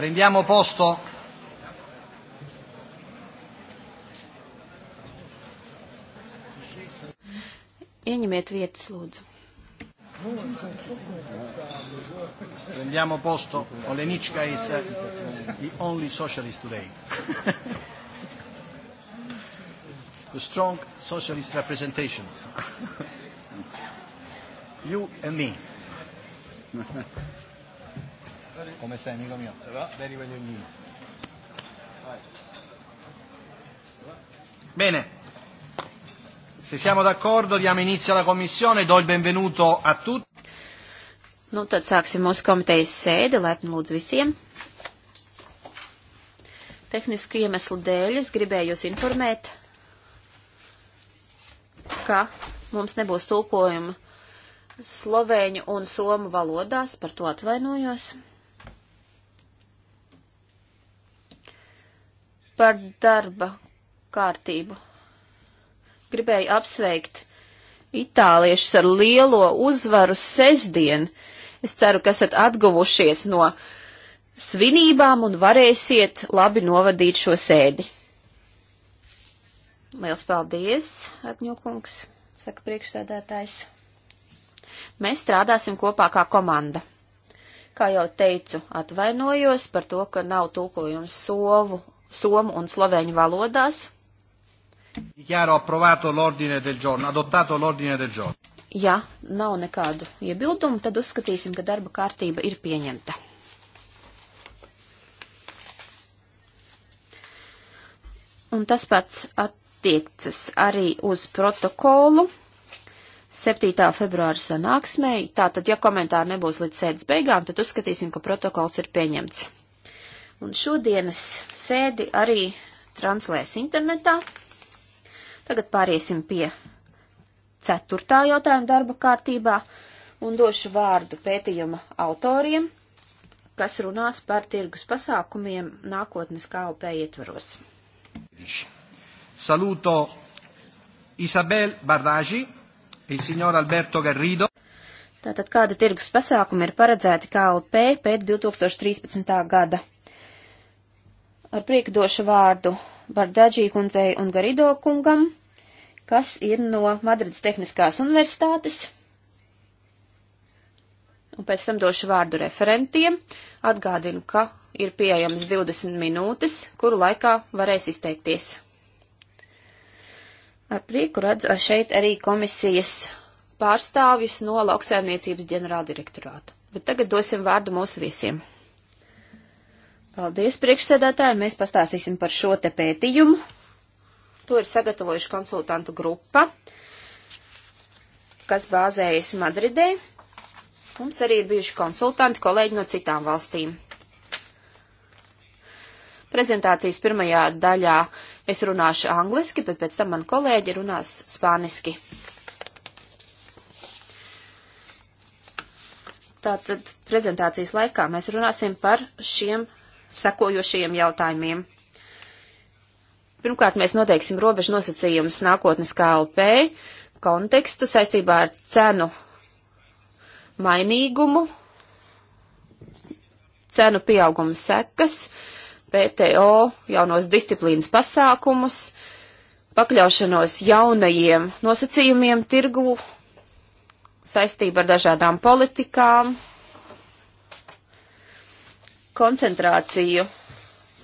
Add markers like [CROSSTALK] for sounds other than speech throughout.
Prendiamo posto. Ieņemiet vietas, lūdzu. Prendiamo posto. Olenichka is uh, the only socialist today. [LAUGHS] the strong socialist representation. [LAUGHS] you and me. [LAUGHS] Salut. Comment stai, amico mio? Ça va? Very well indeed. Bene. Se siamo d'accordo, diamo inizio alla commissione. Do il benvenuto a tutti. Nu, tad sāksim mūsu komitejas sēdi. Laipni lūdzu visiem. Tehnisku iemeslu dēļ es gribēju jūs informēt, ka mums nebūs tulkojuma slovēņu un somu valodās, par to atvainojos. par darba kārtību. Gribēju apsveikt itāliešus ar lielo uzvaru sestdien. Es ceru, ka esat atguvušies no svinībām un varēsiet labi novadīt šo sēdi. Liels paldies, Agņokungs, saka priekšsēdētājs. Mēs strādāsim kopā kā komanda. Kā jau teicu, atvainojos par to, ka nav tulkojums sovu somu un sloveņu valodās. Dichiaro approvato l'ordine del giorno, adottato l'ordine del giorno. Ja nav nekādu iebildumu, tad uzskatīsim, ka darba kārtība ir pieņemta. Un tas pats attiecas arī uz protokolu 7. februāra sanāksmēji. Tātad, ja komentāri nebūs līdz sēdes beigām, tad uzskatīsim, ka protokols ir pieņemts. Un šodienas sēdi arī translēs internetā. Tagad pāriesim pie ceturtā jautājuma darba kārtībā un došu vārdu pētījuma autoriem, kas runās par tirgus pasākumiem nākotnes KOP ietvaros. Saluto Isabel Bardāži, il signor Alberto Garrido. Tātad kāda tirgus pasākuma ir paredzēti KLP pēc 2013. gada? Ar prieku došu vārdu Bardāģī kundzei un Garido kungam, kas ir no Madrides Tehniskās universitātes. Un pēc tam došu vārdu referentiem. Atgādinu, ka ir pieejams 20 minūtes, kuru laikā varēs izteikties. Ar prieku redzu ar šeit arī komisijas pārstāvjus no lauksaimniecības ģenerāldirektorāta. Bet tagad dosim vārdu mūsu viesiem. Paldies, priekšsēdētāji. Mēs pastāstīsim par šo te pētījumu. To ir sagatavojuši konsultantu grupa, kas bāzējas Madridē. Mums arī ir bijuši konsultanti, kolēģi no citām valstīm. Prezentācijas pirmajā daļā es runāšu angliski, bet pēc tam man kolēģi runās spāniski. Tātad prezentācijas laikā mēs runāsim par šiem sekojošajiem jautājumiem. Pirmkārt, mēs noteiksim robežu nosacījumus nākotnes KLP kontekstu saistībā ar cenu mainīgumu, cenu pieauguma sekas, PTO jaunos disciplīnas pasākumus, pakļaušanos jaunajiem nosacījumiem tirgu saistība ar dažādām politikām, koncentrāciju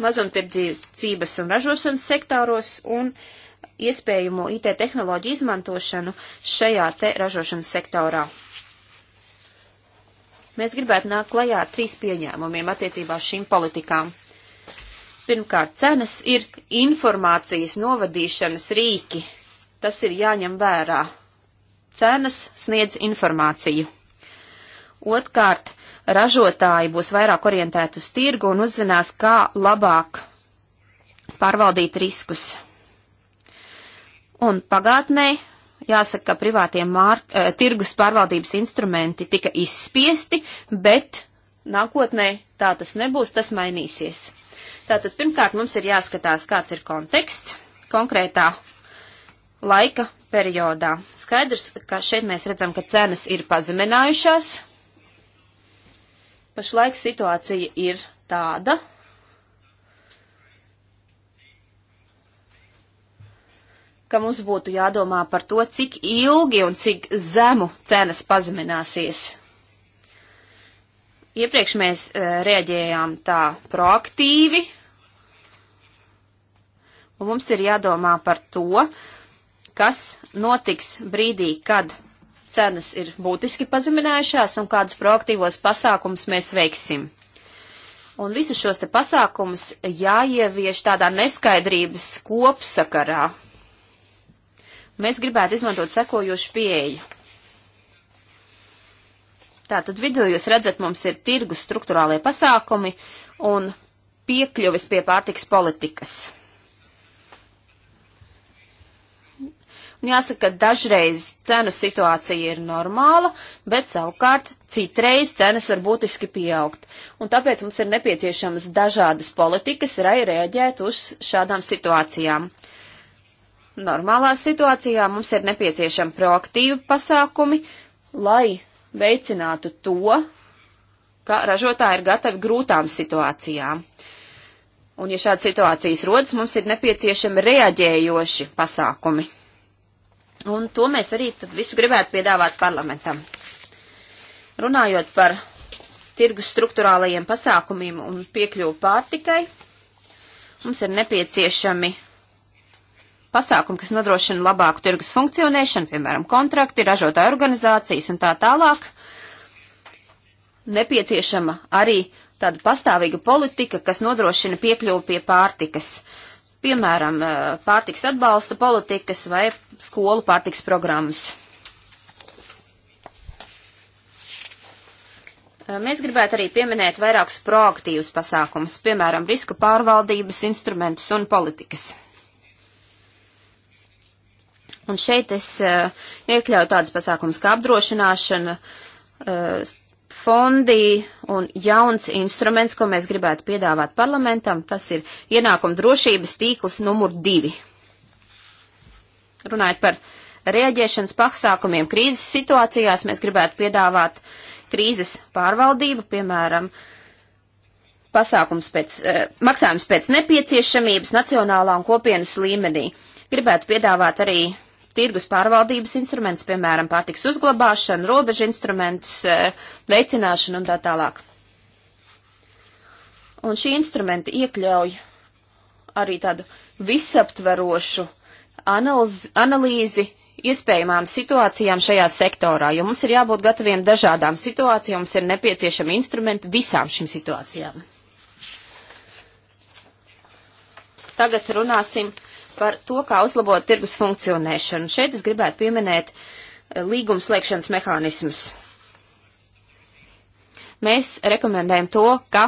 mazumtirdzības un ražošanas sektoros un iespējamo IT tehnoloģiju izmantošanu šajā te ražošanas sektorā. Mēs gribētu nākt klajā ar trīs pieņēmumiem attiecībā uz šīm politikām. Pirmkārt, cenas ir informācijas novadīšanas rīki. Tas ir jāņem vērā. Cenas sniedz informāciju. Otkārt, ražotāji būs vairāk orientēti uz tirgu un uzzinās, kā labāk pārvaldīt riskus. Un pagātnē jāsaka, ka privātie mārk, e, tirgus pārvaldības instrumenti tika izspiesti, bet nākotnē tā tas nebūs, tas mainīsies. Tātad pirmkārt mums ir jāskatās, kāds ir konteksts konkrētā laika periodā. Skaidrs, ka šeit mēs redzam, ka cenas ir pazeminājušās, Pašlaik situācija ir tāda, ka mums būtu jādomā par to, cik ilgi un cik zemu cenas pazemināsies. Iepriekš mēs e, rēģējām tā proaktīvi, un mums ir jādomā par to, kas notiks brīdī, kad cenas ir būtiski pazeminājušās un kādus proaktīvos pasākumus mēs veiksim. Un visus šos te pasākumus jāievieš tādā neskaidrības kopsakarā. Mēs gribētu izmantot sekojošu pieeju. Tātad vidū jūs redzat, mums ir tirgus struktūrālie pasākumi un piekļuvis pie pārtiks politikas. Un jāsaka, ka dažreiz cenu situācija ir normāla, bet savukārt citreiz cenas var būtiski pieaugt. Un tāpēc mums ir nepieciešamas dažādas politikas, lai reaģētu uz šādām situācijām. Normālā situācijā mums ir nepieciešama proaktīva pasākumi, lai veicinātu to, ka ražotāji ir gatavi grūtām situācijām. Un, ja šāda situācijas rodas, mums ir nepieciešami reaģējoši pasākumi. Un to mēs arī tad visu gribētu piedāvāt parlamentam. Runājot par tirgus struktūrālajiem pasākumiem un piekļuvu pārtikai, mums ir nepieciešami pasākumi, kas nodrošina labāku tirgus funkcionēšanu, piemēram, kontrakti, ražotāju organizācijas un tā tālāk. Nepieciešama arī tāda pastāvīga politika, kas nodrošina piekļuvu pie pārtikas. Uh, piemēram, eh, pārtiks atbalsta politikas vai skolu pārtiks programmas. Eh, mēs gribētu arī pieminēt vairākus proaktīvus pasākumus, piemēram, risku pārvaldības instrumentus un politikas. Un šeit es eh, iekļauju tādus pasākumus kā apdrošināšana, fondi un jauns instruments, ko mēs gribētu piedāvāt parlamentam, tas ir ienākuma drošības tīkls numur divi. Runājot par rēģēšanas pasākumiem krīzes situācijās, mēs gribētu piedāvāt krīzes pārvaldību, piemēram, pasākums pēc, eh, maksājums pēc nepieciešamības nacionālā un kopienas līmenī. Gribētu piedāvāt arī tirgus pārvaldības instrumentus, piemēram, pārtiks uzglabāšanu, robežu instrumentus, e, veicināšanu un tā tālāk. Un šī instrumenta iekļauj arī tādu visaptverošu analz, analīzi iespējamām situācijām šajā sektorā, jo mums ir jābūt gataviem dažādām situācijām, mums ir nepieciešami instrumenti visām šīm situācijām. Tagad runāsim par to, kā uzlabot tirgus funkcionēšanu. Šeit es gribētu pieminēt eh, līgums slēgšanas mehānismus. Mēs rekomendējam to, ka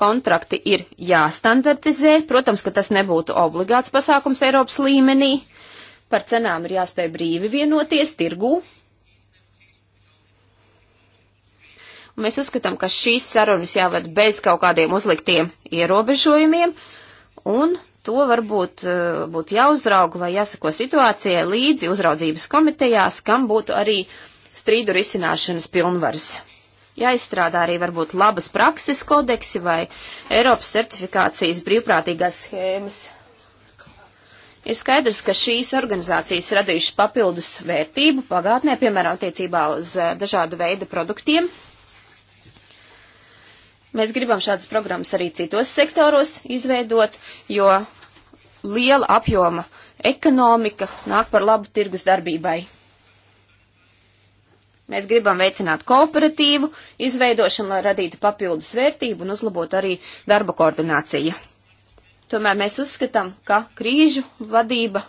kontrakti ir jāstandartizē. Protams, ka tas nebūtu obligāts pasākums Eiropas līmenī. Par cenām ir jāspēj brīvi vienoties tirgū. Un mēs uzskatām, ka šīs sarunas jāved bez kaut kādiem uzliktiem ierobežojumiem, un To varbūt eh, būtu jāuzrauga vai jāsako situācijai līdzi uzraudzības komitejās, kam būtu arī strīdu risināšanas pilnvaras. Jāizstrādā arī varbūt labas prakses kodeksi vai Eiropas certifikācijas brīvprātīgās schēmas. Ir skaidrs, ka šīs organizācijas radījušas papildus vērtību pagātnē, piemēram, attiecībā uz eh, dažādu veidu produktiem, Mēs gribam šādas programmas arī citos sektoros izveidot, jo liela apjoma ekonomika nāk par labu tirgus darbībai. Mēs gribam veicināt kooperatīvu izveidošanu, lai radītu papildus vērtību un uzlabotu arī darba koordināciju. Tomēr mēs uzskatām, ka krīžu vadība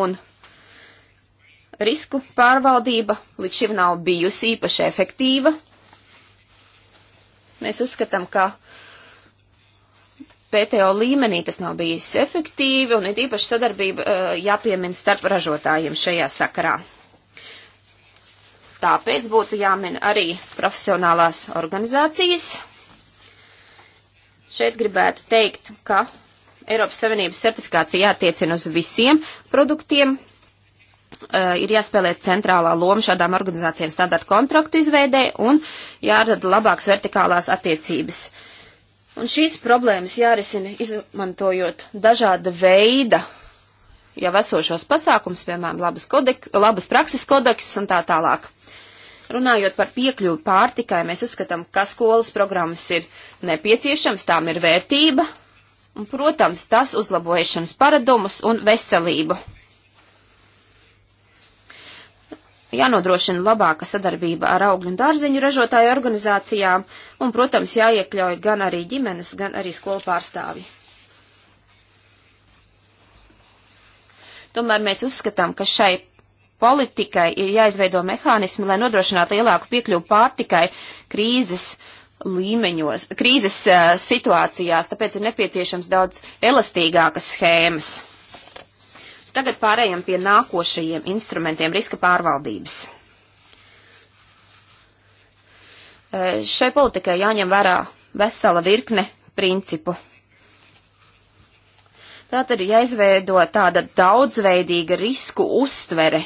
un risku pārvaldība līdz šim nav bijusi īpaši efektīva, Mēs uzskatām, ka PTO līmenī tas nav bijis efektīvi, un ir īpaši sadarbība eh, jāpiemina starp ražotājiem šajā sakarā. Tāpēc būtu jāmin arī profesionālās organizācijas. Šeit gribētu teikt, ka Eiropas Savienības certifikācija jātiecina uz visiem produktiem, uh, ir jāspēlē centrālā loma šādām organizācijām standarta kontraktu izveidē un jārada labāks vertikālās attiecības. Un šīs problēmas jārisina izmantojot dažāda veida jau esošos pasākums, piemēram, labas, kodek, labas prakses kodeks un tā tālāk. Runājot par piekļuvu pārtikai, mēs uzskatām, ka skolas programmas ir nepieciešams, tām ir vērtība, un, protams, tas uzlabojušanas paradumus un veselību. jānodrošina labāka sadarbība ar augļu un dārzeņu ražotāju organizācijām, un, protams, jāiekļauj gan arī ģimenes, gan arī skolu pārstāvi. Tomēr mēs uzskatām, ka šai politikai ir jāizveido mehānismi, lai nodrošinātu lielāku piekļuvu pārtikai krīzes līmeņos, krīzes uh, situācijās, tāpēc ir nepieciešams daudz elastīgākas schēmas. Tagad pārējām pie nākošajiem instrumentiem riska pārvaldības. E, šai politikai jāņem vērā vesela virkne principu. Tātad ir jāizveido tāda daudzveidīga risku uztvere.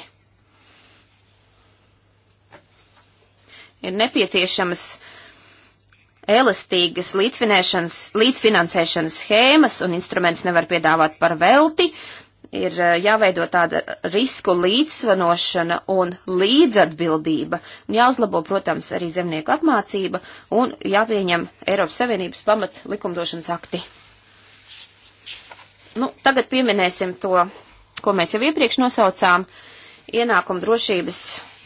Ir nepieciešamas elastīgas līdzfinansēšanas schēmas un instruments nevar piedāvāt par velti, ir eh, jāveido tāda risku līdzsvanošana un līdzatbildība, un jāuzlabo, protams, arī zemnieku apmācība, un jāpieņem Eiropas Savienības pamat likumdošanas akti. Nu, tagad pieminēsim to, ko mēs jau iepriekš nosaucām - ienākuma drošības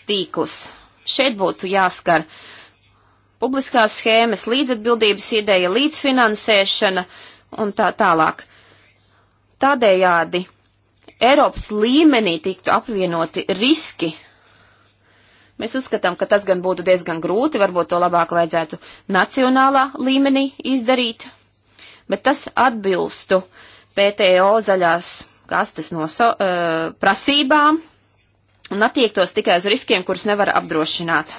tīkls. Šeit būtu jāskar publiskās schēmas, līdzatbildības ideja, līdzfinansēšana un tā tālāk. Tādējādi Eiropas līmenī tiktu apvienoti riski. Mēs uzskatām, ka tas gan būtu diezgan grūti, varbūt to labāk vajadzētu nacionālā līmenī izdarīt, bet tas atbilstu PTO zaļās kastes no so, uh, eh, prasībām un attiektos tikai uz riskiem, kurus nevar apdrošināt.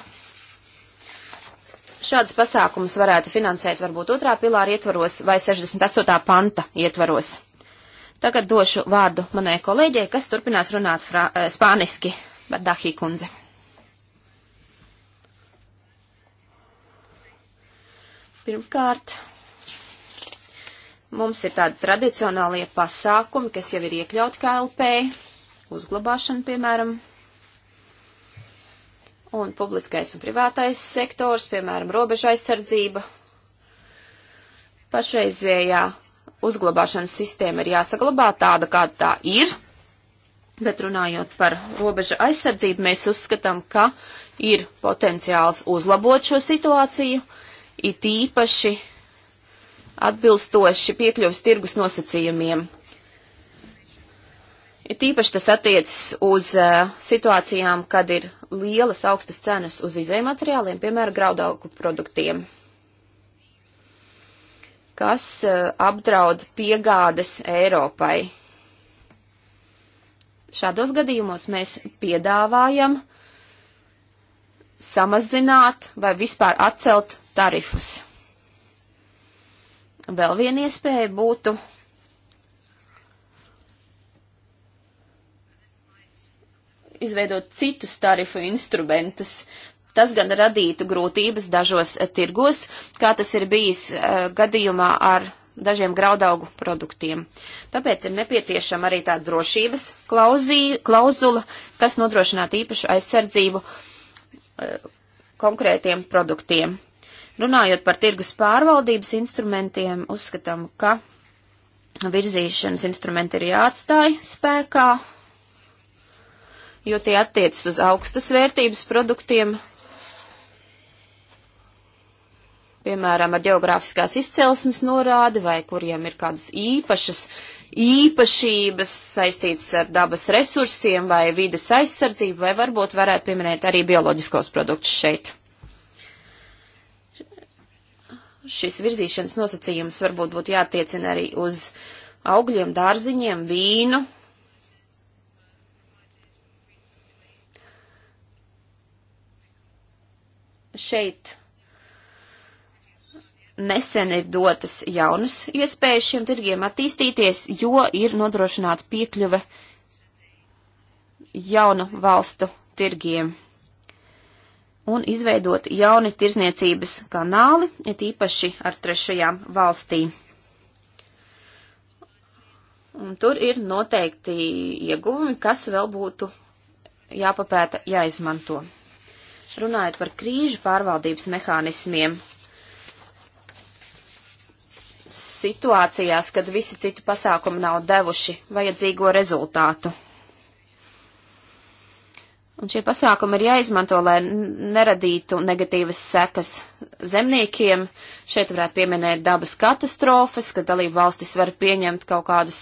Šādas pasākumas varētu finansēt varbūt otrā pilāra ietvaros vai 68. panta ietvaros. Tagad došu vārdu manai kolēģei, kas turpinās runāt frā, eh, spāniski, bet Dahī kundze. Pirmkārt, mums ir tādi tradicionālie pasākumi, kas jau ir iekļauti KLP, uzglabāšana, piemēram, un publiskais un privātais sektors, piemēram, robeža aizsardzība, pašreizējā uzglabāšanas sistēma ir jāsaglabā tāda, kāda tā ir, bet runājot par robeža aizsardzību, mēs uzskatām, ka ir potenciāls uzlabot šo situāciju, it īpaši atbilstoši piekļuvas tirgus nosacījumiem. It īpaši tas attiecas uz uh, situācijām, kad ir lielas augstas cenas uz izējumateriāliem, piemēram, graudaugu produktiem kas eh, apdraud piegādes Eiropai. Šādos gadījumos mēs piedāvājam samazināt vai vispār atcelt tarifus. Vēl viena iespēja būtu izveidot citus tarifu instrumentus, Tas gan radītu grūtības dažos eh, tirgos, kā tas ir bijis eh, gadījumā ar dažiem graudaugu produktiem. Tāpēc ir nepieciešama arī tāda drošības klauzī, klauzula, kas nodrošinātu īpašu aizsardzību eh, konkrētiem produktiem. Runājot par tirgus pārvaldības instrumentiem, uzskatām, ka virzīšanas instrumenti ir jāatstāj spēkā, jo tie attiecas uz augstas vērtības produktiem, piemēram, ar geogrāfiskās izcelsmes norādi vai kuriem ir kādas īpašas īpašības saistītas ar dabas resursiem vai vides aizsardzību, vai varbūt varētu pieminēt arī bioloģiskos produktus šeit. Šis virzīšanas nosacījums varbūt būtu jātiecina arī uz augļiem, dārziņiem, vīnu. Šeit nesen ir dotas jaunas iespējas šiem tirgiem attīstīties, jo ir nodrošināta piekļuve jaunu valstu tirgiem un izveidot jauni tirzniecības kanāli, ir īpaši ar trešajām valstīm. Un tur ir noteikti ieguvumi, kas vēl būtu jāpapēta, jāizmanto. Runājot par krīžu pārvaldības mehānismiem, situācijās, kad visi citi pasākumi nav devuši vajadzīgo rezultātu. Un šie pasākumi ir jāizmanto, lai neradītu negatīvas sekas zemniekiem. Šeit varētu pieminēt dabas katastrofas, kad dalību valstis var pieņemt kaut kādus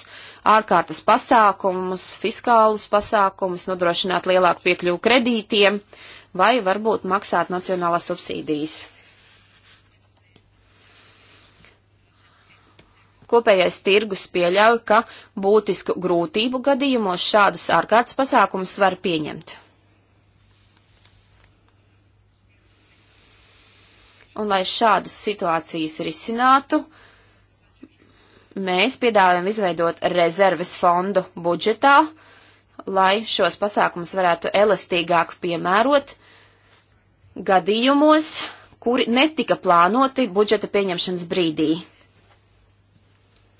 ārkārtas pasākumus, fiskālus pasākumus, nodrošināt lielāku piekļuvu kredītiem vai varbūt maksāt nacionālās subsīdijas. Kopējais tirgus pieļauj, ka būtisku grūtību gadījumos šādus ārkārtas pasākumus var pieņemt. Un lai šādas situācijas risinātu, mēs piedāvājam izveidot rezerves fondu budžetā, lai šos pasākumus varētu elastīgāk piemērot gadījumos, kuri netika plānoti budžeta pieņemšanas brīdī.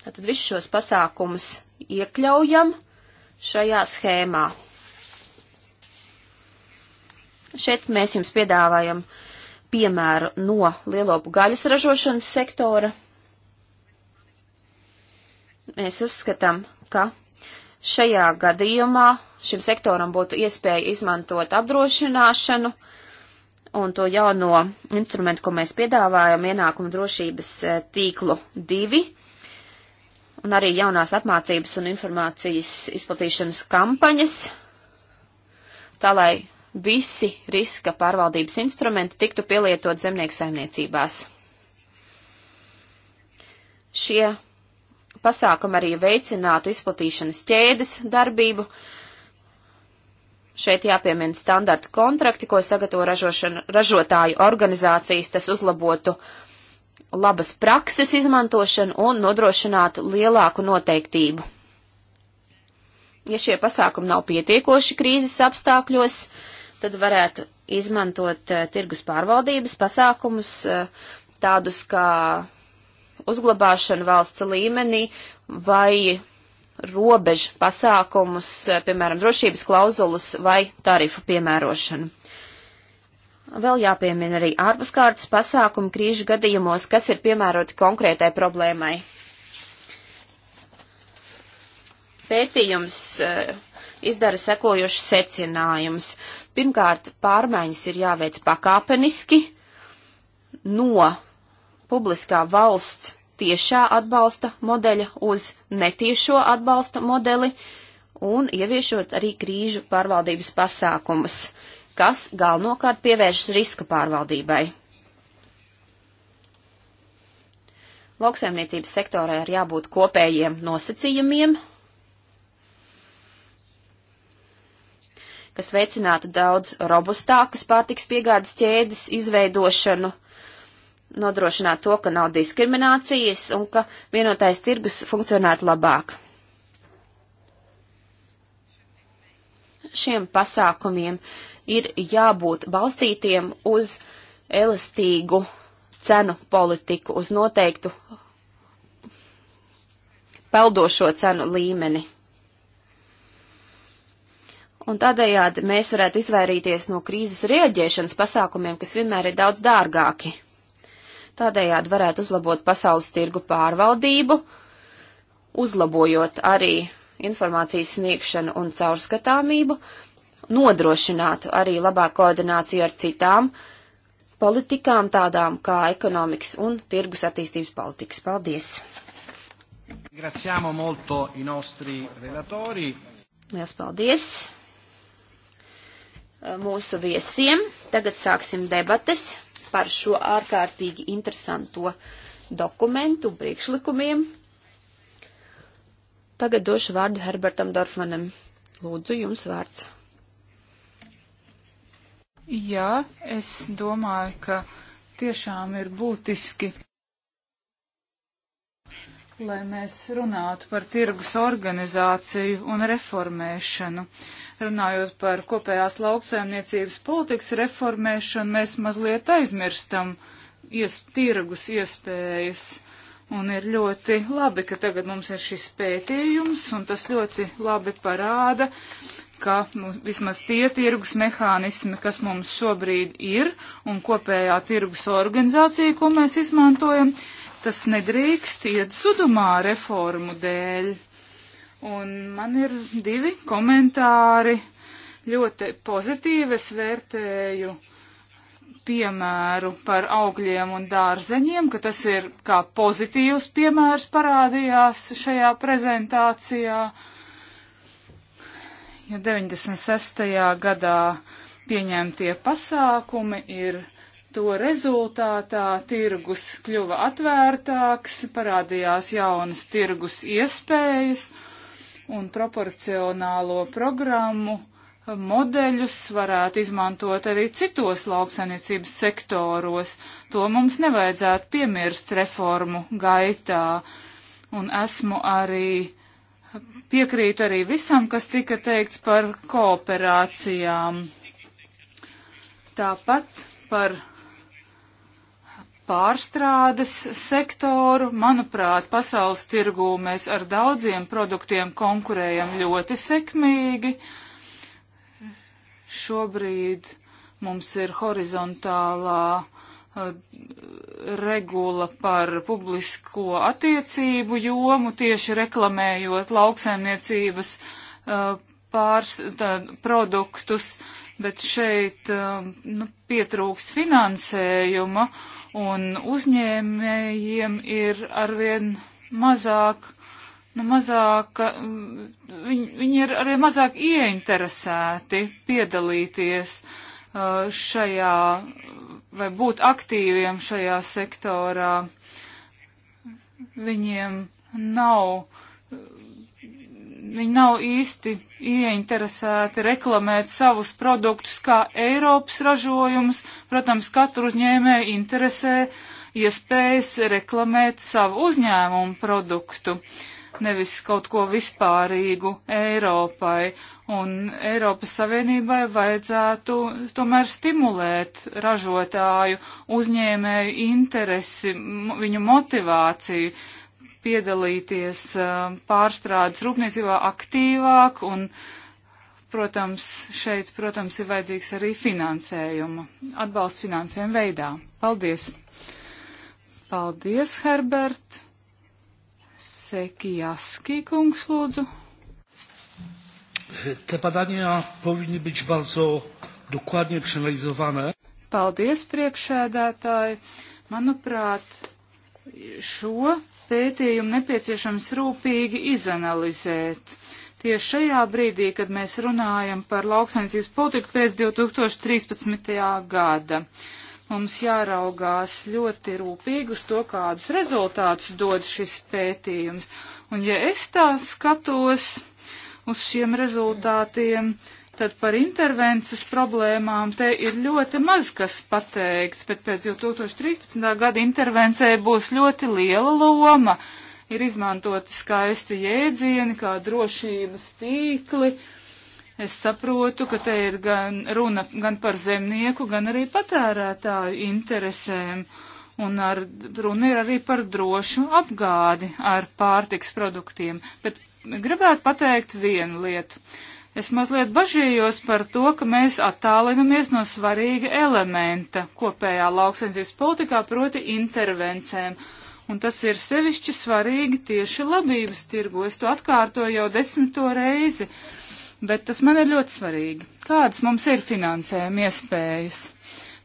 Tātad visus šos pasākumus iekļaujam šajā schēmā. Šeit mēs jums piedāvājam piemēru no lielopu gaļas ražošanas sektora. Mēs uzskatām, ka šajā gadījumā šim sektoram būtu iespēja izmantot apdrošināšanu un to jauno instrumentu, ko mēs piedāvājam, ienākuma drošības eh, tīklu divi un arī jaunās apmācības un informācijas izplatīšanas kampaņas, tā lai visi riska pārvaldības instrumenti tiktu pielietot zemnieku saimniecībās. Šie pasākumi arī veicinātu izplatīšanas ķēdes darbību. Šeit jāpiemina standarta kontrakti, ko sagatavo ražotāju organizācijas, tas uzlabotu uh, labas prakses izmantošanu un nodrošināt lielāku noteiktību. Ja šie pasākumi nav pietiekoši krīzes apstākļos, tad varētu izmantot uh, tirgus pārvaldības pasākumus, uh, tādus kā uzglabāšanu valsts līmenī vai robežu pasākumus, eh, piemēram, drošības klauzulas vai tarifu piemērošanu. Vēl jāpiemina arī ārpuskārtas pasākumi krīžu gadījumos, kas ir piemēroti konkrētai problēmai. Pētījums eh, izdara sekojušus secinājumus. Pirmkārt, pārmaiņas ir jāveic pakāpeniski no publiskā valsts tiešā atbalsta modeļa uz netiešo atbalsta modeli un ieviešot arī krīžu pārvaldības pasākumus. Uh, kas galvenokārt pievēršas riska pārvaldībai. Lauksaimniecības sektorai ir jābūt kopējiem nosacījumiem, kas veicinātu daudz robustākas pārtiks piegādes ķēdes izveidošanu, nodrošinātu to, ka nav diskriminācijas un ka vienotais tirgus funkcionētu labāk. šiem pasākumiem ir jābūt balstītiem uz elastīgu cenu politiku, uz noteiktu peldošo cenu līmeni. Un tādējādi mēs varētu izvairīties no krīzes rieģēšanas pasākumiem, kas vienmēr ir daudz dārgāki. Tādējādi varētu uzlabot pasaules tirgu pārvaldību, uzlabojot arī informācijas sniegšanu un caurskatāmību, nodrošinātu arī labāku koordināciju ar citām politikām, tādām kā ekonomikas un tirgus attīstības politikas. Paldies! Ringraziamo molto i nostri relatori. Lielas paldies mūsu viesiem. Tagad sāksim debates par šo ārkārtīgi interesanto dokumentu priekšlikumiem. Tagad došu vārdu Herbertam Dorfmanam. Lūdzu, jums vārds. Jā, es domāju, ka tiešām ir būtiski, lai mēs runātu par tirgus organizāciju un reformēšanu. Runājot par kopējās lauksaimniecības politikas reformēšanu, mēs mazliet aizmirstam ies, tirgus iespējas Un ir ļoti labi, ka tagad mums ir šis pētījums, un tas ļoti labi parāda, ka nu, vismaz tie tirgus mehānismi, kas mums šobrīd ir, un kopējā tirgus organizācija, ko mēs izmantojam, tas nedrīkst iet zudumā reformu dēļ. Un man ir divi komentāri. Ļoti pozitīvi es vērtēju piemēru par augļiem un dārzeņiem, ka tas ir kā pozitīvs piemērs parādījās šajā prezentācijā. Jo 96. gadā pieņemtie pasākumi ir to rezultātā tirgus kļuva atvērtāks, parādījās jaunas tirgus iespējas un proporcionālo programmu modeļus varētu izmantot arī citos lauksainiecības sektoros. To mums nevajadzētu piemirst reformu gaitā. Un esmu arī piekrītu arī visam, kas tika teikts par kooperācijām. Tāpat par pārstrādes sektoru. Manuprāt, pasaules tirgū mēs ar daudziem produktiem konkurējam ļoti sekmīgi. Uh, Šobrīd mums ir horizontālā uh, regula par publisko attiecību jomu, tieši reklamējot lauksaimniecības uh, pārs, tā, produktus, bet šeit uh, nu, pietrūks finansējuma un uzņēmējiem ir arvien mazāk nu, mazāk, mm, viņ, viņi ir arī mazāk ieinteresēti piedalīties uh, šajā vai būt aktīviem šajā sektorā. Viņiem nav, viņi nav īsti ieinteresēti reklamēt savus produktus kā Eiropas ražojumus. Protams, katru uzņēmēju interesē iespējas reklamēt savu uzņēmumu produktu. Uh, nevis kaut ko vispārīgu Eiropai. Un Eiropas Savienībai vajadzētu tomēr stimulēt ražotāju uzņēmēju interesi, viņu motivāciju piedalīties eh, pārstrādes rūpniecībā aktīvāk un, protams, šeit, protams, ir vajadzīgs arī finansējuma, atbalsts finansējuma veidā. Paldies! Paldies, Herbert! Sekijaski kungs lūdzu. Te badania powinny być bardzo dokładnie przeanalizowane. Paldies, priekšēdētāji. Manuprāt, šo pētījumu nepieciešams rūpīgi izanalizēt. Tieši šajā brīdī, kad mēs runājam par lauksaimniecības politiku pēc 2013. gada. Mums jāraugās ļoti rūpīgi uz to, kādus rezultātus dod šis pētījums. Un ja es tā skatos uz šiem rezultātiem, tad par intervences problēmām te ir ļoti maz kas pateikts, bet pēc 2013. gada intervencē būs ļoti liela loma. Ir izmantoti skaisti jēdzieni, kā drošības tīkli. Uh, Es saprotu, ka te ir gan runa gan par zemnieku, gan arī patērētāju interesēm. Un ar, runa ir arī par drošu apgādi ar pārtiks produktiem. Bet gribētu pateikt vienu lietu. Es mazliet bažījos par to, ka mēs attālinamies no svarīga elementa kopējā lauksainsības politikā, proti intervencēm. Un tas ir sevišķi svarīgi tieši labības tirgu. Es to atkārtoju jau desmito reizi. Uh, bet tas man ir ļoti svarīgi. Kādas mums ir finansējuma iespējas?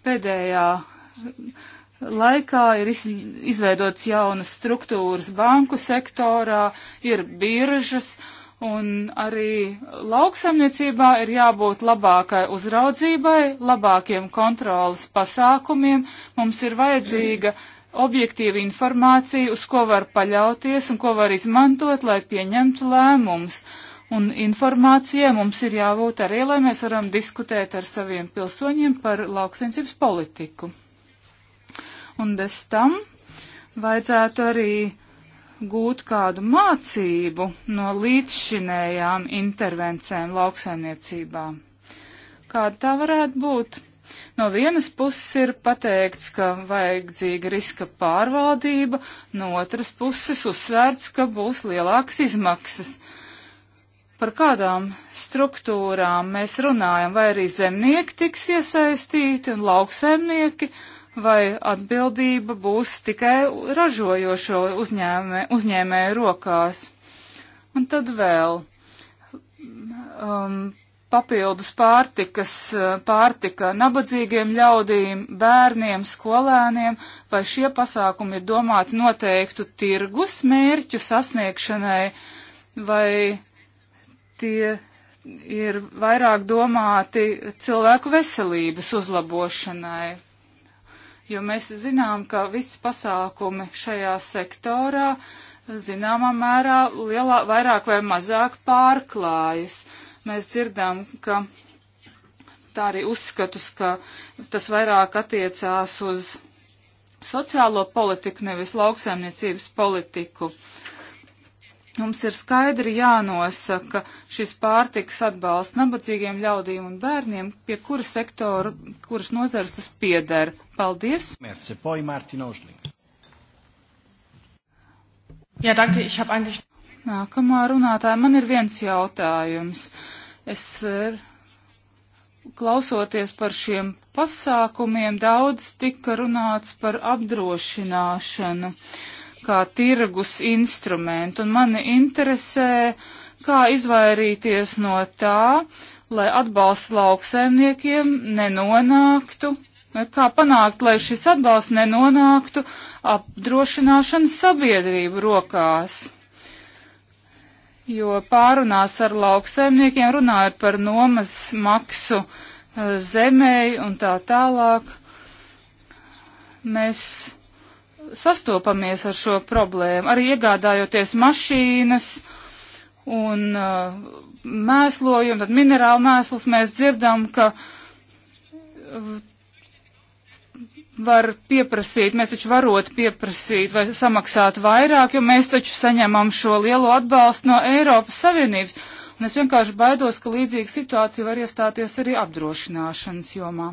Pēdējā laikā ir iz, izveidots jaunas struktūras banku sektorā, ir biržas. Un arī lauksaimniecībā ir jābūt labākai uzraudzībai, labākiem kontrolas pasākumiem. Mums ir vajadzīga objektīva informācija, uz ko var paļauties un ko var izmantot, lai pieņemtu lēmumus. Uh, un informācijai mums ir jābūt arī, lai mēs varam diskutēt ar saviem pilsoņiem par lauksainicības politiku. Un bez tam vajadzētu arī gūt kādu mācību no līdzšinējām intervencēm lauksaimniecībā. Kāda tā varētu būt? No vienas puses ir pateikts, ka vajadzīga riska pārvaldība, no otras puses uzsvērts, ka būs lielākas izmaksas. Uh, par kādām struktūrām mēs runājam, vai arī zemnieki tiks iesaistīti un lauksaimnieki, vai atbildība būs tikai ražojošo uzņēmē, uzņēmēju rokās. Un tad vēl um, papildus pārtikas, pārtika nabadzīgiem ļaudīm, bērniem, skolēniem, vai šie pasākumi ir domāti noteiktu tirgus mērķu sasniegšanai, vai tie ir vairāk domāti cilvēku veselības uzlabošanai. Jo mēs zinām, ka visi pasākumi šajā sektorā zināmā mērā lielā, vairāk vai mazāk pārklājas. Mēs dzirdam, ka tā arī uzskatus, ka tas vairāk attiecās uz sociālo politiku, nevis lauksaimniecības politiku. Uh, Mums ir skaidri jānosaka šis pārtiks atbalsts nabadzīgiem ļaudīm un bērniem, pie kura sektora, kuras nozars tas pieder. Paldies! Merci, poi, Jā, danke, ich habe eigentlich. Nākamā runātāja, man ir viens jautājums. Es eh, klausoties par šiem pasākumiem, daudz tika runāts par apdrošināšanu. Uh, kā tirgus instrumentu, un mani interesē, kā izvairīties no tā, lai atbalsts lauksaimniekiem nenonāktu, kā panākt, lai šis atbalsts nenonāktu apdrošināšanas sabiedrību rokās. Jo pārunās ar lauksaimniekiem runājot par nomas maksu eh, zemēji un tā tālāk, mēs sastopamies ar šo problēmu, arī iegādājoties mašīnas un uh, mēslojumu, tad minerālu mēslus mēs dzirdam, ka uh, var pieprasīt, mēs taču varot pieprasīt vai samaksāt vairāk, jo mēs taču saņemam šo lielo atbalstu no Eiropas Savienības. Un es vienkārši baidos, ka līdzīga situācija var iestāties arī apdrošināšanas jomā.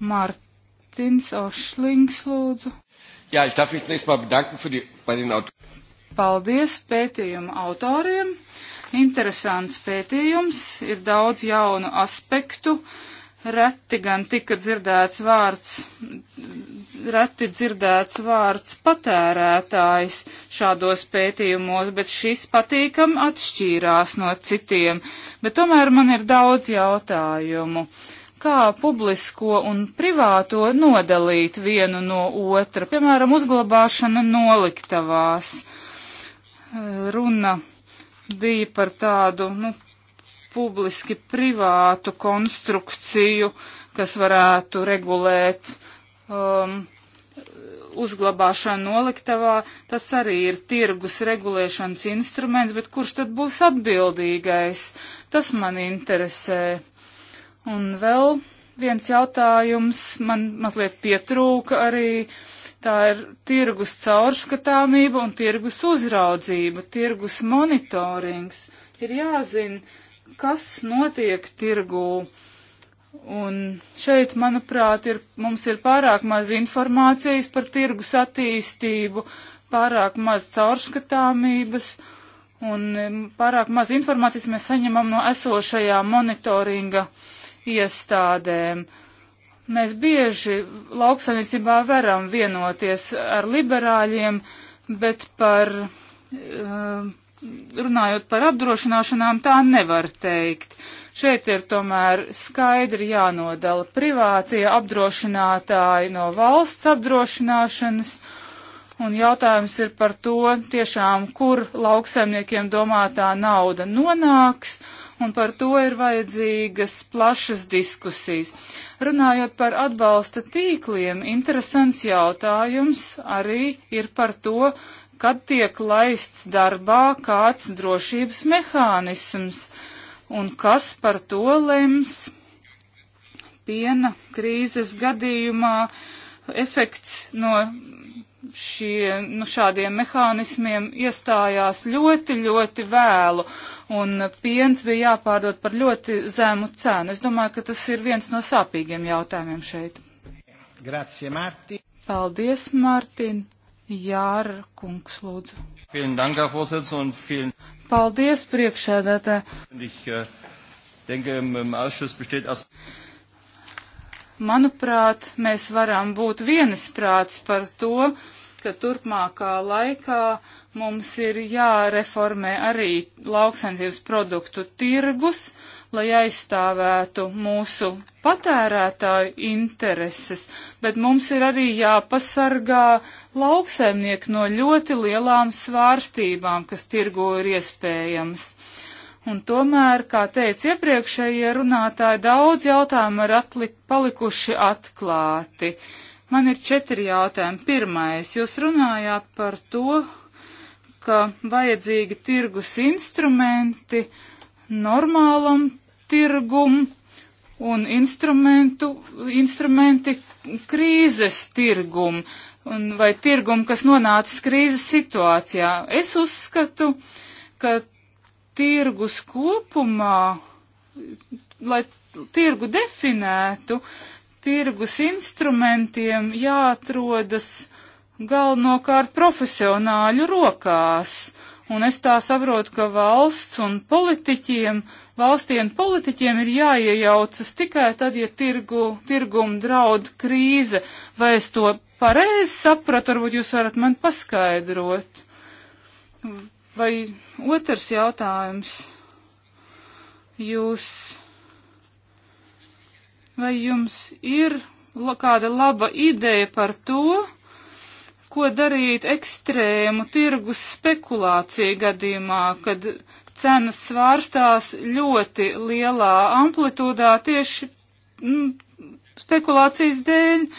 Mārtiņš Ošlings, lūdzu. Jā, es darf mich zunächst mal bedanken für die, bei den Autoren. Paldies pētījuma autoriem. Interesants pētījums, ir daudz jaunu aspektu. Reti gan tika dzirdēts vārds, reti dzirdēts vārds patērētājs šādos pētījumos, bet šis patīkam atšķīrās no citiem. Bet tomēr man ir daudz jautājumu. Uh, kā publisko un privāto nodalīt vienu no otra, piemēram, uzglabāšana noliktavās. Runa bija par tādu nu, publiski privātu konstrukciju, kas varētu regulēt um, uzglabāšanu noliktavā. Tas arī ir tirgus regulēšanas instruments, bet kurš tad būs atbildīgais? Tas man interesē. Un vēl viens jautājums man mazliet pietrūka arī. Tā ir tirgus caurskatāmība un tirgus uzraudzība, tirgus monitorings. Ir jāzina, kas notiek tirgū. Un šeit, manuprāt, ir, mums ir pārāk maz informācijas par tirgus attīstību, pārāk maz caurskatāmības un mm, pārāk maz informācijas mēs saņemam no esošajā monitoringa iestādēm. Mēs bieži lauksaimniecībā varam vienoties ar liberāļiem, bet par, um, runājot par apdrošināšanām, tā nevar teikt. Šeit ir tomēr skaidri jānodala privātie apdrošinātāji no valsts apdrošināšanas, un jautājums ir par to tiešām, kur lauksaimniekiem domātā nauda nonāks un par to ir vajadzīgas plašas diskusijas. Runājot par atbalsta tīkliem, interesants jautājums arī ir par to, kad tiek laists darbā kāds drošības mehānisms un kas par to lems piena krīzes gadījumā efekts no šie, nu, šādiem mehānismiem iestājās ļoti, ļoti vēlu, un piens bija jāpārdod par ļoti zēmu cenu. Es domāju, ka tas ir viens no sāpīgiem jautājumiem šeit. Grazie, Mārti. Paldies, Mārtiņ. Jāra kungs, lūdzu. Vielen dank, Herr Vorsitz, un vielen... Paldies, priekšēdētē. Ich, uh, denke, im, im Ausschuss besteht erst... As... Manuprāt, mēs varam būt vienisprāts par to, ka turpmākā laikā mums ir jāreformē arī lauksaimniecības produktu tirgus, lai aizstāvētu mūsu patērētāju intereses, bet mums ir arī jāpasargā lauksaimnieki no ļoti lielām svārstībām, kas tirgo ir iespējams. Un tomēr, kā teica iepriekšējie runātāji, daudz jautājumu ir atlik, palikuši atklāti. Man ir četri jautājumi. Pirmais, jūs runājāt par to, ka vajadzīgi tirgus instrumenti normālam tirgum un instrumenti krīzes tirgum un vai tirgum, kas nonācis krīzes situācijā. Es uzskatu, ka tirgus kopumā, lai tirgu definētu, tirgus instrumentiem jāatrodas galvenokārt profesionāļu rokās. Un es tā saprotu, ka valsts un politiķiem, valstiem politiķiem ir jāiejaucas tikai tad, ja tirgu, tirgum draud krīze. Vai es to pareizi sapratu, varbūt jūs varat man paskaidrot? Vai otrs jautājums? Jūs, vai jums ir kāda laba ideja par to, ko darīt ekstrēmu tirgus spekulāciju gadījumā, kad cenas svārstās ļoti lielā amplitūdā tieši mm, spekulācijas dēļ? Uh,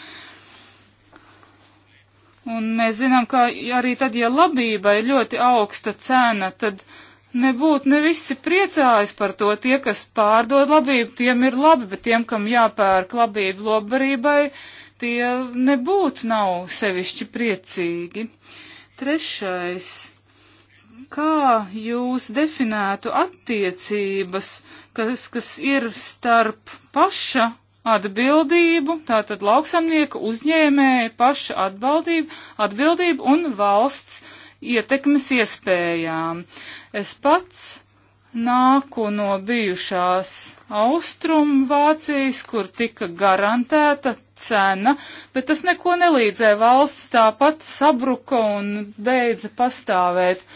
Un mēs zinām, ka arī tad, ja labība ir ļoti augsta cena, tad nebūtu ne visi priecājas par to. Tie, kas pārdod labību, tiem ir labi, bet tiem, kam jāpērk labību lobarībai, tie nebūtu nav sevišķi priecīgi. Trešais. Kā jūs definētu attiecības, kas, kas ir starp paša atbildību, tātad lauksamnieku uzņēmēja paša atbaldību, atbildību un valsts ietekmes iespējām. Es pats nāku no bijušās Austrumvācijas, kur tika garantēta cena, bet tas neko nelīdzēja. Valsts tāpat sabruka un beidza pastāvēt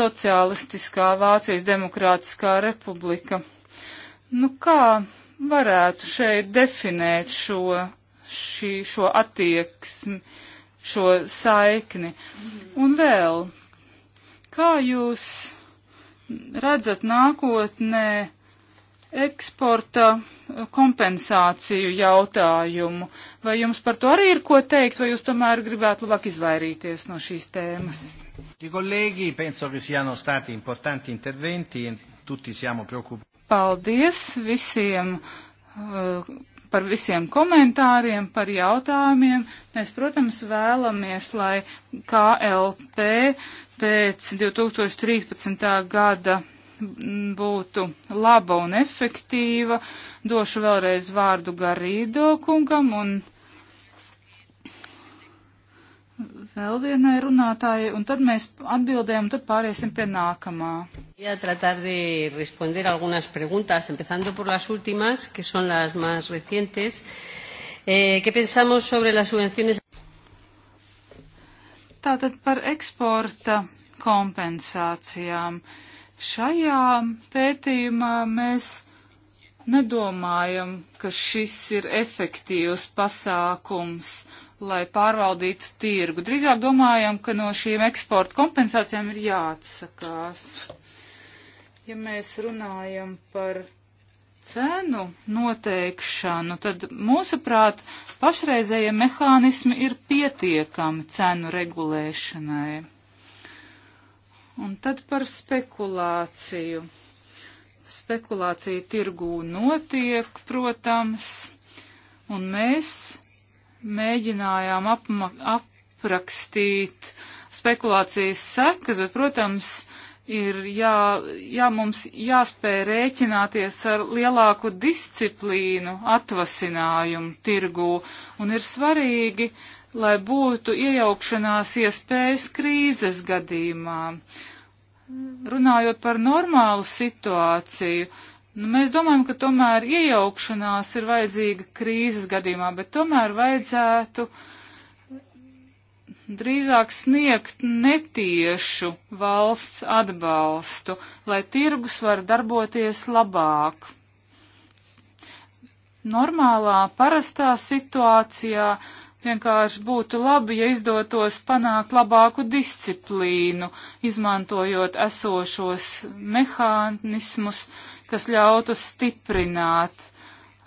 sociālistiskā Vācijas demokrātiskā republika. Nu kā, varētu šeit definēt šo, šī, šo attieksmi, šo saikni? Un vēl, kā jūs redzat nākotnē eksporta kompensāciju jautājumu? Vai jums par to arī ir ko teikt, vai jūs tomēr gribētu labāk izvairīties no šīs tēmas? I colleghi penso che siano stati importanti interventi e tutti siamo preoccupati. Paldies visiem uh, par visiem komentāriem, par jautājumiem. Mēs, protams, vēlamies, lai KLP pēc 2013. gada būtu laba un efektīva. Došu vēlreiz vārdu Garīdo kungam un vēl vienai runātājai, un tad mēs atbildējam, un tad pāriesim pie nākamā. Voy a tratar de responder algunas preguntas, empezando por las últimas, que son las más recientes. Eh, ¿Qué pensamos sobre las subvenciones? Tātad par eksporta kompensācijām. Šajā pētījumā mēs nedomājam, ka šis ir efektīvs pasākums lai pārvaldītu tirgu. Drīzāk domājam, ka no šīm eksporta kompensācijām ir jāatsakās. Ja mēs runājam par cenu noteikšanu, tad mūsuprāt pašreizējie mehānismi ir pietiekami cenu regulēšanai. Un tad par spekulāciju. Spekulācija tirgū notiek, protams, un mēs mēģinājām apma, aprakstīt spekulācijas sekas, bet, protams, ir jā, jā, mums jāspēj rēķināties ar lielāku disciplīnu atvasinājumu tirgū, un ir svarīgi, lai būtu iejaukšanās iespējas krīzes gadījumā. Runājot par normālu situāciju, uh, Nu, mēs domājam, ka tomēr iejaukšanās ir vajadzīga krīzes gadījumā, bet tomēr vajadzētu drīzāk sniegt netiešu valsts atbalstu, lai tirgus var darboties labāk. Normālā, parastā situācijā Vienkārši būtu labi, ja izdotos panākt labāku disciplīnu, izmantojot esošos mehānismus, kas ļautu stiprināt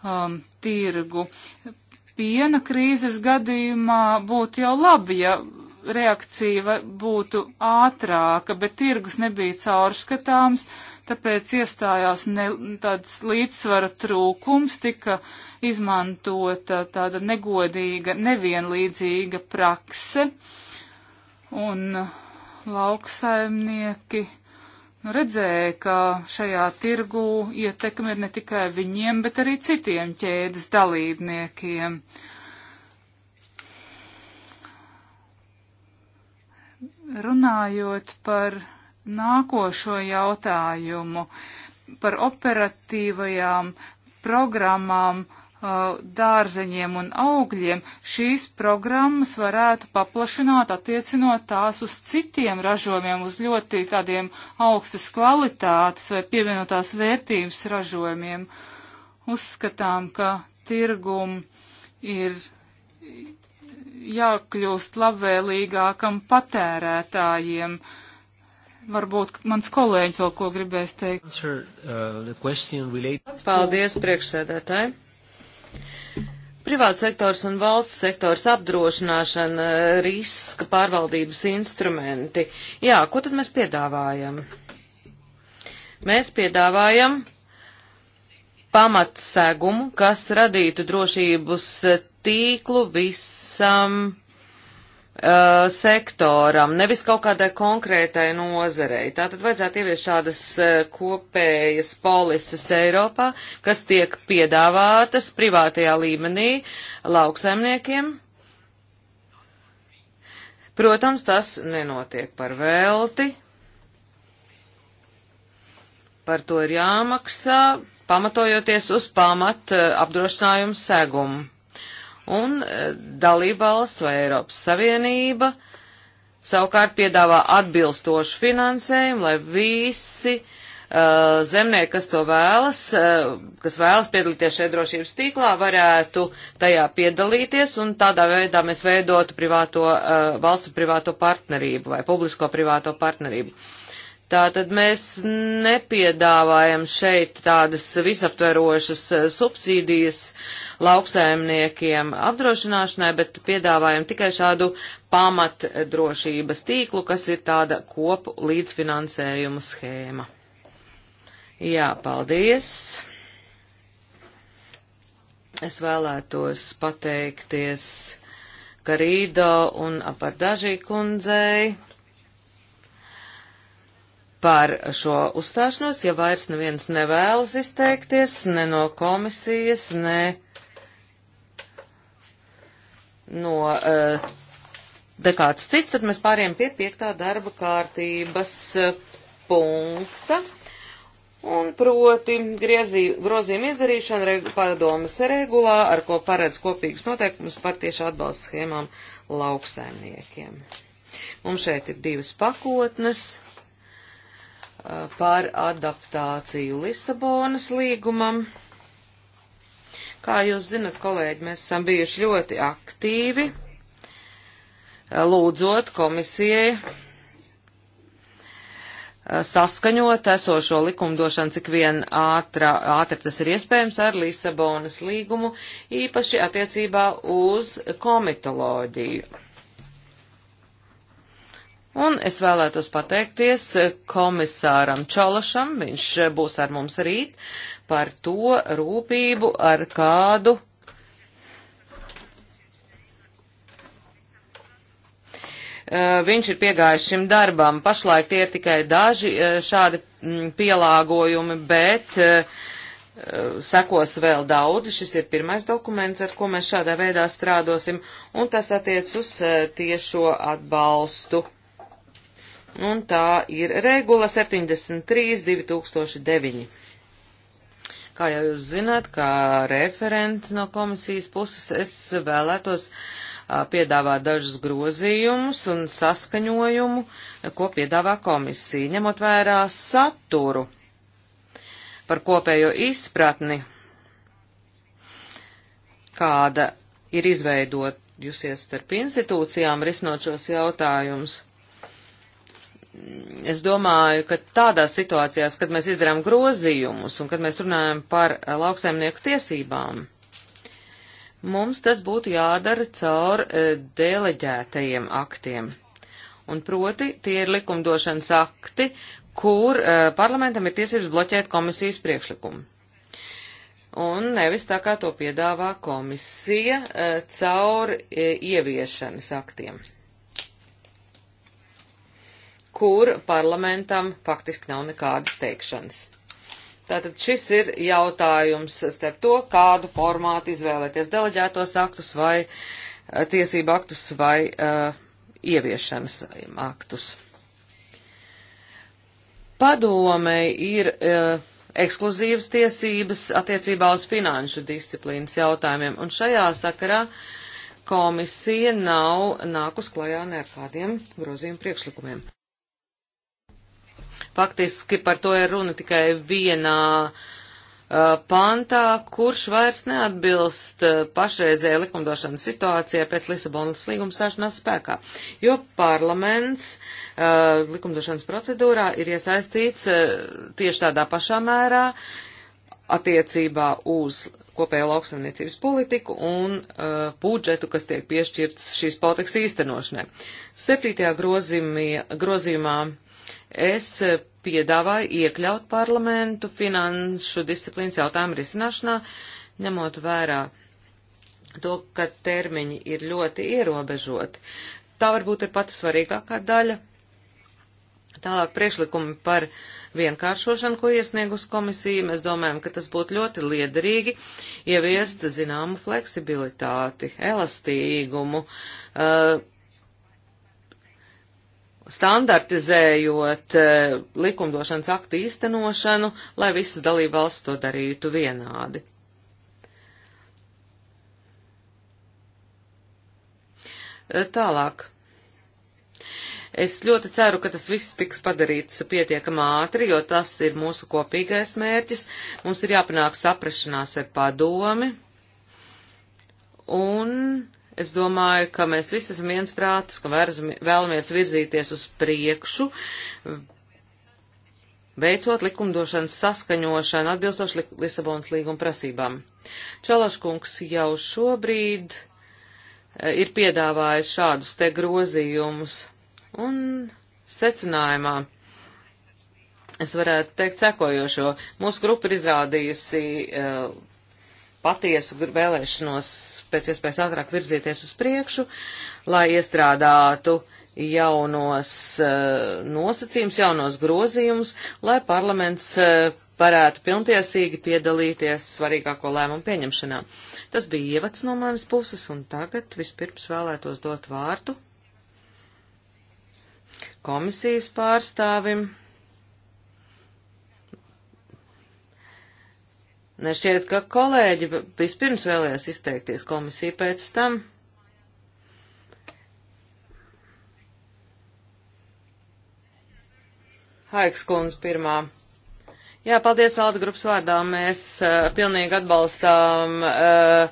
um, tirgu. Piena krīzes gadījumā būtu jau labi, ja reakcija būtu ātrāka, bet tirgus nebija caurskatāms, tāpēc iestājās ne, tāds līdzsvara trūkums, tika izmantota tāda negodīga, nevienlīdzīga prakse, un lauksaimnieki nu, redzēja, ka šajā tirgū ietekme ir ne tikai viņiem, bet arī citiem ķēdes dalībniekiem. Uh, Runājot par nākošo jautājumu, par operatīvajām programmām, uh, dārzeņiem un augļiem, šīs programmas varētu paplašināt, attiecinot tās uz citiem ražojumiem, uz ļoti tādiem augstas kvalitātes vai pievienotās vērtības ražojumiem. Uzskatām, ka tirgum ir jākļūst labvēlīgākam patērētājiem. Varbūt mans kolēģis vēl ko gribēs teikt. Uh, Paldies, priekšsēdētāji. Privāts sektors un valsts sektors apdrošināšana, riska pārvaldības instrumenti. Jā, ko tad mēs piedāvājam? Mēs piedāvājam pamatsegumu, kas radītu drošības tīklu visam uh, sektoram, nevis kaut kādai konkrētai nozarei. Tātad vajadzētu ievies šādas uh, kopējas polises Eiropā, kas tiek piedāvātas privātajā līmenī lauksaimniekiem. Protams, tas nenotiek par velti, par to ir jāmaksā, pamatojoties uz pamat uh, apdrošinājumu segumu un e, dalībvalsts vai Eiropas Savienība savukārt piedāvā atbilstošu finansējumu, lai visi uh, zemnieki, kas to vēlas, uh, kas vēlas piedalīties šajā drošības tīklā, varētu tajā piedalīties, un tādā veidā mēs veidotu privāto, uh, valstu privāto partnerību vai publisko privāto partnerību. Uh, Tātad mēs nepiedāvājam šeit tādas visaptverošas eh, subsīdijas lauksaimniekiem apdrošināšanai, bet piedāvājam tikai šādu pamatdrošības tīklu, kas ir tāda kopu līdzfinansējuma schēma. Jā, paldies! Es vēlētos pateikties Garīdo un Apardažī kundzei par šo uzstāšanos, ja vairs neviens nevēlas izteikties, ne no komisijas, ne no uh, eh, dekāds cits, tad mēs pāriem pie piektā darba kārtības eh, punkta. Un proti grozījuma izdarīšana regu, padomas regulā, ar ko paredz kopīgas noteikumus par tieši atbalsta schēmām lauksaimniekiem. Mums šeit ir divas pakotnes par adaptāciju Lisabonas līgumam. Kā jūs zinat, kolēģi, mēs esam bijuši ļoti aktīvi, lūdzot komisijai eh, saskaņot esošo likumdošanu, cik vien ātra, ātri tas ir iespējams ar Lisabonas līgumu, īpaši attiecībā uz komitoloģiju. Un es vēlētos pateikties eh, komisāram Čalašam, viņš eh, būs ar mums rīt, par to rūpību, ar kādu eh, viņš ir piegājis šim darbam. Pašlaik tie ir tikai daži šādi mm, pielāgojumi, bet sekos vēl daudzi. Šis ir pirmais dokuments, ar ko mēs šādā veidā strādosim, un tas attiec uz tiešo atbalstu un tā ir regula 73 2009. Kā jau jūs zināt, kā referents no komisijas puses, es vēlētos piedāvāt dažus grozījumus un saskaņojumu, ko piedāvā komisija, ņemot vērā saturu par kopējo izpratni, kāda ir izveidojusies starp institūcijām risinot šos jautājumus es domāju, ka tādās situācijās, kad mēs izdarām grozījumus un kad mēs runājam par eh, lauksaimnieku tiesībām, mums tas būtu jādara caur eh, deleģētajiem aktiem. Un proti, tie ir likumdošanas akti, kur uh, parlamentam ir tiesības bloķēt komisijas priekšlikumu. Un nevis tā kā to piedāvā komisija uh, caur uh, ieviešanas aktiem kur parlamentam faktiski nav nekādas teikšanas. Tātad šis ir jautājums starp to, kādu formātu izvēlēties deleģētos aktus vai eh, tiesību aktus vai uh, ieviešanas aktus. Padomei ir uh, ekskluzīvas tiesības attiecībā uz finanšu disciplīnas jautājumiem, un šajā sakarā komisija nav nākus klajā ne ar kādiem grozījumu priekšlikumiem. Faktiski par to ir runa tikai vienā uh, pantā, kurš vairs neatbilst uh, pašreizējai likumdošanas situācijai pēc Lisabonas līguma stāšanās spēkā, jo parlaments uh, likumdošanas procedūrā ir iesaistīts tieši tādā pašā mērā attiecībā uz kopējo lauksaimniecības politiku un uh, budžetu, kas tiek piešķirts šīs politikas īstenošanai. Septītajā grozījumā Es e, piedāvāju iekļaut parlamentu finanšu disciplīnas jautājumu risināšanā, ņemot vērā to, ka termiņi ir ļoti ierobežoti. Tā varbūt ir pati svarīgākā daļa. Tālāk priekšlikumi par vienkāršošanu, ko iesniegus komisija, mēs domājam, ka tas būtu ļoti liederīgi ieviest zināmu fleksibilitāti, elastīgumu. Uh, standartizējot eh, likumdošanas aktu īstenošanu, lai visas dalībvalsts to darītu vienādi. Eh, tālāk. Es ļoti ceru, ka tas viss tiks padarīts pietiekam ātri, jo tas ir mūsu kopīgais mērķis. Mums ir jāpanāk saprašanās ar padomi. Un Es domāju, ka mēs visi esam viensprātis, ka vēlamies virzīties uz priekšu, veicot likumdošanas saskaņošanu atbilstoši Lisabonas līguma prasībām. Čalaškungs jau šobrīd e, ir piedāvājis šādus te grozījumus un secinājumā. Es varētu teikt sekojošo. Mūsu grupa ir izrādījusi uh, patiesu vēlēšanos pēc iespējas ātrāk virzīties uz priekšu, lai iestrādātu jaunos eh, nosacījums, jaunos grozījumus, lai parlaments eh, varētu pilntiesīgi piedalīties svarīgāko lēmumu pieņemšanā. Tas bija ievads no manas puses, un tagad vispirms vēlētos dot vārdu komisijas pārstāvim. Nešķiet, ka kolēģi vispirms vēlējās izteikties komisija pēc tam. Haiks kundze pirmā. Jā, paldies, Alda grupas vārdā. Mēs uh, pilnīgi atbalstām uh,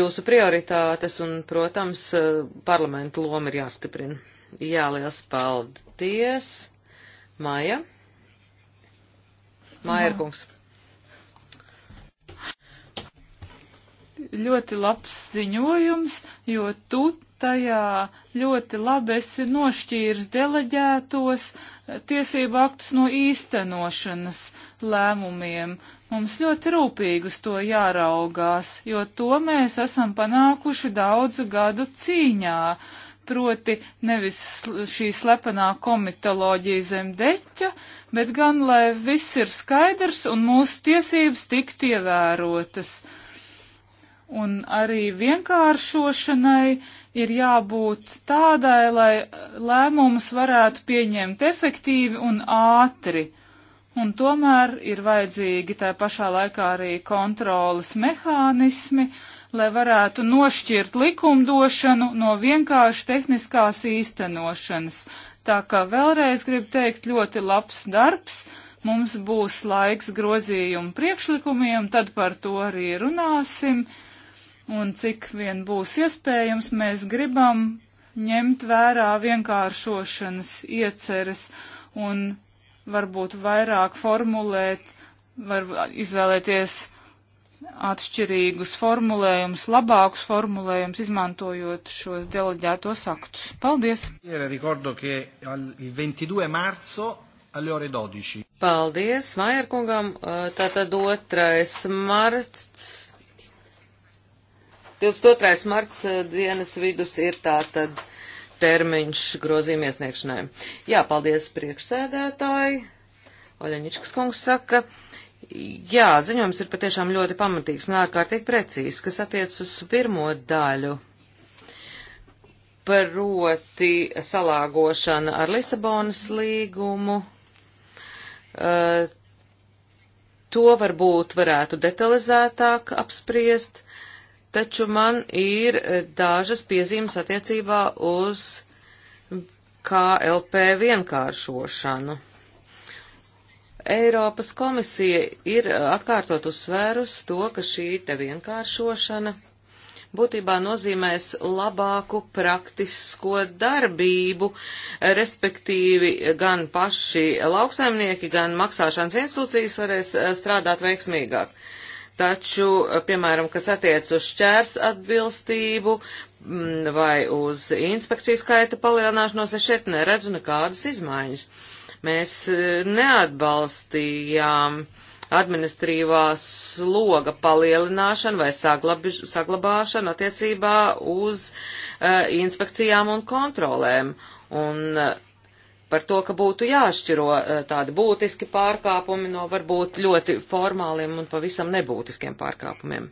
jūsu prioritātes un, protams, uh, parlamenta loma ir jāstiprina. Jā, liels paldies. Maija. Maija kungs. ļoti labs ziņojums, jo tu tajā ļoti labi esi nošķīris deleģētos tiesību aktus no īstenošanas lēmumiem. Mums ļoti rūpīgi uz to jāraugās, jo to mēs esam panākuši daudzu gadu cīņā. Proti nevis šī slepenā komitoloģija zem deķa, bet gan, lai viss ir skaidrs un mūsu tiesības tiktu ievērotas. Uh, un arī vienkāršošanai ir jābūt tādai, lai lēmumus varētu pieņemt efektīvi un ātri. Un tomēr ir vajadzīgi tā pašā laikā arī kontrolas mehānismi, lai varētu nošķirt likumdošanu no vienkārši tehniskās īstenošanas. Tā kā vēlreiz gribu teikt ļoti labs darbs, mums būs laiks grozījumu priekšlikumiem, tad par to arī runāsim un cik vien būs iespējams, mēs gribam ņemt vērā vienkāršošanas ieceres un varbūt vairāk formulēt, var izvēlēties atšķirīgus formulējumus, labākus formulējumus, izmantojot šos deleģētos aktus. Paldies! Paldies, Maierkungam! Tātad 2. marts 22. marts eh, dienas vidus ir tātad termiņš grozījuma iesniegšanai. Jā, paldies priekšsēdētāji. Oļaņičkas kungs saka, jā, ziņojums ir patiešām ļoti pamatīgs un ārkārtīgi precīzs, kas attiec uz pirmo daļu. Proti salāgošana ar Lisabonas līgumu. Uh, to varbūt varētu detalizētāk apspriest taču man ir e, dažas piezīmes attiecībā uz KLP vienkāršošanu. Eiropas komisija ir e, atkārtot uzsvērus to, ka šī te vienkāršošana būtībā nozīmēs labāku praktisko darbību, respektīvi gan paši lauksaimnieki, gan maksāšanas institūcijas varēs e, strādāt veiksmīgāk. Uh, Taču, piemēram, kas attiec uz šķērs atbilstību mm, vai uz inspekciju skaita palielināšanos, es šeit neredzu nekādas izmaiņas. Mēs e, neatbalstījām administrīvās sloga palielināšanu vai saglabiž, saglabāšanu attiecībā uz uh, inspekcijām un kontrolēm. Un uh, par to, ka būtu jāšķiro eh, tādi būtiski pārkāpumi no varbūt ļoti formāliem un pavisam nebūtiskiem pārkāpumiem.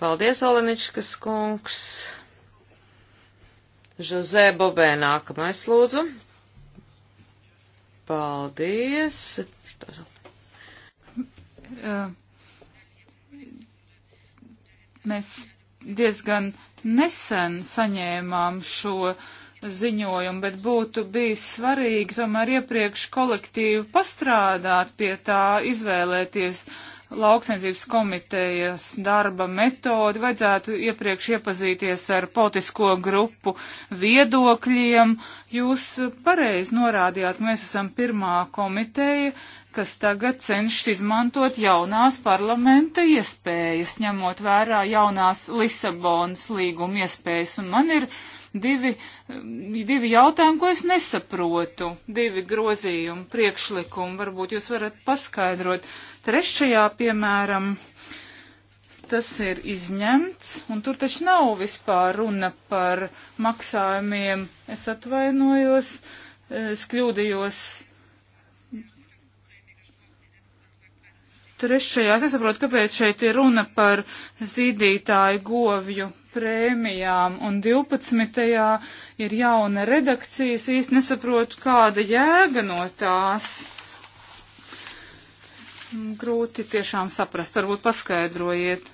Paldies, Oleničkas kungs. Žozē Bobē nākamais lūdzu. Paldies. Mēs diezgan nesen saņēmām šo uh, ziņojumu, bet būtu bijis svarīgi tomēr iepriekš kolektīvi pastrādāt pie tā, izvēlēties lauksensības komitejas darba metodi, vajadzētu iepriekš iepazīties ar politisko grupu viedokļiem. Jūs pareizi norādījāt, mēs esam pirmā komiteja, kas tagad cenšas izmantot jaunās parlamenta iespējas, ņemot vērā jaunās Lisabonas līguma iespējas. Un man ir divi, divi jautājumi, ko es nesaprotu, divi grozījumi, priekšlikumi, varbūt jūs varat paskaidrot. Trešajā, piemēram, tas ir izņemts, un tur taču nav vispār runa par maksājumiem. Es atvainojos, es kļūdījos Trešajā, es nesaprotu, kāpēc šeit ir runa par zīdītāju govju prēmijām, un 12. ir jauna redakcijas, īsti nesaprotu, kāda jēga no tās. Grūti tiešām saprast, varbūt paskaidrojiet.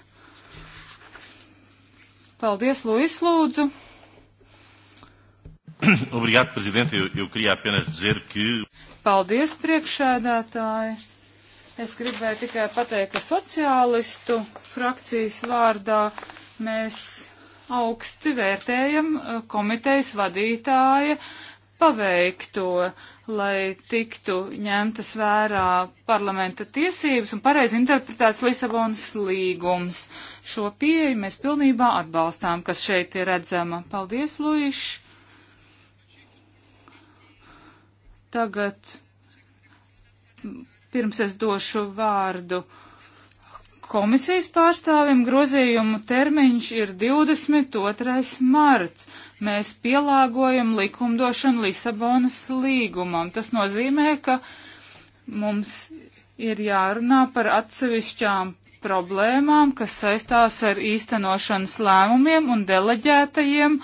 Paldies, Luis, lūdzu. Obrigado, Presidente. Eu, eu queria apenas dizer que. Paldies, priekšsēdētāji. Es gribēju tikai pateikt, ka sociālistu frakcijas vārdā mēs augsti vērtējam uh, komitejas vadītāja paveikto, lai tiktu ņemtas vērā parlamenta tiesības un pareizi interpretēts Lisabonas līgums. Šo pieeju mēs pilnībā atbalstām, kas šeit ir redzama. Paldies, Luīši! Tagad Pirms es došu vārdu komisijas pārstāvim grozījumu termiņš ir 22. marts. Mēs pielāgojam likumdošanu Lisabonas līgumam. Tas nozīmē, ka mums ir jārunā par atsevišķām problēmām, kas saistās ar īstenošanas lēmumiem un deleģētajiem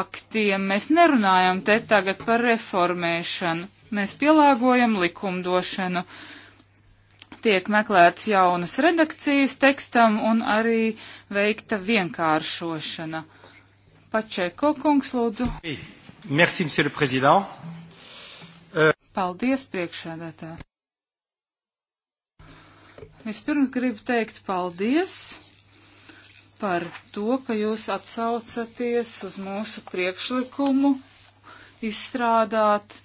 aktiem. Mēs nerunājam te tagad par reformēšanu. Mēs pielāgojam likumdošanu tiek meklēts jaunas redakcijas tekstam un arī veikta vienkāršošana. Pačeko kungs, lūdzu. Merci, monsieur le président. Euh, paldies, priekšsēdētā. Vispirms gribu teikt paldies par to, ka jūs atsaucaties uz mūsu priekšlikumu izstrādāt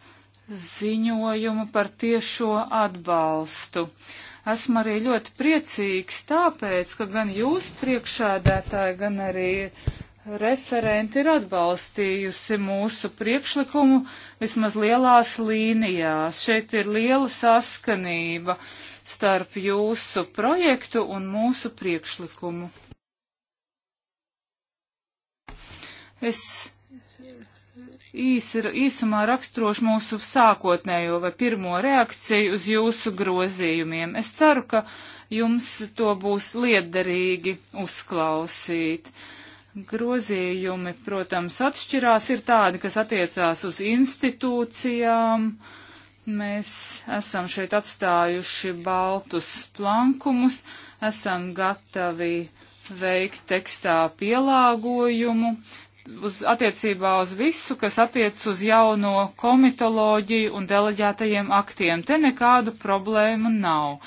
ziņojumu par tiešo atbalstu. Esmu arī ļoti priecīgs tāpēc, ka gan jūs priekšēdētāji, gan arī referenti ir atbalstījusi mūsu priekšlikumu vismaz lielās līnijās. Šeit ir liela saskanība starp jūsu projektu un mūsu priekšlikumu. Es īsi, īsumā raksturošu mūsu sākotnējo vai pirmo reakciju uz jūsu grozījumiem. Es ceru, ka jums to būs liederīgi uzklausīt. Grozījumi, protams, atšķirās. Ir tādi, kas attiecās uz institūcijām. Mēs esam šeit atstājuši baltus plankumus, esam gatavi veikt tekstā pielāgojumu, uz attiecībā uz visu, kas attiec uz jauno komitoloģiju un deleģētajiem aktiem. Te nekādu problēmu nav.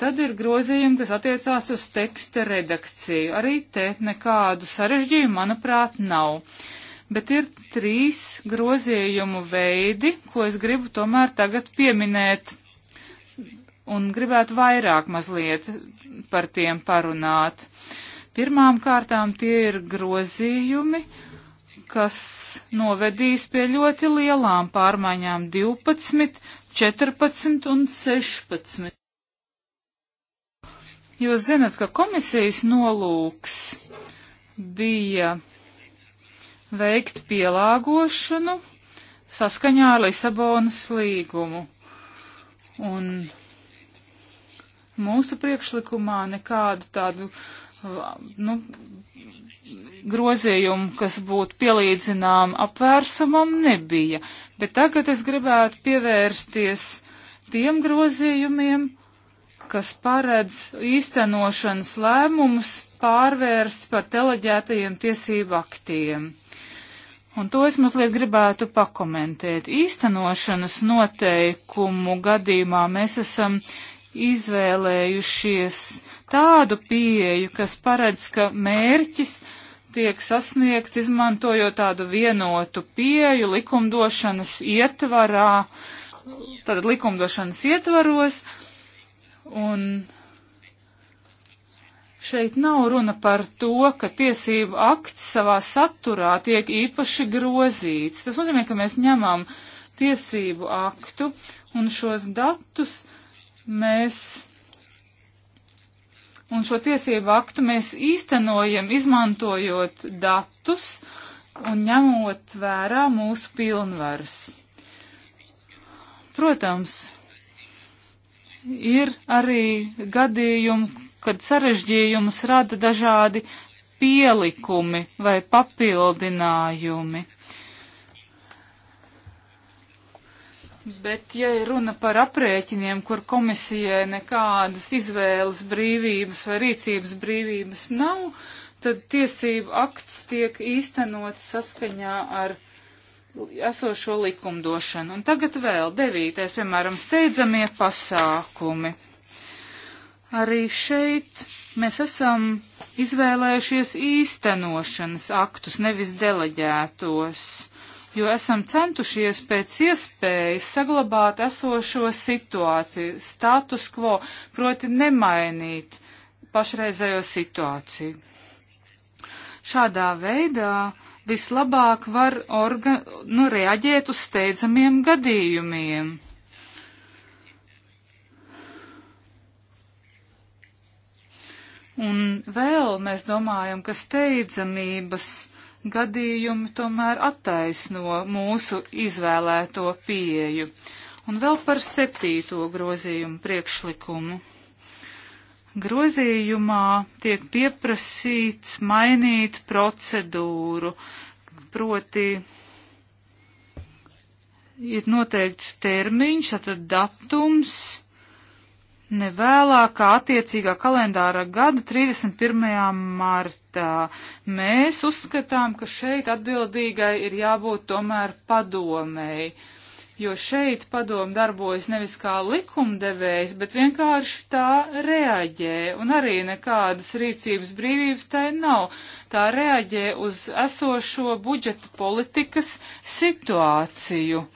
Tad ir grozījumi, kas attiecās uz teksta redakciju. Arī te nekādu sarežģījumu, manuprāt, nav. Bet ir trīs grozījumu veidi, ko es gribu tomēr tagad pieminēt un gribētu vairāk mazliet par tiem parunāt. Pirmām kārtām tie ir grozījumi, uh, kas novedīs pie ļoti lielām pārmaiņām 12, 14 un 16. Jūs zinat, ka komisijas nolūks bija veikt pielāgošanu saskaņā ar Lisabonas līgumu. Un mūsu priekšlikumā nekādu tādu nu, grozījumu, kas būtu pielīdzinām apvērsumam, nebija. Bet tagad es gribētu pievērsties tiem grozījumiem, kas paredz īstenošanas lēmumus pārvērst par teleģētajiem tiesību aktiem. Un to es mazliet gribētu pakomentēt. Īstenošanas noteikumu gadījumā mēs esam izvēlējušies tādu pieeju, kas paredz, ka mērķis ir tiek sasniegts, izmantojot tādu vienotu pieju likumdošanas ietvarā, tātad likumdošanas ietvaros, un šeit nav runa par to, ka tiesību akts savā saturā tiek īpaši grozīts. Tas nozīmē, ka mēs ņemam tiesību aktu un šos datus mēs Un šo tiesību aktu mēs īstenojam, izmantojot datus un ņemot vērā mūsu pilnvaras. Protams, ir arī gadījumi, kad sarežģījumus rada dažādi pielikumi vai papildinājumi. Bet, ja ir runa par aprēķiniem, kur komisijai nekādas izvēles brīvības vai rīcības brīvības nav, tad tiesību akts tiek īstenots saskaņā ar esošo likumdošanu. Un tagad vēl devītais, piemēram, steidzamie pasākumi. Arī šeit mēs esam izvēlējušies īstenošanas aktus, nevis deleģētos jo esam centušies pēc iespējas saglabāt esošo situāciju, status quo, proti nemainīt pašreizējo situāciju. Šādā veidā vislabāk var orga, nu, reaģēt uz steidzamiem gadījumiem. Un vēl mēs domājam, ka steidzamības gadījumi tomēr attaisno mūsu izvēlēto pieeju. Un vēl par septīto grozījumu priekšlikumu. Grozījumā tiek pieprasīts mainīt procedūru, proti ir noteikts termiņš, tātad datums, ne vēlākā attiecīgā kalendāra gada 31. martā. Mēs uzskatām, ka šeit atbildīgai ir jābūt tomēr padomēji, jo šeit padomu darbojas nevis kā likumdevējs, bet vienkārši tā reaģē, un arī nekādas rīcības brīvības tai nav. Tā reaģē uz esošo budžeta politikas situāciju.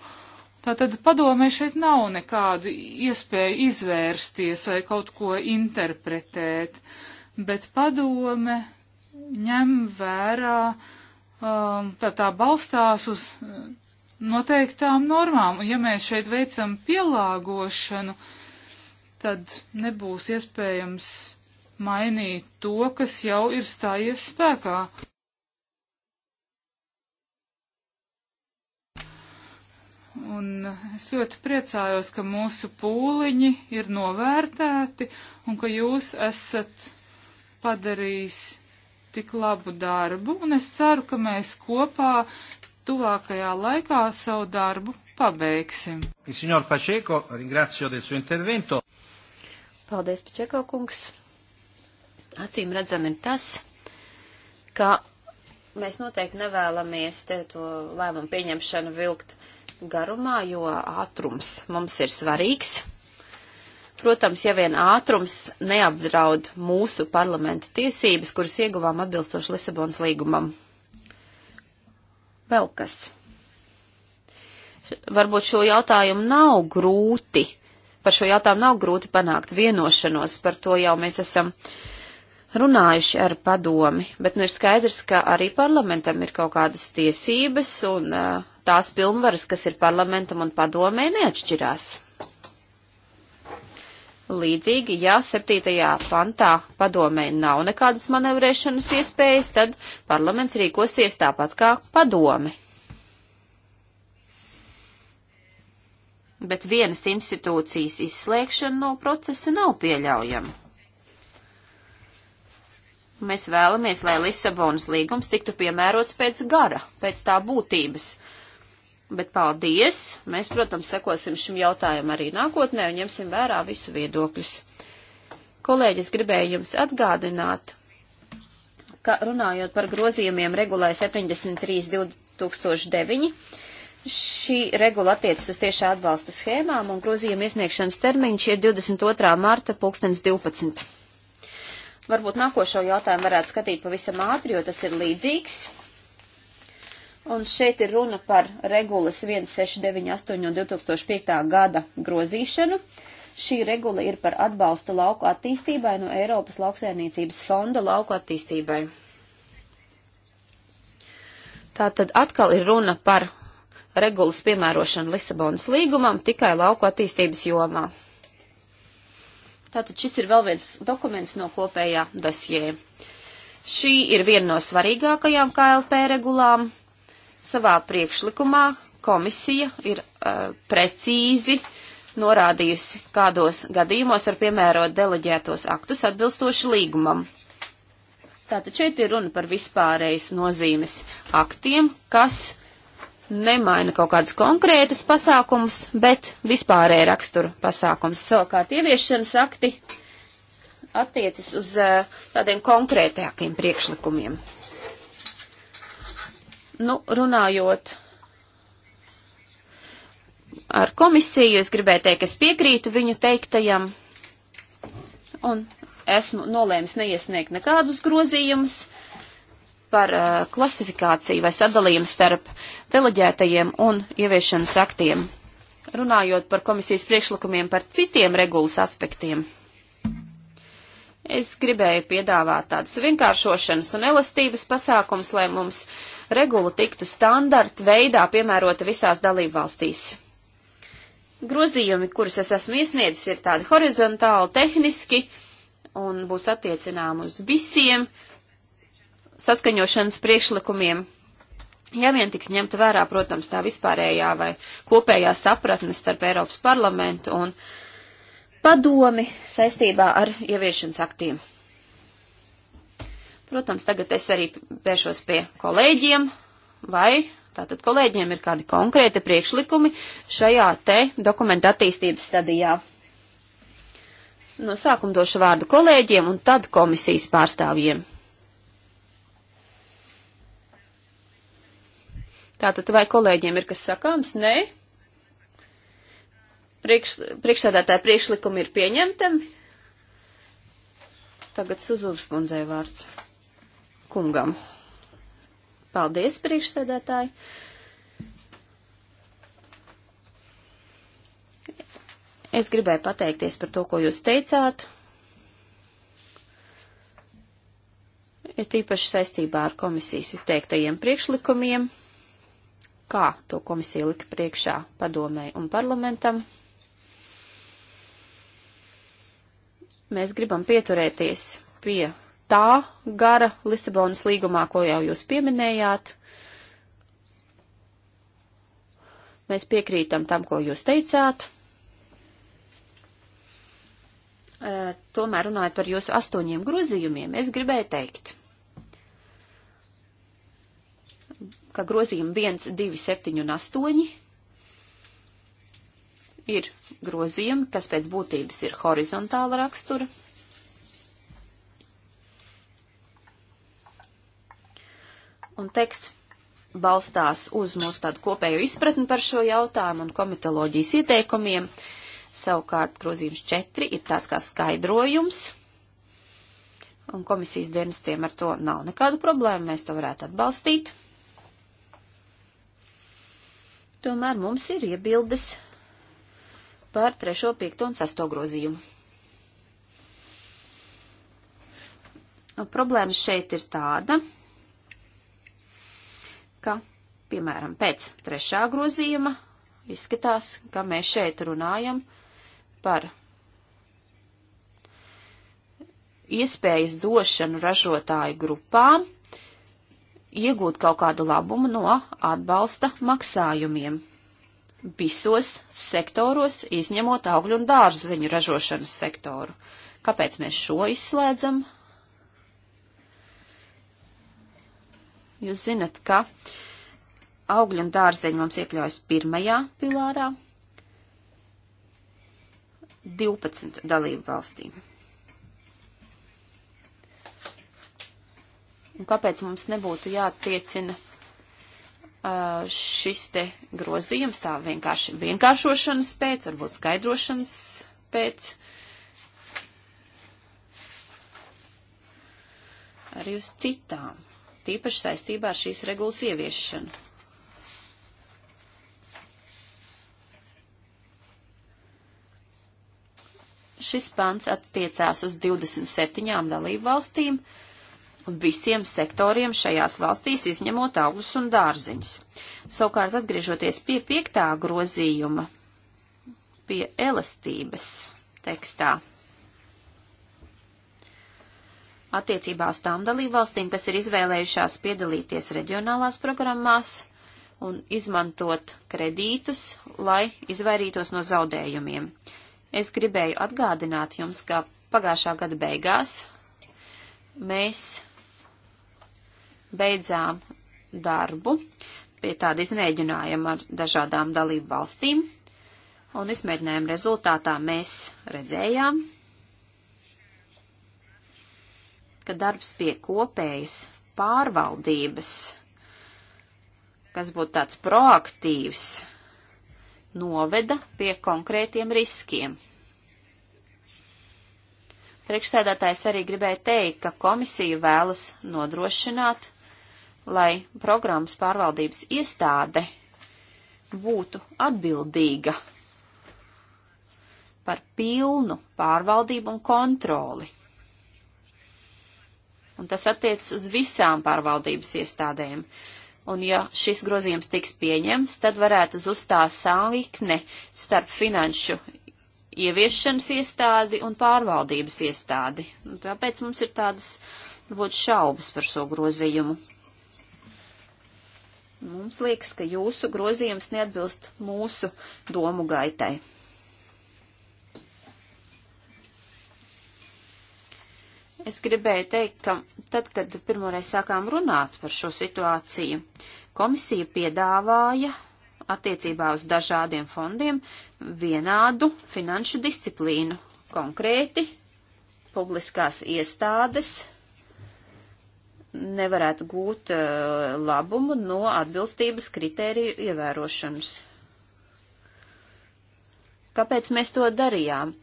Tātad padomē šeit nav nekādu iespēju izvērsties vai kaut ko interpretēt, bet padome ņem vērā, um, tā tā balstās uz uh, noteiktām normām. Un ja mēs šeit veicam pielāgošanu, tad nebūs iespējams mainīt to, kas jau ir stājies spēkā. Un es ļoti priecājos, ka mūsu pūliņi ir novērtēti un ka jūs esat padarījis tik labu darbu. Un es ceru, ka mēs kopā tuvākajā laikā savu darbu pabeigsim. Pačeko, Paldies, Pačeko kungs. Acīm redzam ir tas, ka mēs noteikti nevēlamies te to lēmumu pieņemšanu vilkt garumā, jo ātrums mums ir svarīgs. Protams, ja vien ātrums neapdraud mūsu parlamenta tiesības, kuras ieguvām atbilstoši Lisabonas līgumam. Vēl kas. Varbūt šo jautājumu nav grūti, par šo jautājumu nav grūti panākt vienošanos, par to jau mēs esam uh, runājuši ar padomi, bet nu ir skaidrs, ka arī parlamentam ir kaut kādas tiesības un tās pilnvaras, kas ir parlamentam un padomē, neatšķirās. Līdzīgi, ja 7. pantā padomē nav nekādas manevrēšanas iespējas, tad parlaments rīkosies tāpat kā padome. Bet vienas institūcijas izslēgšana no procesa nav pieļaujama. Mēs vēlamies, lai Lisabonas līgums tiktu piemērots pēc gara, pēc tā būtības. Bet paldies! Mēs, protams, sekosim šim jautājumam arī nākotnē un ņemsim vērā visu viedokļus. Kolēģis gribēja jums atgādināt, ka runājot par grozījumiem regulē 73.2009. Šī regula attiecas uz tiešā atbalsta schēmām un grozījuma iesniegšanas termiņš ir 22. marta 2012. Varbūt nākošo jautājumu varētu skatīt pavisam ātri, jo tas ir līdzīgs. Un šeit ir runa par regulas 1698 no 2005. gada grozīšanu. Šī regula ir par atbalstu lauku attīstībai no Eiropas lauksaimniecības fonda lauku attīstībai. Tātad atkal ir runa par regulas piemērošanu Lisabonas līgumam tikai lauku attīstības jomā. Tātad šis ir vēl viens dokuments no kopējā dosjē. Šī ir viena no svarīgākajām KLP regulām. Savā priekšlikumā komisija ir uh, precīzi norādījusi, kādos gadījumos var piemērot deleģētos aktus atbilstoši līgumam. Tātad šeit ir runa par vispārējas nozīmes aktiem, kas nemaina kaut kādus konkrētus pasākumus, bet vispārēja rakstura pasākums. Savukārt ieviešanas akti attiecas uz eh, tādiem konkrētākiem priekšlikumiem. Nu, runājot ar komisiju, es gribēju teikt, es piekrītu viņu teiktajam un esmu nolēmis neiesniegt nekādus grozījumus par uh, klasifikāciju vai sadalījumu starp deleģētajiem un ieviešanas aktiem, runājot par komisijas priekšlikumiem par citiem regulas aspektiem. Es gribēju piedāvāt tādus vienkāršošanas un elastības pasākums, lai mums regula tiktu standarta veidā piemērota visās dalību valstīs. Grozījumi, kurus es esmu iesniedzis, ir tādi horizontāli, tehniski un būs attiecinām uz visiem uh, saskaņošanas priekšlikumiem. Ja vien tiks ņemta vērā, protams, tā vispārējā vai kopējā sapratne starp Eiropas parlamentu un padomi saistībā ar ieviešanas aktiem. Protams, tagad es arī vēršos pie kolēģiem, vai tātad kolēģiem ir kādi konkrēti priekšlikumi šajā te dokumenta attīstības stadijā. No sākuma došu vārdu kolēģiem un tad komisijas pārstāvjiem. Tātad vai kolēģiem ir kas sakāms? Nē. Priekš, priekšsēdētāja priekšlikumi ir pieņemtami. Tagad Suzūvas kundzei vārds. Kungam. Paldies, priekšsēdētāji. Es gribēju pateikties par to, ko jūs teicāt. Ir tīpaši saistībā ar komisijas izteiktajiem priekšlikumiem kā to komisija lika priekšā padomēji un parlamentam. Mēs gribam pieturēties pie tā gara Lisabonas līgumā, ko jau jūs pieminējāt. Mēs piekrītam tam, ko jūs teicāt. E, tomēr runājot par jūsu astoņiem grozījumiem, es gribēju teikt, ka grozījumi 1, 2, 7 un 8 ir grozījumi, kas pēc būtības ir horizontāla rakstura. Un teksts balstās uz mūsu tādu kopēju izpratni par šo jautājumu un komitoloģijas ieteikumiem. Savukārt grozījums 4 ir tāds kā skaidrojums, un komisijas dienestiem ar to nav nekādu problēmu, mēs to varētu atbalstīt. Tomēr mums ir iebildes par 3., 5. un 6. grozījumu. Nu, problēma šeit ir tāda, ka, piemēram, pēc 3. grozījuma izskatās, ka mēs šeit runājam par iespējas došanu ražotāju grupām iegūt kaut kādu labumu no atbalsta maksājumiem visos sektoros, izņemot augļu un dārzeņu ražošanas sektoru. Kāpēc mēs šo izslēdzam? Jūs zinat, ka augļu un dārzeņu mums iekļaujas pirmajā pilārā 12 dalību valstīm. Un kāpēc mums nebūtu jātiecina uh, šis te grozījums tā vienkārši vienkāršošanas pēc, varbūt skaidrošanas pēc? Arī uz citām, tīpaši saistībā ar šīs regulas ieviešanu. šis pants attiecās uz 27 dalību valstīm, visiem sektoriem šajās valstīs, izņemot augļus un dārziņus. Savukārt, atgriežoties pie piektā grozījuma, pie elastības tekstā, attiecībā uz tām dalībvalstīm, kas ir izvēlējušās piedalīties reģionālās programmās un izmantot kredītus, lai izvairītos no zaudējumiem. Es gribēju atgādināt jums, ka pagājušā gada beigās mēs beidzām darbu pie tāda izmēģinājuma ar dažādām dalību valstīm, un izmēģinājuma rezultātā mēs redzējām, ka darbs pie kopējas pārvaldības, kas būtu tāds proaktīvs, noveda pie konkrētiem riskiem. Priekšsēdētājs arī gribēja teikt, ka komisija vēlas nodrošināt lai programmas pārvaldības iestāde būtu atbildīga par pilnu pārvaldību un kontroli. Un tas attiec uz visām pārvaldības iestādēm. Un ja šis grozījums tiks pieņemts, tad varētu uzstās salikne starp finanšu ieviešanas iestādi un pārvaldības iestādi. Un tāpēc mums ir tādas, varbūt, šaubas par šo grozījumu. Mums liekas, ka jūsu grozījums neatbilst mūsu domu gaitai. Es gribēju teikt, ka tad, kad pirmoreiz sākām runāt par šo situāciju, komisija piedāvāja attiecībā uz dažādiem fondiem vienādu finanšu disciplīnu. Konkrēti, publiskās iestādes nevarētu gūt uh, labumu no atbilstības kritēriju ievērošanas. Kāpēc mēs to darījām?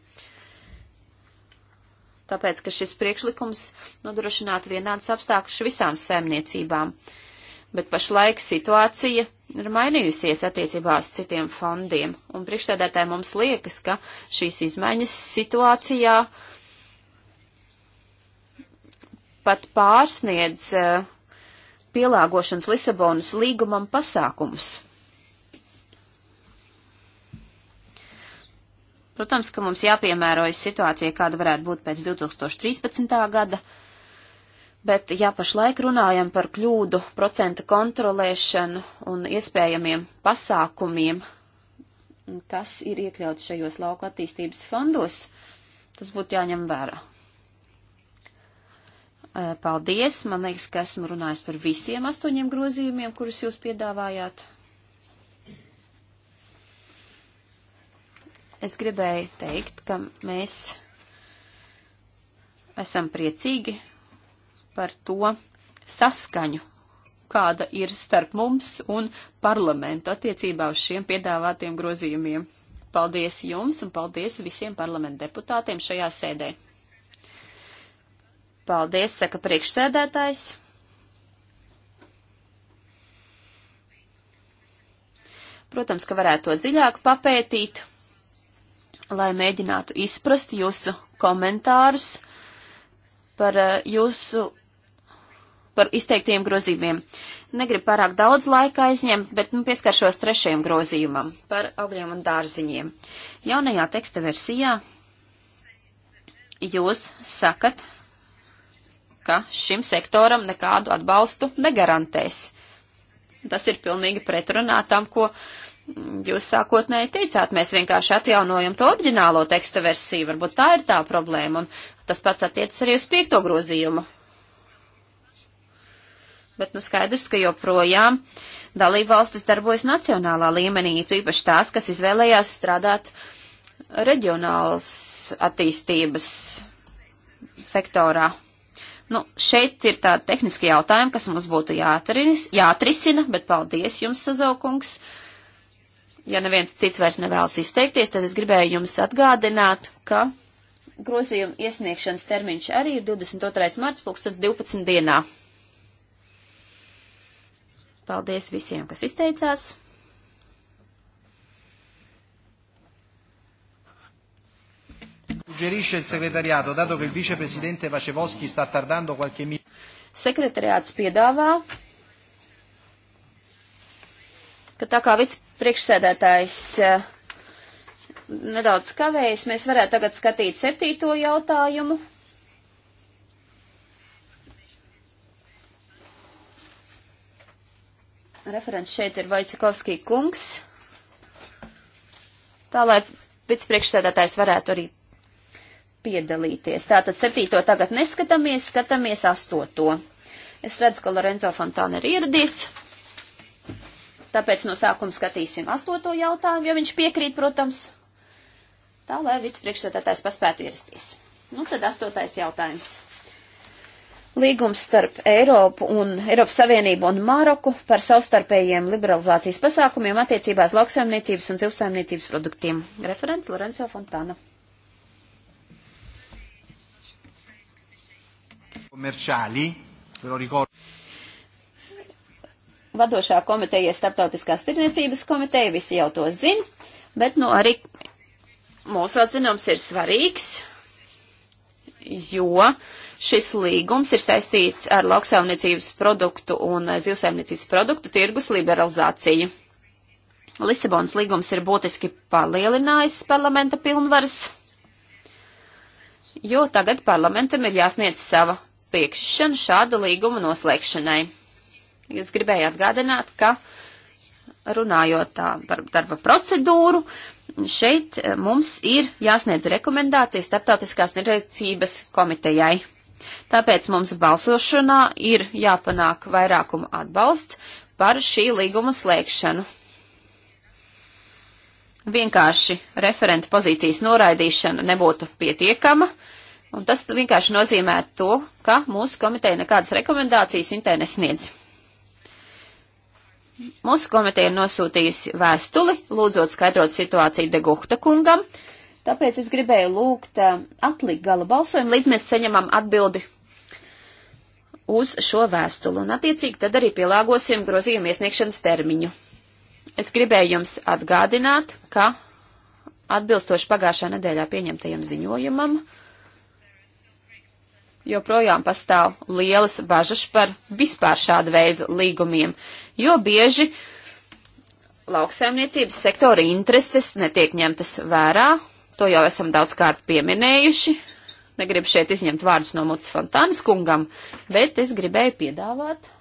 Tāpēc, ka šis priekšlikums nodrošinātu vienādas apstākļus visām saimniecībām, bet pašlaik situācija ir mainījusies attiecībā uz citiem fondiem, un priekšsēdētāji mums liekas, ka šīs izmaiņas situācijā uh, pat pārsniedz eh, pielāgošanas Lisabonas līgumam pasākumus. Protams, ka mums jāpiemērojas situācija, kāda varētu būt pēc 2013. gada, bet ja pašlaik runājam par kļūdu procenta kontrolēšanu un iespējamiem pasākumiem, kas ir iekļauts šajos lauku attīstības fondos, tas būtu jāņem vērā. Paldies! Man liekas, ka esmu runājis par visiem astoņiem grozījumiem, kurus jūs piedāvājāt. Es gribēju teikt, ka mēs esam priecīgi par to saskaņu, kāda ir starp mums un parlamentu attiecībā uz šiem piedāvātiem grozījumiem. Paldies jums un paldies visiem parlamentu deputātiem šajā sēdē! Paldies, saka priekšsēdētājs. Protams, ka varētu to dziļāk papētīt, lai mēģinātu izprast jūsu komentārus par eh, jūsu par izteiktiem grozījumiem. Negribu pārāk daudz laika aizņemt, bet nu, pieskaršos trešajam grozījumam par augļiem un dārziņiem. Jaunajā teksta versijā jūs sakat, ka šim sektoram nekādu atbalstu negarantēs. Tas ir pilnīgi pretrunā tam, ko jūs sākotnēji teicāt. Mēs vienkārši atjaunojam to oriģinālo teksta versiju. Varbūt tā ir tā problēma. Un tas pats attiecas arī uz piekto grozījumu. Bet nu skaidrs, ka joprojām dalībvalstis darbojas nacionālā līmenī, īpaši tās, kas izvēlējās strādāt reģionālas attīstības sektorā. Nu, šeit ir tādi tehniski jautājumi, kas mums būtu jāatrinis, jāatrisina, bet paldies jums, Sazaukungs. Ja neviens cits vairs nevēlas izteikties, tad es gribēju jums atgādināt, ka grozījuma iesniegšanas termiņš arī ir 22. marts 2012. dienā. Paldies visiem, kas izteicās! Suggerisce il segretariato, dato che il viceprezidente Vacevoschi sta tardando qualche minuto. Sekretariāts piedāvā, ka tā kā vicepriekšsēdētājs eh, nedaudz kavējas, mēs varētu tagad skatīt septīto jautājumu. Referents šeit ir Vaicekovskī kungs. Tā lai vicepriekšsēdētājs varētu arī piedalīties. Tātad septīto tagad neskatāmies, skatāmies astoto. Es redzu, ka Lorenzo Fontāna ir ieradies. Tāpēc no sākuma skatīsim astoto jautājumu, ja viņš piekrīt, protams. Tā, lai vicepriekšsēdētājs paspētu ierasties. Nu, tad astotais jautājums. Līgums starp Eiropu un Eiropas Savienību un Māroku par savstarpējiem liberalizācijas pasākumiem attiecībās lauksaimniecības un cilvēcības produktiem. Referents Lorenzo Fontana. Komerciāli, vēl rikordu. Vadošā komiteja ir Startautiskās tirniecības komiteja, visi jau to zina, bet nu arī mūsu atzinums ir svarīgs, jo šis līgums ir saistīts ar lauksaimniecības produktu un zivsaimniecības produktu tirgus liberalizāciju. Lisabonas līgums ir būtiski palielinājis parlamenta pilnvaras, jo tagad parlamentam ir jāsniedz sava piekšana šāda līguma noslēgšanai. Es gribēju atgādināt, ka runājot par darba procedūru, šeit eh, mums ir jāsniedz rekomendācijas starptautiskās neredzības komitejai. Tāpēc mums balsošanā ir jāpanāk vairākuma atbalsts par šī līguma slēgšanu. Vienkārši referenta pozīcijas noraidīšana nebūtu pietiekama, uh, Un tas vienkārši nozīmē to, ka mūsu komiteja nekādas rekomendācijas Intē nesniedz. Mūsu komiteja ir nosūtījusi vēstuli, lūdzot skaidrot situāciju Degukta kungam, tāpēc es gribēju lūgt eh, atlikt gala balsojumu, līdz mēs saņemam atbildi uz šo vēstuli, un attiecīgi tad arī pielāgosim grozījumu iesniegšanas termiņu. Es gribēju jums atgādināt, ka atbilstoši pagājušā nedēļā pieņemtajam ziņojumam, uh, joprojām pastāv lielas bažas par vispār šādu veidu līgumiem, jo bieži lauksaimniecības sektora intereses netiek ņemtas vērā, to jau esam daudzkārt pieminējuši. Negribu šeit izņemt vārdus no mutes Fontānas kungam, bet es gribēju piedāvāt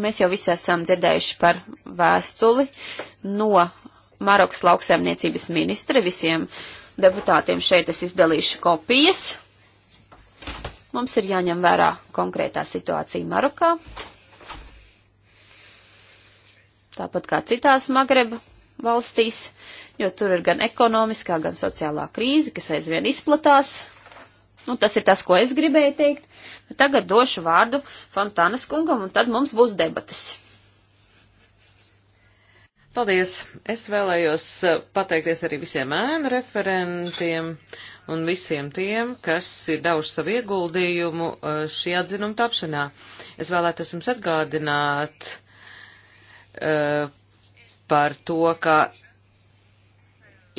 mēs jau visi esam dzirdējuši par vēstuli no Marokas lauksaimniecības ministre. Visiem deputātiem šeit es izdalīšu kopijas. Mums ir jāņem vērā konkrētā situācija Marokā. Tāpat kā citās Magreba valstīs, jo tur ir gan ekonomiskā, gan sociālā krīze, kas aizvien izplatās. Nu, tas ir tas, ko es gribēju teikt. Bet tagad došu vārdu Fontānas kungam, un tad mums būs debatas. Paldies! Es vēlējos eh, pateikties arī visiem ēnu referentiem un visiem tiem, kas ir devuši savu ieguldījumu eh, šī atzinuma tapšanā. Es vēlētos jums atgādināt uh, par to, ka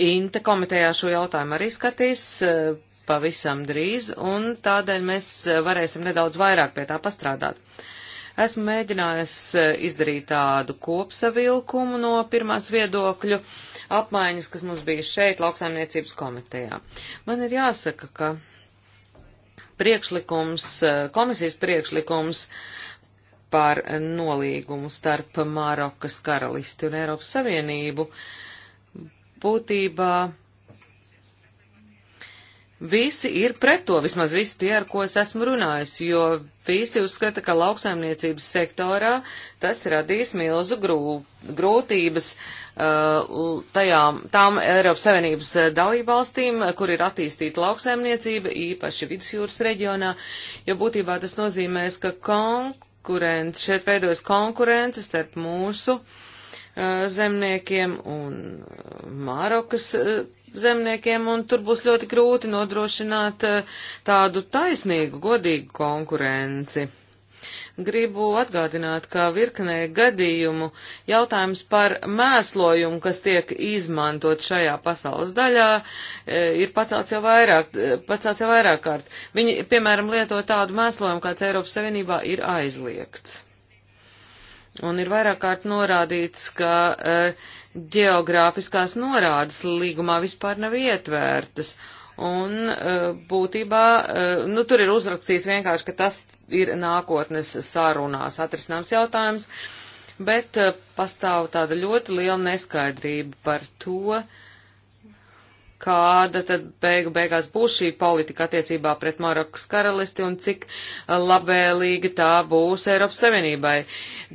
Inte komitejā šo jautājumu arī skatīs uh, pavisam drīz, un tādēļ mēs varēsim nedaudz vairāk pie tā pastrādāt. Uh, Esmu mēģinājis eh, izdarīt tādu kopsavilkumu no pirmās viedokļu apmaiņas, kas mums bija šeit, lauksaimniecības komitejā. Man ir jāsaka, ka priekšlikums, eh, komisijas priekšlikums par nolīgumu starp Marokas karalisti un Eiropas Savienību būtībā visi ir pret to, vismaz visi tie, ar ko es esmu runājis, jo visi uzskata, ka lauksaimniecības sektorā tas radīs milzu grū, grūtības uh, tajām, tām Eiropas Savienības uh, dalībvalstīm, uh, kur ir attīstīta lauksaimniecība, īpaši vidusjūras reģionā, jo būtībā tas nozīmēs, ka konkurence, šeit veidojas konkurence starp mūsu uh, zemniekiem un Mārokas uh, uh zemniekiem, un tur būs ļoti grūti nodrošināt eh, tādu taisnīgu, godīgu konkurenci. Gribu atgādināt, ka virknē gadījumu jautājums par mēslojumu, kas tiek izmantot šajā pasaules daļā, eh, ir pacelts jau vairāk, eh, pacelts jau vairāk kārt. Viņi, piemēram, lieto tādu mēslojumu, kāds Eiropas Savienībā ir aizliegts. Un ir vairāk kārt norādīts, ka uh, geogrāfiskās norādes līgumā vispār nav ietvērtas. Un eh, būtībā, eh, nu tur ir uzrakstīts vienkārši, ka tas ir nākotnes sarunās atrisināms jautājums, bet eh, pastāv tāda ļoti liela neskaidrība par to, uh, kāda tad beigu beigās būs šī politika attiecībā pret Marokas karalisti un cik uh, labēlīga tā būs Eiropas Savienībai.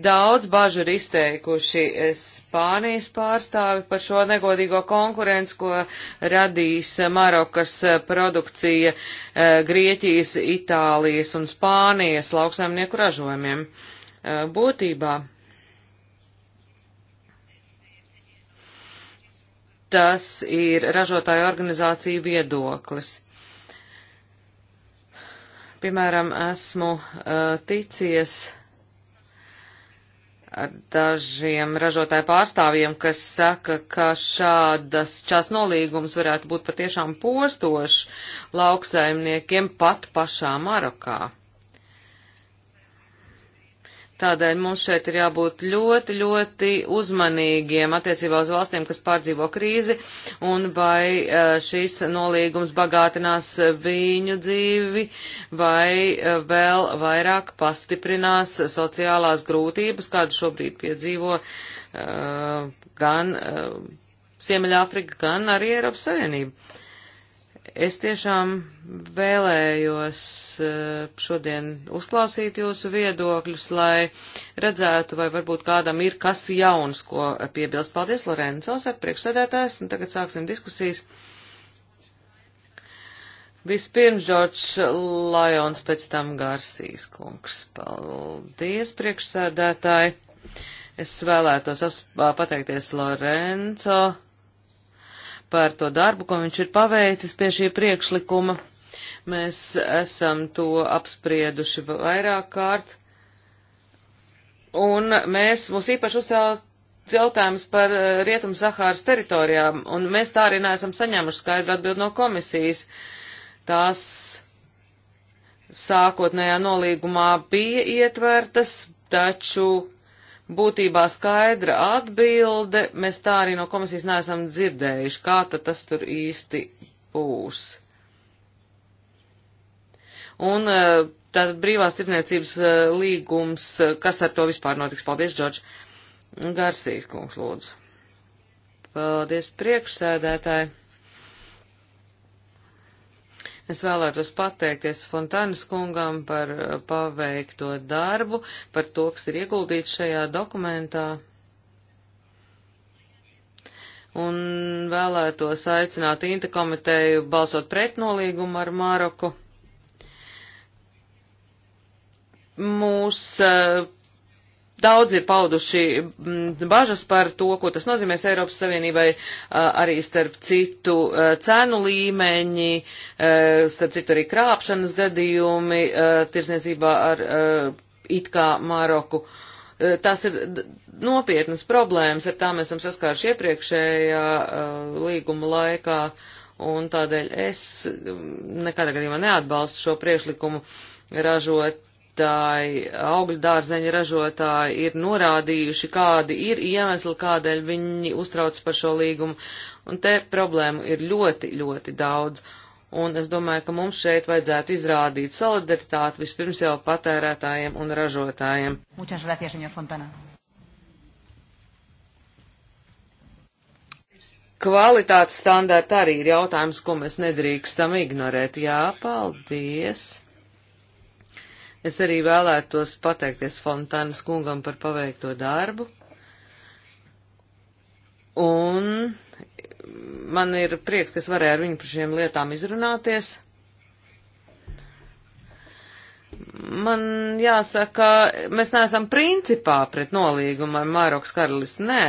Daudz bažu ir izteikuši Spānijas pārstāvi par šo negodīgo konkurenci, ko radīs Marokas uh, produkcija uh, Grieķijas, Itālijas un Spānijas lauksaimnieku ražojumiem. Būtībā tas ir ražotāju organizāciju viedoklis. Piemēram, esmu uh, ticies ar dažiem ražotāju pārstāvjiem, kas saka, ka šādas čās nolīgums varētu būt patiešām postošs lauksaimniekiem pat pašā Marokā. Tādēļ mums šeit ir jābūt ļoti, ļoti uzmanīgiem attiecībā uz valstīm, kas pārdzīvo krīzi, un vai e, šīs nolīgums bagātinās viņu dzīvi, vai e, vēl vairāk pastiprinās sociālās grūtības, kādu šobrīd piedzīvo e, gan Ziemeļāfrika, gan arī Eiropas Savienība. Es tiešām vēlējos eh, šodien uzklausīt jūsu viedokļus, lai redzētu, vai varbūt kādam ir kas jauns, ko piebilst. Paldies, Lorēna Celsak, priekšsēdētājs, un tagad sāksim diskusijas. Vispirms Džordžs Lajons, pēc tam Garsīs kungs. Paldies, priekšsēdētāji. Es vēlētos pateikties Lorenco par to darbu, ko viņš ir paveicis pie šī priekšlikuma. Mēs esam to apsprieduši vairāk kārt. Un mēs, mums īpaši uzstāv jautājums par eh, Rietumu Sahāras teritorijām, un mēs tā arī neesam saņēmuši skaidru atbildi no komisijas. Tās sākotnējā nolīgumā bija ietvertas, taču būtībā skaidra atbilde. Mēs tā arī no komisijas neesam dzirdējuši, kā tad tas tur īsti būs. Un e, tātad brīvās tirniecības e, līgums, e, kas ar to vispār notiks? Paldies, Džordž. Garsīs kungs, lūdzu. Paldies, priekšsēdētāji. Es vēlētos pateikties Fontānas kungam par uh, paveikto darbu, par to, kas ir ieguldīts šajā dokumentā. Un vēlētos aicināt Inta komiteju balsot pret nolīgumu ar Maroku. Mūs uh, Daudz ir pauduši mm, bažas par to, ko tas nozīmēs Eiropas Savienībai, arī starp citu cenu līmeņi, starp citu arī krāpšanas gadījumi tirsniecībā ar it kā Maroku. Tās ir nopietnas problēmas, ar tām esam saskāruši iepriekšējā līguma laikā, un tādēļ es nekādā gadījumā neatbalstu šo priešlikumu ražot ražotāji, augļu dārzeņu ražotāji ir norādījuši, kādi ir iemesli, kādēļ viņi uztrauc par šo līgumu. Un te problēmu ir ļoti, ļoti daudz. Un es domāju, ka mums šeit vajadzētu izrādīt solidaritāti vispirms jau patērētājiem un ražotājiem. Muchas gracias, señor Fontana. Kvalitātes standārti arī ir jautājums, ko mēs nedrīkstam ignorēt. Jā, paldies. Es arī vēlētos pateikties Fontānas kungam par paveikto darbu. Un man ir prieks, ka es varēju ar viņu par šiem lietām izrunāties. Man jāsaka, mēs neesam principā pret nolīgumu ar Māroks karalis, nē.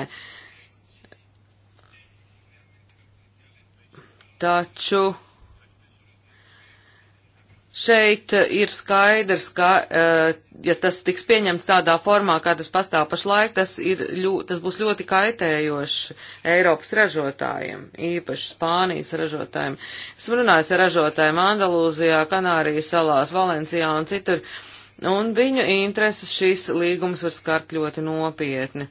Taču Šeit eh, ir skaidrs, ka, eh, ja tas tiks pieņemts tādā formā, kā tas pastāv pašlaik, tas, ir, tas būs ļoti kaitējoši Eiropas ražotājiem, īpaši Spānijas ražotājiem. Esmu runājis ar ražotājiem Andalūzijā, Kanārijas salās, Valencijā un citur, un viņu intereses šīs līgums var skart ļoti nopietni.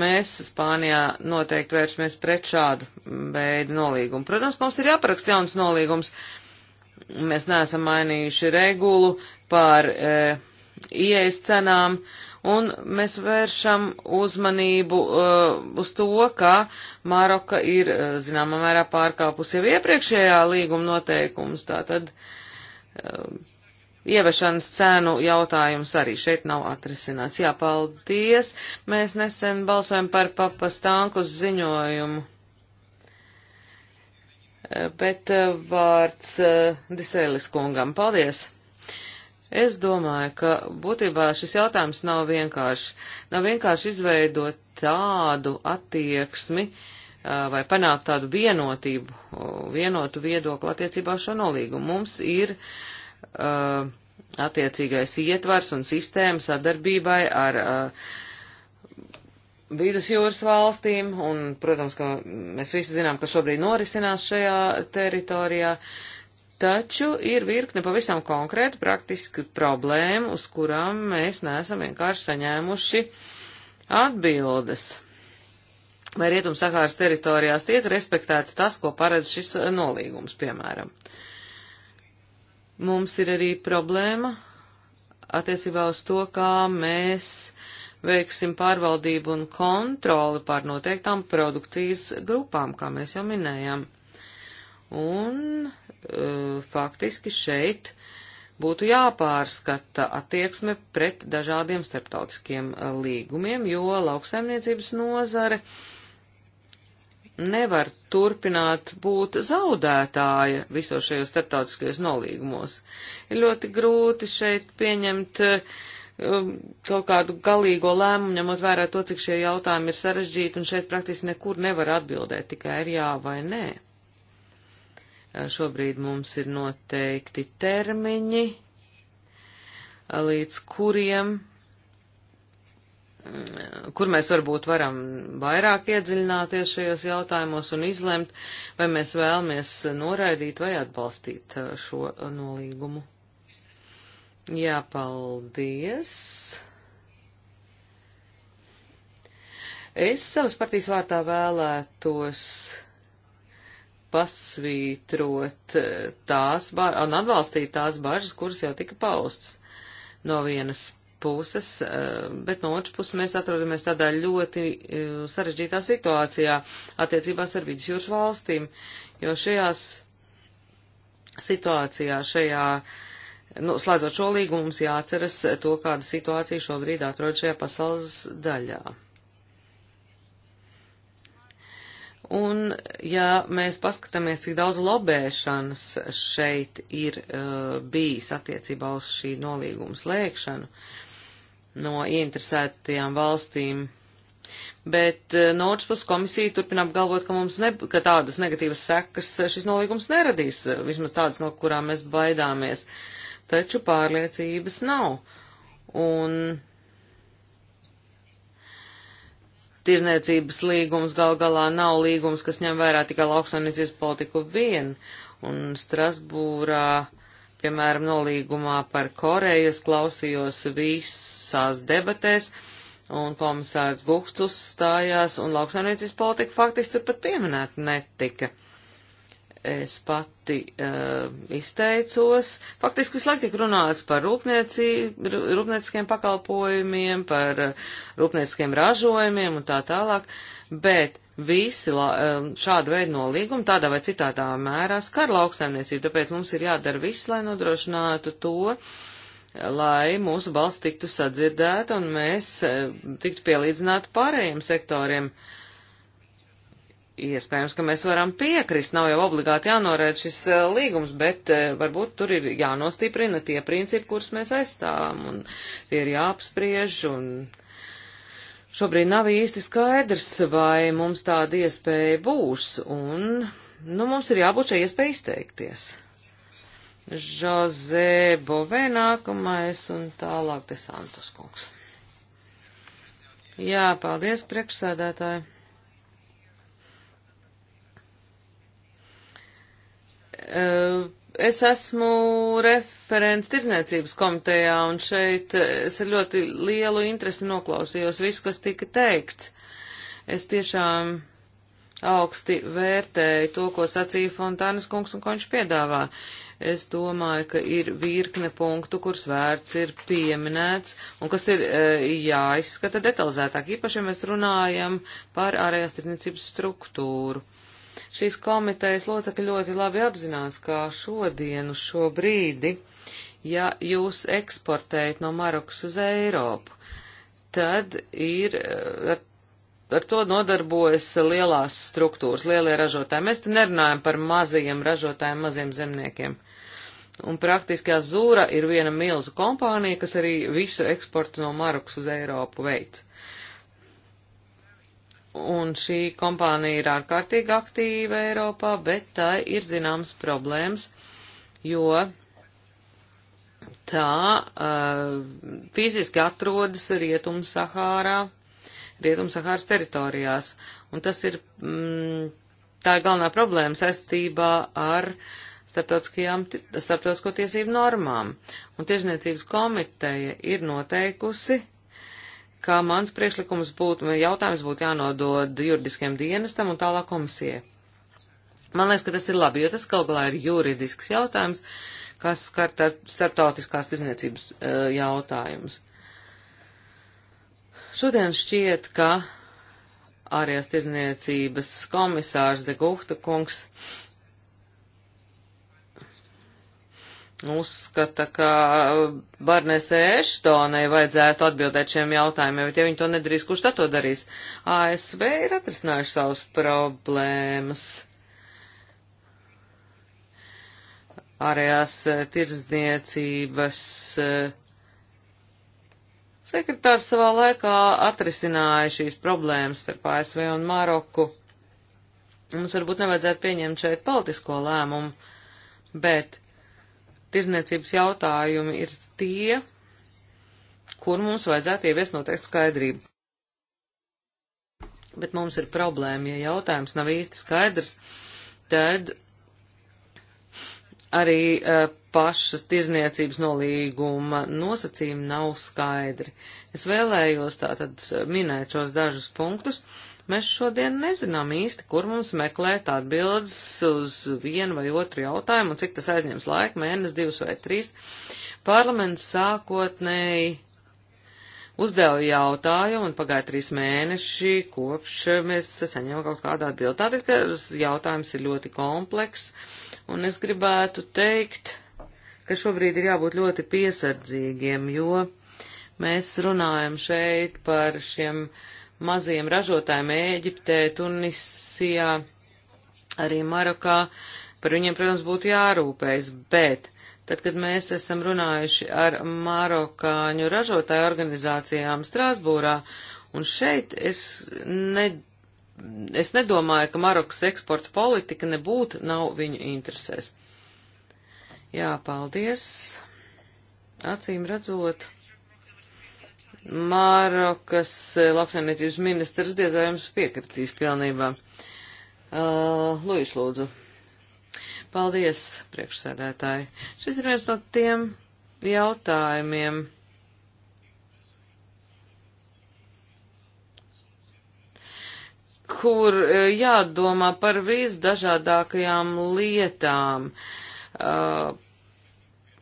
Mēs Spānijā noteikti vēršamies pret šādu veidu nolīgumu. Protams, mums ir jāparaksta jauns nolīgums. nolīgums Mēs neesam mainījuši regulu par e, ieejas cenām, un mēs vēršam uzmanību e, uz to, ka Maroka ir, e, zināmā mērā, pārkāpus jau iepriekšējā līguma noteikums. Tātad e, ievešanas cēnu jautājums arī šeit nav atrisināts. Jā, paldies! Mēs nesen balsojam par papastankus ziņojumu bet eh, vārds eh, Disēlis kungam. Paldies! Es domāju, ka būtībā šis jautājums nav vienkārši. Nav vienkārši izveidot tādu attieksmi eh, vai panākt tādu vienotību, vienotu viedokli attiecībā uz šo nolīgumu. Mums ir attiecīgais ietvars un sistēma sadarbībai ar uh, vidusjūras valstīm, un, protams, ka mēs visi zinām, ka šobrīd norisinās šajā teritorijā, taču ir virkne pavisam konkrētu praktiski problēmu, uz kurām mēs neesam vienkārši saņēmuši atbildes. Vai Rietum-Sahāras teritorijās tiek respektēts tas, ko paredz šis nolīgums, piemēram? Mums ir arī problēma attiecībā uz to, kā mēs uh, veiksim pārvaldību un kontroli pār noteiktām produkcijas grupām, kā mēs jau minējām. Un e, faktiski šeit būtu jāpārskata attieksme pret dažādiem starptautiskiem eh, līgumiem, jo lauksaimniecības nozare nevar turpināt būt zaudētāja visos šajos starptautiskajos nolīgumos. Ir ļoti grūti šeit pieņemt uh, Um, kaut kādu galīgo lēmumu, ņemot vērā to, cik šie jautājumi ir sarežģīti, un šeit praktiski nekur nevar atbildēt, tikai ir jā vai nē. Uh, šobrīd mums ir noteikti termiņi, uh, līdz kuriem, mm, kur mēs varbūt varam vairāk iedziļināties šajos jautājumos un izlemt, vai mēs vēlamies noraidīt vai atbalstīt uh, šo nolīgumu. Jā, paldies. Es savas partijas vārtā vēlētos pasvītrot eh, tās un atbalstīt tās bažas, kuras jau tika paustas no vienas puses, eh, bet no otras puses mēs atrodamies tādā ļoti eh, sarežģītā situācijā attiecībās ar vidusjūras valstīm, jo šajās situācijā, šajā uh, nu, slēdzot šo līgumu, mums jāatceras to, kāda situācija šobrīd atrod šajā pasaules daļā. Un, ja mēs paskatāmies, cik daudz lobēšanas šeit ir uh, bijis attiecībā uz šī nolīguma slēgšanu no ieinteresētajām valstīm, bet uh, no otras puses komisija turpina apgalvot, ka, mums ne, ka tādas negatīvas sekas šis nolīgums neradīs, vismaz tādas, no kurām mēs baidāmies. Uh, taču pārliecības nav. Un tirniecības līgums gal galā nav līgums, kas ņem vērā tikai lauksaimniecības politiku vien. Un Strasbūrā, piemēram, nolīgumā par Koreju es klausījos visās debatēs, un komisārs Guksts uzstājās, un lauksaimniecības politika faktiski turpat pieminēta netika es pati uh, izteicos. Faktiski visu laiku tika runāts par rūpnieciskiem pakalpojumiem, par eh, rūpnieciskiem ražojumiem un tā tālāk, bet visi la, eh, šādu veidu nolīgumi tādā vai citā tā mērā skar lauksaimniecību, tāpēc mums ir jādara viss, lai nodrošinātu to, lai mūsu balss tiktu sadzirdēta un mēs tiktu pielīdzināti pārējiem sektoriem. Uh, Iespējams, ka mēs varam piekrist, nav jau obligāti jānorēd šis eh, līgums, bet eh, varbūt tur ir jānostiprina tie principi, kurus mēs aizstāvam, un tie ir jāapspriež, un šobrīd nav īsti skaidrs, vai mums tāda iespēja būs, un, nu, mums ir jābūt šai iespēja izteikties. Žozē Bovē nākamais un tālāk te Santos kungs. Jā, paldies priekšsēdētāji. Es esmu referents tirzniecības komitejā, un šeit es ar ļoti lielu interesi noklausījos visu, kas tika teikts. Es tiešām augsti vērtēju to, ko sacīja Fontānas kungs un ko viņš piedāvā. Es domāju, ka ir virkne punktu, kurus vērts ir pieminēts un kas ir e, jāizskata detalizētāk, īpaši, ja mēs runājam par ārējās tirdzniecības struktūru Šīs komitejas locekļi ļoti labi apzinās, kā šodien uz šo brīdi, ja jūs eksportējat no Marokas uz Eiropu, tad ir eh, ar, ar to nodarbojas lielās struktūras, lielie ražotāji. Mēs te nerunājam par mazajiem ražotājiem, maziem zemniekiem. Un praktiski Azūra ir viena milzu kompānija, kas arī visu eksportu no Marokas uz Eiropu veids. Un šī kompānija ir ārkārtīgi aktīva Eiropā, bet tā ir zināmas problēmas, jo tā uh, fiziski atrodas Rietum Sahārā, Rietum Sahāras teritorijās. Un tas ir, mm, tā ir galvenā problēma saistībā ar starptautisko tiesību normām. Un tiežniecības komiteja ir noteikusi, ka mans priekšlikums būtu, jautājums būtu jānodod juridiskiem dienestam un tālāk komisijai. Man liekas, ka tas ir labi, jo tas kaut galā ir juridisks jautājums, kas skar starptautiskās tirniecības uh, e, jautājumus. Šodien šķiet, ka ārējās tirniecības komisārs De Guhta kungs uh, uzskata, ka Barnesē Eštonai vajadzētu atbildēt šiem jautājumiem, bet ja viņi to nedarīs, kurš tad to darīs? ASV ir atrisinājuši savus problēmas. Ārējās eh, tirzniecības eh, sekretārs savā laikā atrisināja šīs problēmas starp ASV un Maroku. Mums varbūt nevajadzētu pieņemt šeit politisko lēmumu, bet tirniecības jautājumi ir tie, kur mums vajadzētu ieviest noteikti skaidrību. Bet mums ir problēma, ja jautājums nav īsti skaidrs, tad arī uh, pašas tirzniecības nolīguma nosacījumi nav skaidri. Es vēlējos tātad minēt šos dažus punktus. Uh, Mēs šodien nezinām īsti, kur mums meklēt atbildes uz vienu vai otru jautājumu un cik tas aizņems laika, mēnesis, divas vai trīs. Parlaments sākotnēji uzdeva jautājumu un pagāja trīs mēneši, kopš mēs saņēmām kaut kādu atbildi. Tātad, ka jautājums ir ļoti kompleks un es gribētu teikt, ka šobrīd ir jābūt ļoti piesardzīgiem, jo mēs runājam šeit par šiem uh, maziem ražotājiem Ēģiptē, Tunisijā, arī Marokā. Par viņiem, protams, būtu jārūpējas, bet tad, kad mēs esam runājuši ar marokāņu ražotāju organizācijām Strasbūrā, un šeit es, ne, es nedomāju, ka Marokas eksporta politika nebūtu nav viņu interesēs. Jā, paldies. Acīm redzot Mārokas eh, lauksaimniecības ministrs diez vai jums piekritīs pilnībā. Uh, eh, Lūdzu, lūdzu. Paldies, priekšsēdētāji. Šis ir viens no tiem jautājumiem. kur eh, jādomā par visdažādākajām lietām, uh,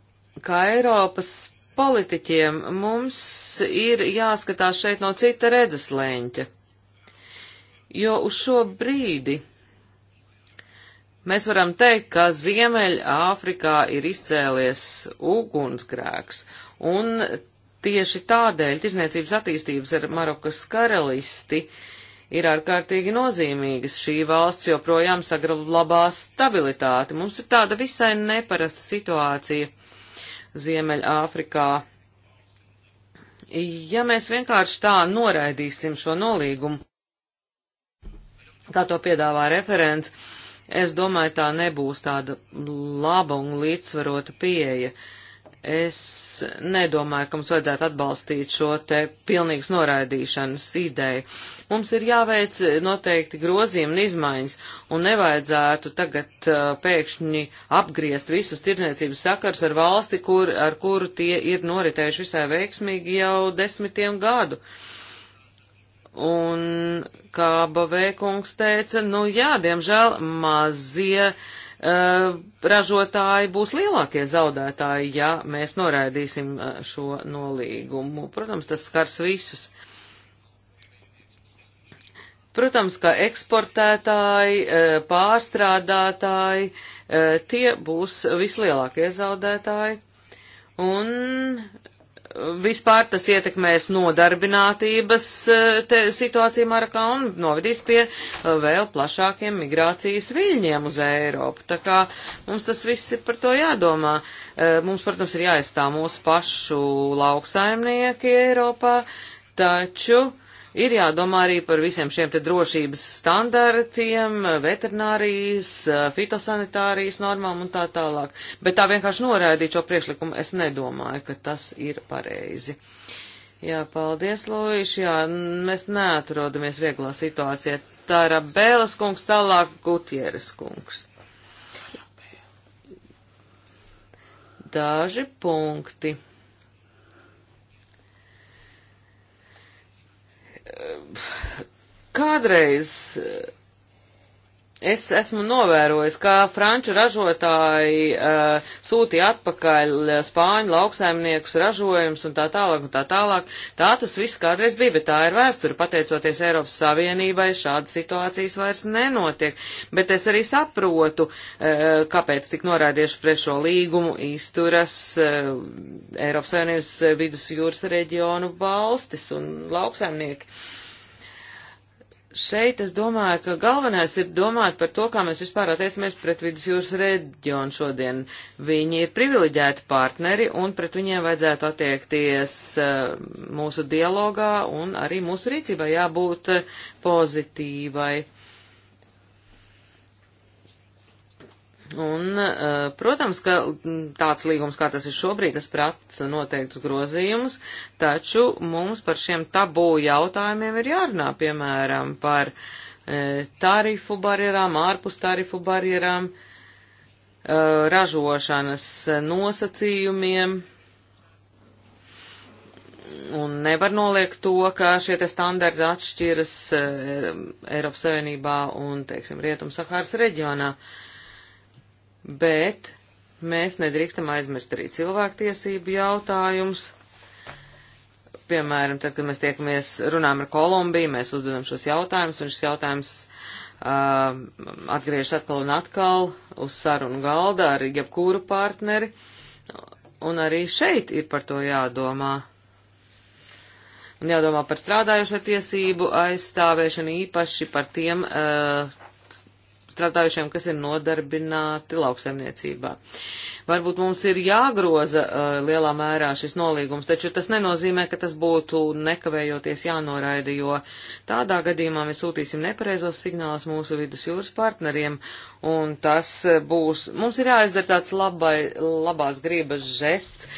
kā Eiropas politiķiem mums ir jāskatās šeit no cita redzeslēņķa, jo uz šo brīdi mēs varam teikt, ka Ziemeļāfrikā ir izcēlies ugunsgrēks, un tieši tādēļ tirzniecības attīstības ar Marokas karalisti ir ārkārtīgi nozīmīgas. Šī valsts joprojām saglabā stabilitāti. Mums ir tāda visai neparasta situācija Ziemeļāfrikā. Ja mēs vienkārši tā noraidīsim šo nolīgumu, kā to piedāvā referents, es domāju, tā nebūs tāda laba un līdzsvarota pieeja. Uh, Es nedomāju, ka mums vajadzētu atbalstīt šo te pilnīgas noraidīšanas ideju. Mums ir jāveic noteikti grozījumi un izmaiņas, un nevajadzētu tagad uh, pēkšņi apgriezt visus tirdzniecības sakars ar valsti, kur, ar kuru tie ir noritējuši visai veiksmīgi jau desmitiem gadu. Un kā Bavēkungs teica, nu jā, diemžēl mazie. Uh, Eh, ražotāji būs lielākie zaudētāji, ja mēs noraidīsim eh, šo nolīgumu. Protams, tas skars visus. Protams, ka eksportētāji, eh, pārstrādātāji, tie būs vislielākie zaudētāji. Un vispār tas ietekmēs nodarbinātības e, te, situāciju Marakā un novedīs pie e, vēl plašākiem migrācijas viļņiem uz Eiropu. Tā kā mums tas viss ir par to jādomā. E, mums, protams, ir jāaizstāv mūsu pašu lauksaimnieki Eiropā, taču Ir jādomā arī par visiem šiem te drošības standartiem, veterinārijas, fitosanitārijas normām un tā tālāk. Bet tā vienkārši noraidīt šo priekšlikumu, es nedomāju, ka tas ir pareizi. Jā, paldies, Lūīši. Jā, mēs neatrodamies vieglā situācijā. Tā ir Bēlas kungs, tālāk Gutieres kungs. Daži punkti. kādreiz Es esmu novērojis, kā franču ražotāji uh, sūtīja atpakaļ spāņu lauksaimniekus ražojumus un tā tālāk un tā tālāk. Tā tas viss kādreiz bija, bet tā ir vēsture. Pateicoties Eiropas Savienībai, šādas situācijas vairs nenotiek. Bet es arī saprotu, uh, kāpēc tik norādieši pret šo līgumu izturas uh, Eiropas Savienības vidusjūras reģionu valstis un lauksaimnieki. Uh, Šeit es domāju, ka galvenais ir domāt par to, kā mēs vispār attiecamies pret vidusjūras reģionu šodien. Viņi ir privileģēti partneri un pret viņiem vajadzētu attiekties eh, mūsu dialogā un arī mūsu rīcībai jābūt eh, pozitīvai. Un, eh, protams, ka tāds līgums, kā tas ir šobrīd, tas prasa noteiktus grozījumus, taču mums par šiem tabū jautājumiem ir jārunā, piemēram, par eh, tarifu barjerām, ārpus tarifu barjerām, eh, ražošanas nosacījumiem. Un nevar noliegt to, ka šie te standarti atšķiras Eiropas Savienībā un, teiksim, Rietum Sahāras reģionā. Uh, bet mēs nedrīkstam aizmirst arī cilvēktiesību jautājumus. Piemēram, tad, kad mēs tiekamies runām ar Kolumbiju, mēs uzdodam šos jautājumus, un šis jautājums uh, atgriežas atkal un atkal uz sarunu galda ar jebkuru partneri, un arī šeit ir par to jādomā un jādomā par strādājošo tiesību aizstāvēšanu īpaši par tiem uh, strādājušiem, kas ir nodarbināti lauksaimniecībā. Varbūt mums ir jāgroza uh, lielā mērā šis nolīgums, taču tas nenozīmē, ka tas būtu nekavējoties jānoraida, jo tādā gadījumā mēs sūtīsim nepareizos signālus mūsu vidus jūras partneriem, un tas uh, būs, mums ir jāizdara tāds labai, labās grības žests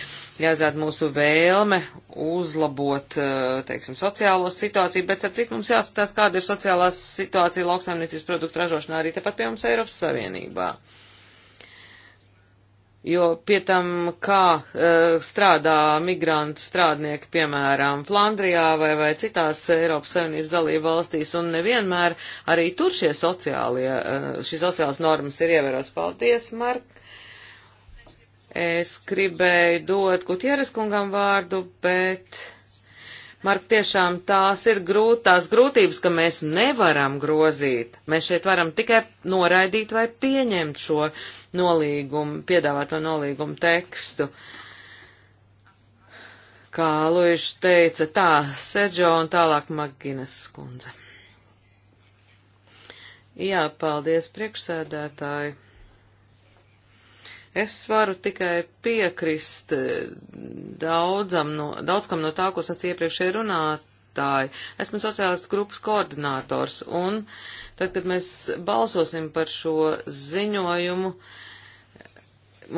jāizrāda mūsu vēlme uzlabot, eh, teiksim, sociālo situāciju, bet, ap cik mums jāskatās, kāda ir sociālā situācija lauksaimniecības produktu ražošanā arī tepat pie mums Eiropas Savienībā. Jo pie tam, kā uh, strādā migrantu strādnieki, piemēram, Flandrijā vai, vai citās Eiropas Savienības dalību valstīs, un nevienmēr arī tur šie sociālie, uh, šīs sociālās normas ir ievērotas. Paldies, Mark! Es gribēju dot Gutieres kungam vārdu, bet, Mark, tiešām tās ir grūtās grūtības, ka mēs nevaram grozīt. Mēs šeit varam tikai noraidīt vai pieņemt šo nolīgumu, piedāvāto nolīgumu tekstu. Kā Luīši teica, tā, Sergio un tālāk Maginas skundze. Jā, paldies priekšsēdētāji. Es varu tikai piekrist eh, daudzam no, daudzkam no tā, ko sacīja iepriekšēji runātāji. Esmu sociālistu grupas koordinators, un tad, kad mēs balsosim par šo ziņojumu,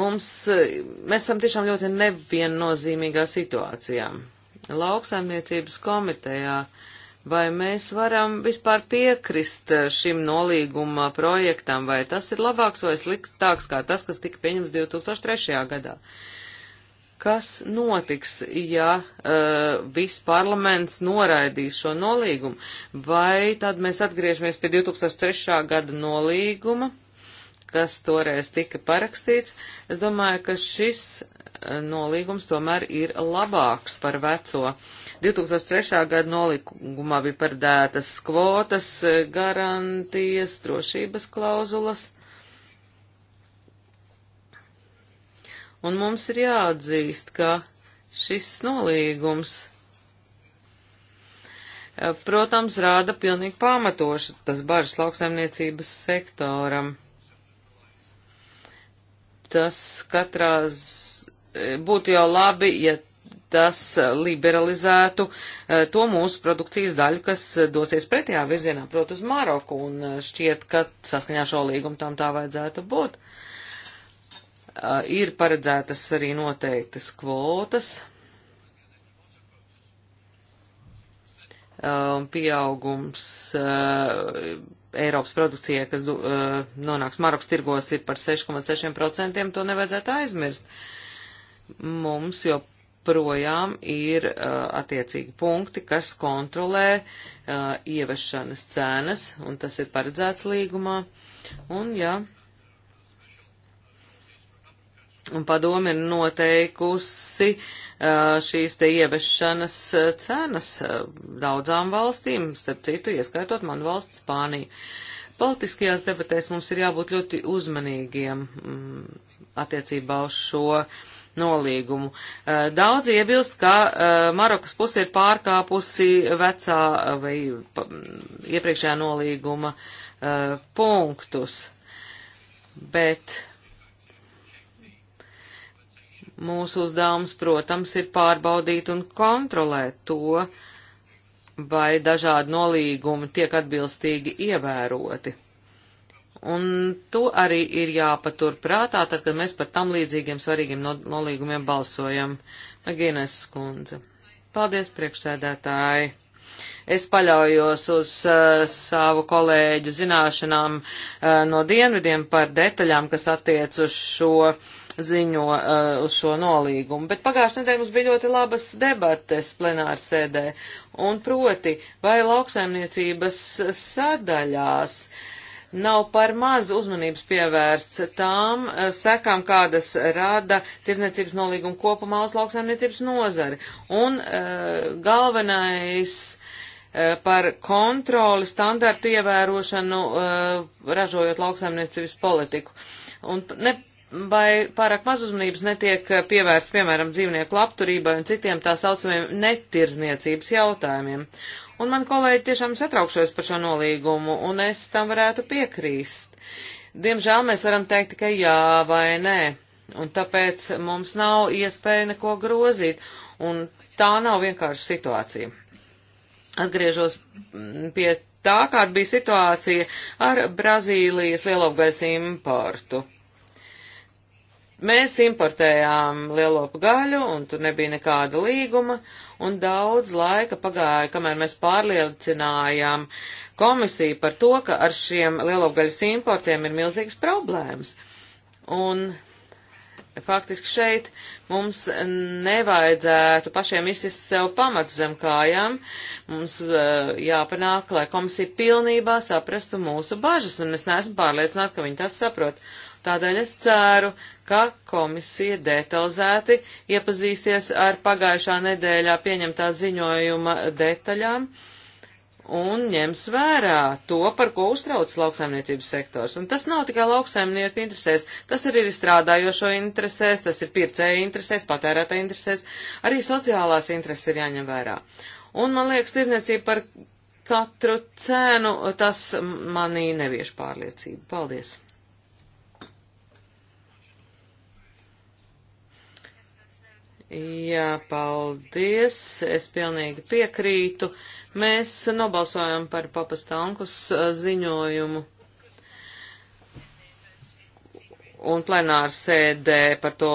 mums, eh, mēs esam tiešām ļoti neviennozīmīgā situācijā. Lauksaimniecības komitejā uh, Vai mēs varam vispār piekrist eh, šim nolīguma projektam, vai tas ir labāks vai sliktāks kā tas, kas tika pieņems 2003. gadā? Kas notiks, ja uh, viss parlaments noraidīs šo nolīgumu? Vai tad mēs atgriežamies pie 2003. gada nolīguma, kas toreiz tika parakstīts? Es domāju, ka šis uh, nolīgums tomēr ir labāks par veco. Uh, 2003. gada nolikumā bija paredzētas kvotas, e, garantijas, drošības klauzulas. Un mums ir jāatzīst, ka šis nolīgums e, protams, rāda pilnīgi pamatoši tas bažas lauksaimniecības sektoram. Tas katrā būtu jau labi, ja tas liberalizētu eh, to mūsu produkcijas daļu, kas dosies pretējā virzienā, prot uz Maroku, un eh, šķiet, ka saskaņā šo līgumu tam tā vajadzētu būt. Eh, ir paredzētas arī noteiktas kvotas. Pieaugums Eiropas produkcijai, kas nonāks Marokas tirgos, ir par 6,6%, to nevajadzētu aizmirst mums, jo joprojām ir uh, attiecīgi punkti, kas kontrolē uh, ievešanas cenas, un tas ir paredzēts līgumā. Un, jā, un padomi ir noteikusi uh, šīs te ievešanas uh, cenas uh, daudzām valstīm, starp citu, ieskaitot manu valsts Spāniju. Politiskajās debatēs mums ir jābūt ļoti uzmanīgiem mm, attiecībā uz šo uh, nolīgumu. Eh, daudzi iebilst, ka eh, Marokas puse ir pārkāpusi vecā eh, vai iepriekšējā nolīguma punktus, bet mūsu uzdevums, protams, ir pārbaudīt un kontrolēt to, vai dažādi nolīgumi tiek atbilstīgi ievēroti. Un to arī ir jāpatur prātā, tad, kad mēs par tam līdzīgiem svarīgiem nolīgumiem balsojam. Magīnes skundze. Paldies, priekšsēdētāji! Es paļaujos uz uh, savu kolēģu zināšanām uh, no dienvidiem par detaļām, kas attiec uz šo ziņo, uh, uz šo nolīgumu. Bet pagājušajā nedēļā mums bija ļoti labas debates plenāra sēdē. Un proti, vai lauksaimniecības sadaļās uh, nav par maz uzmanības pievērsts tām eh, sekām, kādas rada tirzniecības nolīguma kopumā uz lauksaimniecības nozari. Un uh, galvenais uh, par kontroli standartu ievērošanu, uh, ražojot lauksaimniecības politiku. Un ne, vai pārāk maz uzmanības netiek pievērsts, piemēram, dzīvnieku labturībai un citiem tā saucamiem netirzniecības jautājumiem. Un man kolēģi tiešām satraukšos par šo nolīgumu, un es tam varētu piekrīst. Diemžēl mēs varam teikt tikai jā vai nē, un tāpēc mums nav iespēja neko grozīt, un tā nav vienkārši situācija. Atgriežos pie tā, kāda bija situācija ar Brazīlijas lielopgaisa importu. Mēs importējām lielopu gaļu, un tur nebija nekāda līguma, un daudz laika pagāja, kamēr mēs pārliecinājām komisiju par to, ka ar šiem lielopgaļas importiem ir milzīgas problēmas. Un faktiski šeit mums nevajadzētu pašiem izsist sev pamats zem kājām. Mums uh, jāpanāk, lai komisija pilnībā saprastu mūsu bažas, un es neesmu pārliecināta, ka viņi tas saprot. Uh, Tādēļ es ceru, ka komisija detalizēti iepazīsies ar pagājušā nedēļā pieņemtā ziņojuma detaļām un ņems vērā to, par ko uztrauc lauksaimniecības sektors. Un tas nav tikai lauksaimnieku interesēs, tas arī ir strādājošo interesēs, tas ir pircēja interesēs, patērēta interesēs, arī sociālās intereses ir jāņem vērā. Un man liekas, tirniecība par katru cenu, tas manī nevieš pārliecību. Paldies! Jā, paldies. Es pilnīgi piekrītu. Mēs nobalsojam par papastānkus uh, ziņojumu. Un plenāra sēdē par to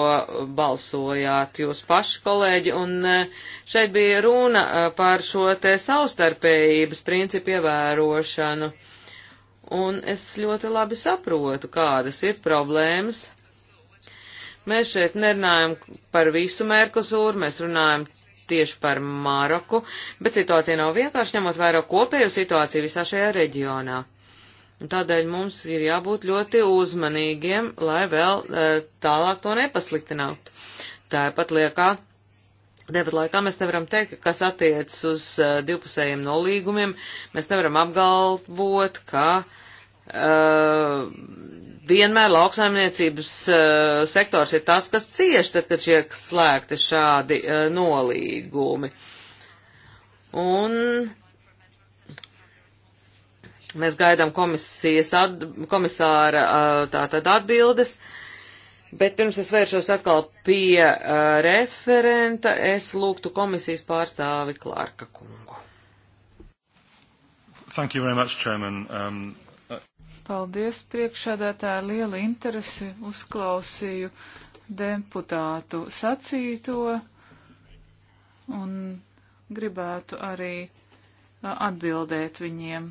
balsojāt jūs paši, kolēģi, un uh, šeit bija runa uh, par šo te savstarpējības principu ievērošanu. Un es ļoti labi saprotu, kādas ir problēmas Mēs šeit nerunājam par visu Merkuzūru, mēs runājam tieši par Maroku, bet situācija nav vienkārši ņemot vērā kopējo situāciju visā šajā reģionā. Un tādēļ mums ir jābūt ļoti uzmanīgiem, lai vēl e, tālāk to nepasliktinātu. Tāpat liekā, tāpat laikā mēs nevaram teikt, ka kas attiecas uz e, divpusējiem nolīgumiem, mēs nevaram apgalvot, ka e, vienmēr lauksaimniecības uh, sektors ir tas, kas cieš, tad, kad tiek slēgti šādi uh, nolīgumi. Un mēs gaidām komisijas at, komisāra uh, tātad atbildes. Bet pirms es vēršos atkal pie uh, referenta, es lūgtu komisijas pārstāvi Klārka kungu. Thank you very much, Chairman. Um, Paldies priekšādātāji, liela interesi uzklausīju deputātu sacīto un gribētu arī atbildēt viņiem.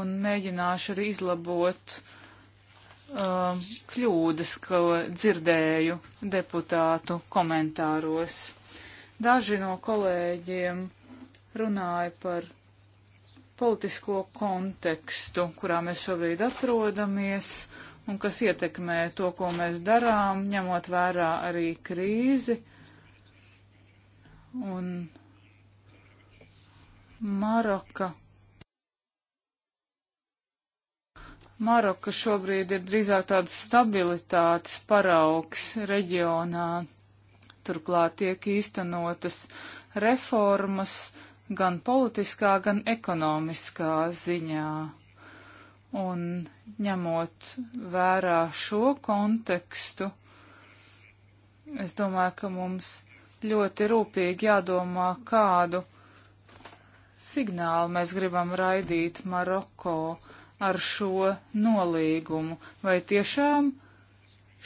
Un mēģināšu arī izlabot um, kļūdas, ko dzirdēju deputātu komentāros. Daži no kolēģiem runāja par politisko kontekstu, kurā mēs šobrīd atrodamies un kas ietekmē to, ko mēs darām, ņemot vērā arī krīzi. Un Maroka. Maroka šobrīd ir drīzāk tāds stabilitātes paraugs reģionā. Turklāt tiek īstenotas reformas, uh, gan politiskā, gan ekonomiskā ziņā. Un ņemot vērā šo kontekstu, es domāju, ka mums ļoti rūpīgi jādomā, kādu signālu mēs gribam raidīt Maroko ar šo nolīgumu. Vai tiešām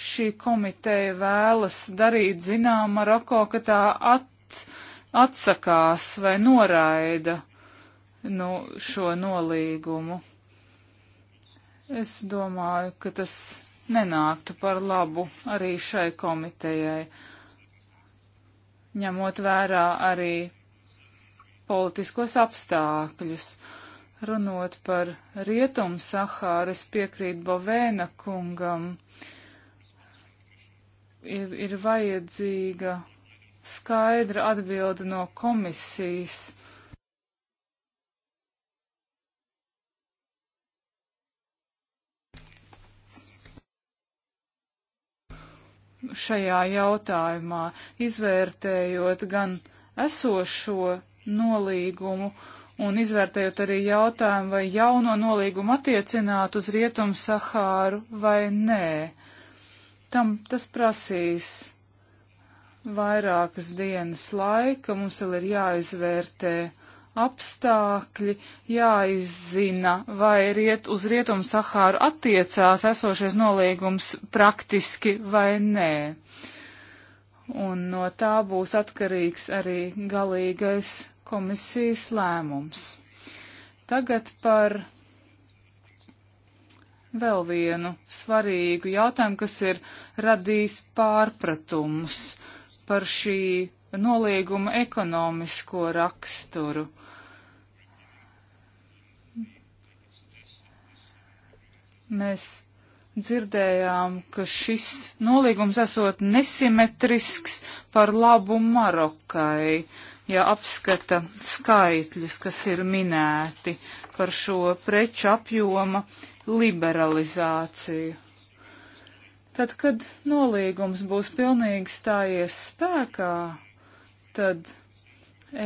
šī komiteja vēlas darīt zinām Maroko, ka tā at, atsakās vai noraida nu, šo nolīgumu. Es domāju, ka tas nenāktu par labu arī šai komitejai, ņemot vērā arī politiskos apstākļus. Runot par rietumu Sahāras piekrīt Bovēna kungam, ir, ir vajadzīga skaidra atbilde no komisijas. Šajā jautājumā izvērtējot gan esošo nolīgumu un izvērtējot arī jautājumu, vai jauno nolīgumu attiecināt uz Rietumu Sahāru vai nē. Tam tas prasīs vairākas dienas laika, mums vēl ir jāizvērtē apstākļi, jāizzina, vai riet, uz Rietumu Sahāru attiecās esošais nolīgums praktiski vai nē. Un no tā būs atkarīgs arī galīgais komisijas lēmums. Tagad par vēl vienu svarīgu jautājumu, kas ir radījis pārpratumus par šī nolīguma ekonomisko raksturu. Mēs dzirdējām, ka šis nolīgums esot nesimetrisks par labu Marokai, ja apskata skaitļus, kas ir minēti par šo preču apjoma liberalizāciju. Tad, kad nolīgums būs pilnīgi stājies spēkā, tad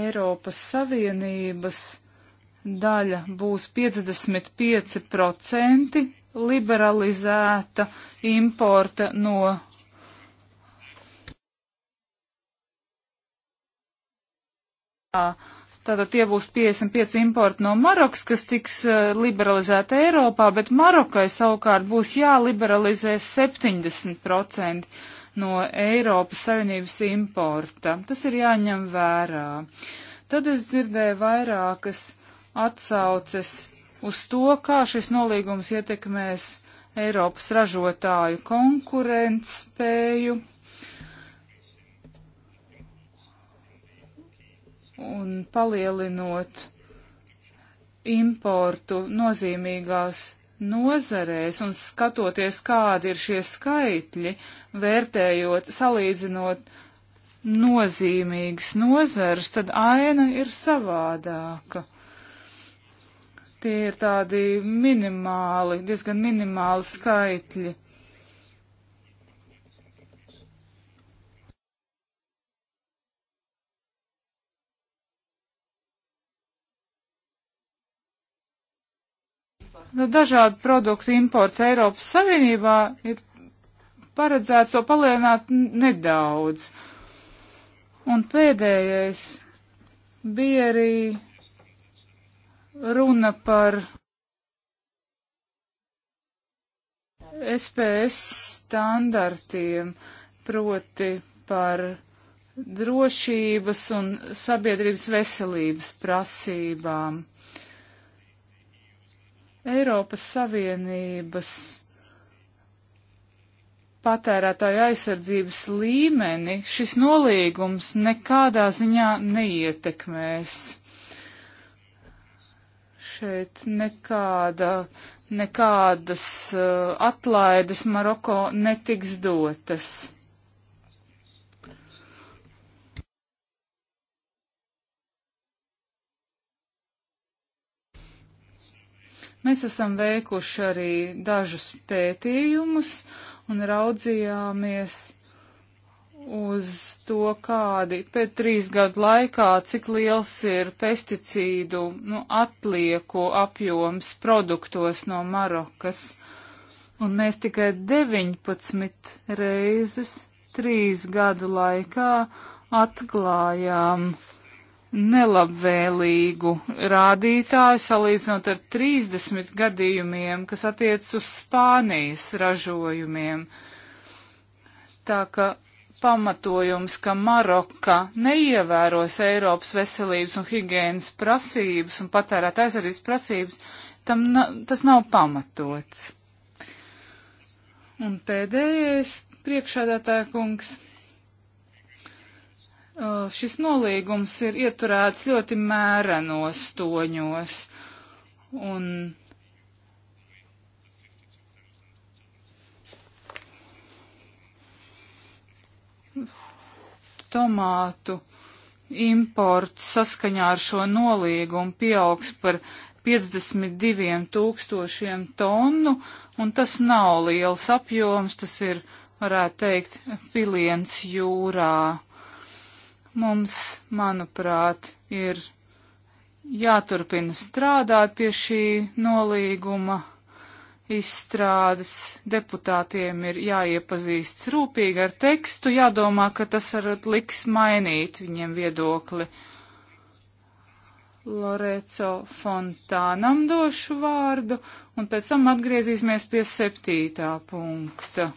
Eiropas Savienības daļa būs 55% liberalizēta importa no Tātad tie būs 55 importi no Marokas, kas tiks uh, eh, liberalizēta Eiropā, bet Marokai savukārt būs jāliberalizē 70% no Eiropas Savienības importa. Tas ir jāņem vērā. Tad es dzirdēju vairākas atsauces uz to, kā šis nolīgums ietekmēs Eiropas ražotāju konkurentspēju. spēju un palielinot importu nozīmīgās nozarēs un skatoties, kādi ir šie skaitļi, vērtējot, salīdzinot nozīmīgas nozars, tad aina ir savādāka. Tie ir tādi minimāli, diezgan minimāli skaitļi. Nu, dažādu produktu imports Eiropas Savienībā ir paredzēts to palielināt nedaudz. Un pēdējais bija arī runa par SPS standartiem, proti par drošības un sabiedrības veselības prasībām. Eiropas Savienības patērētāju aizsardzības līmeni šis nolīgums nekādā ziņā neietekmēs. Šeit nekāda, nekādas uh, atlaides Maroko netiks dotas. Mēs esam veikuši arī dažus pētījumus un raudzījāmies uz to, kādi pēc trīs gadu laikā, cik liels ir pesticīdu nu, atlieku apjoms produktos no Marokas. Un mēs tikai 19 reizes trīs gadu laikā atklājām nelabvēlīgu rādītāju salīdzinot ar 30 gadījumiem, kas attiec uz Spānijas ražojumiem. Tā ka pamatojums, ka Maroka neievēros Eiropas veselības un higienas prasības un patērēt aizsardzības prasības, tam na tas nav pamatots. Un pēdējais priekšādātāja kungs šis nolīgums ir ieturēts ļoti mērenos toņos. Un tomātu imports saskaņā ar šo nolīgumu pieaugs par 52 tūkstošiem tonu, un tas nav liels apjoms, tas ir, varētu teikt, piliens jūrā Mums, manuprāt, ir jāturpina strādāt pie šī nolīguma izstrādes. Deputātiem ir jāiepazīstas rūpīgi ar tekstu, jādomā, ka tas ar liks mainīt viņiem viedokli. Loreco Fontānam došu vārdu, un pēc tam atgriezīsimies pie septītā punkta.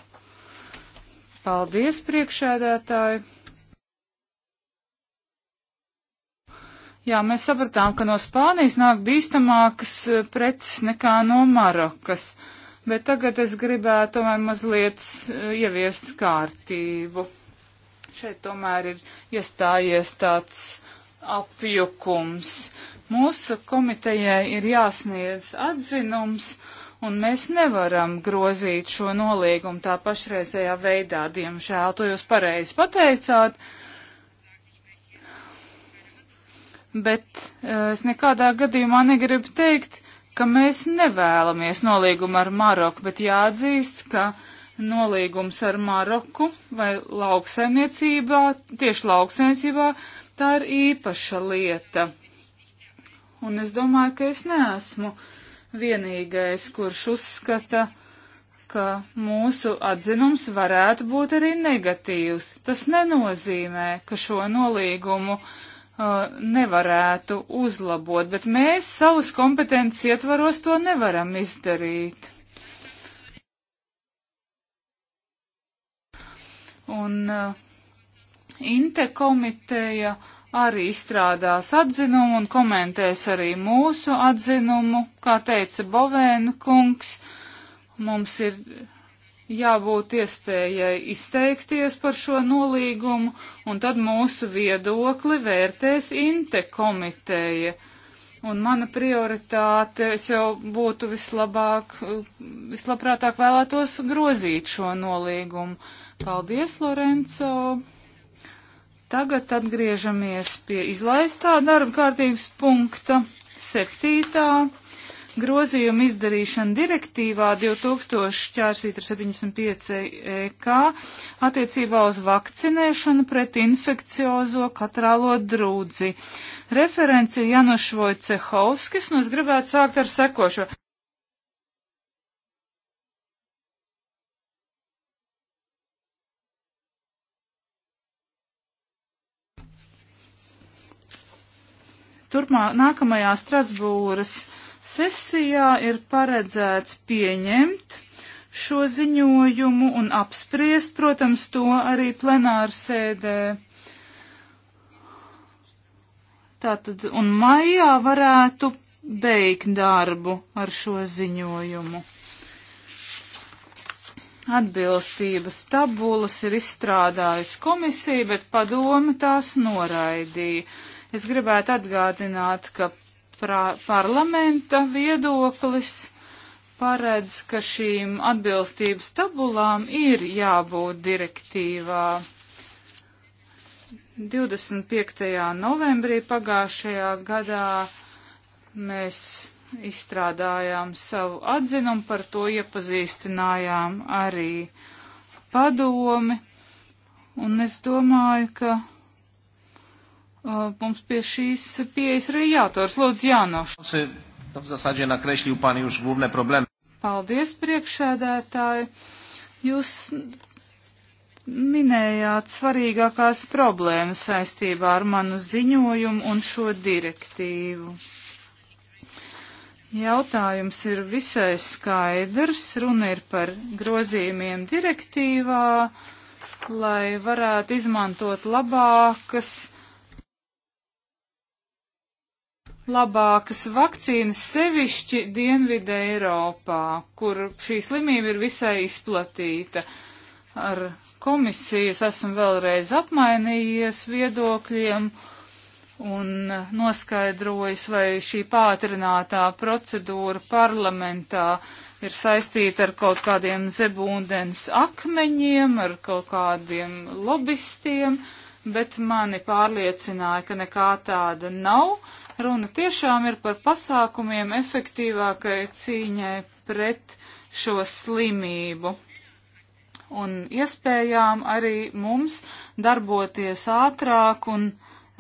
Paldies, priekšēdētāji! Jā, mēs sapratām, ka no Spānijas nāk bīstamākas eh, preces nekā no Marokas, bet tagad es gribētu tomēr mazliet eh, ieviest kārtību. Šeit tomēr ir iestājies tāds apjukums. Mūsu komitejai ir jāsniedz atzinums, un mēs nevaram grozīt šo noliegumu tā pašreizējā veidā, diemžēl. To jūs pareizi pateicāt bet eh, es nekādā gadījumā negribu teikt, ka mēs nevēlamies nolīgumu ar Maroku, bet jāatzīst, ka nolīgums ar Maroku vai lauksaimniecībā, tieši lauksaimniecībā, tā ir īpaša lieta. Un es domāju, ka es neesmu vienīgais, kurš uzskata, ka mūsu atzinums varētu būt arī negatīvs. Tas nenozīmē, ka šo nolīgumu uh, Uh, nevarētu uzlabot, bet mēs savus kompetences ietvaros to nevaram izdarīt. Un uh, Inte komiteja arī izstrādās atzinumu un komentēs arī mūsu atzinumu, kā teica Bovēna kungs. Mums ir jābūt iespējai izteikties par šo nolīgumu, un tad mūsu viedokli vērtēs Inte komiteja. Un mana prioritāte, es jau būtu vislabāk, vislabprātāk vēlētos grozīt šo nolīgumu. Paldies, Lorenco! Tagad atgriežamies pie izlaistā darba kārtības punkta septītā grozījumu izdarīšana direktīvā 2000-75 EK attiecībā uz vakcinēšanu pret infekciozo katrālo drūdzi. Referenci Januš Vojcehovskis, un es gribētu sākt ar sekošo. turpmā, nākamajā Strasbūras sesijā ir paredzēts pieņemt šo ziņojumu un apspriest, protams, to arī plenārsēdē. Tātad, un maijā varētu beigt darbu ar šo ziņojumu. Atbilstības tabulas ir izstrādājusi komisija, bet padome tās noraidīja. Es gribētu atgādināt, ka prā, parlamenta viedoklis paredz, ka šīm atbilstības tabulām ir jābūt direktīvā. 25. novembrī pagājušajā gadā mēs izstrādājām savu atzinumu, par to iepazīstinājām arī padomi, un es domāju, ka Mums pie šīs pieejas arī jātors. Lūdzu, Jānoš. Paldies, priekšēdētāji. Jūs minējāt svarīgākās problēmas saistībā ar manu ziņojumu un šo direktīvu. Jautājums ir visai skaidrs. Runa ir par grozījumiem direktīvā, lai varētu izmantot labākas labākas vakcīnas sevišķi Dienvidē Eiropā, kur šī slimība ir visai izplatīta. Ar komisijas esmu vēlreiz apmainījies viedokļiem un noskaidrojis, vai šī pātrinātā procedūra parlamentā ir saistīta ar kaut kādiem zebūdens akmeņiem, ar kaut kādiem lobistiem, bet mani pārliecināja, ka nekā tāda nav Runa tiešām ir par pasākumiem efektīvākai cīņai pret šo slimību un iespējām arī mums darboties ātrāk un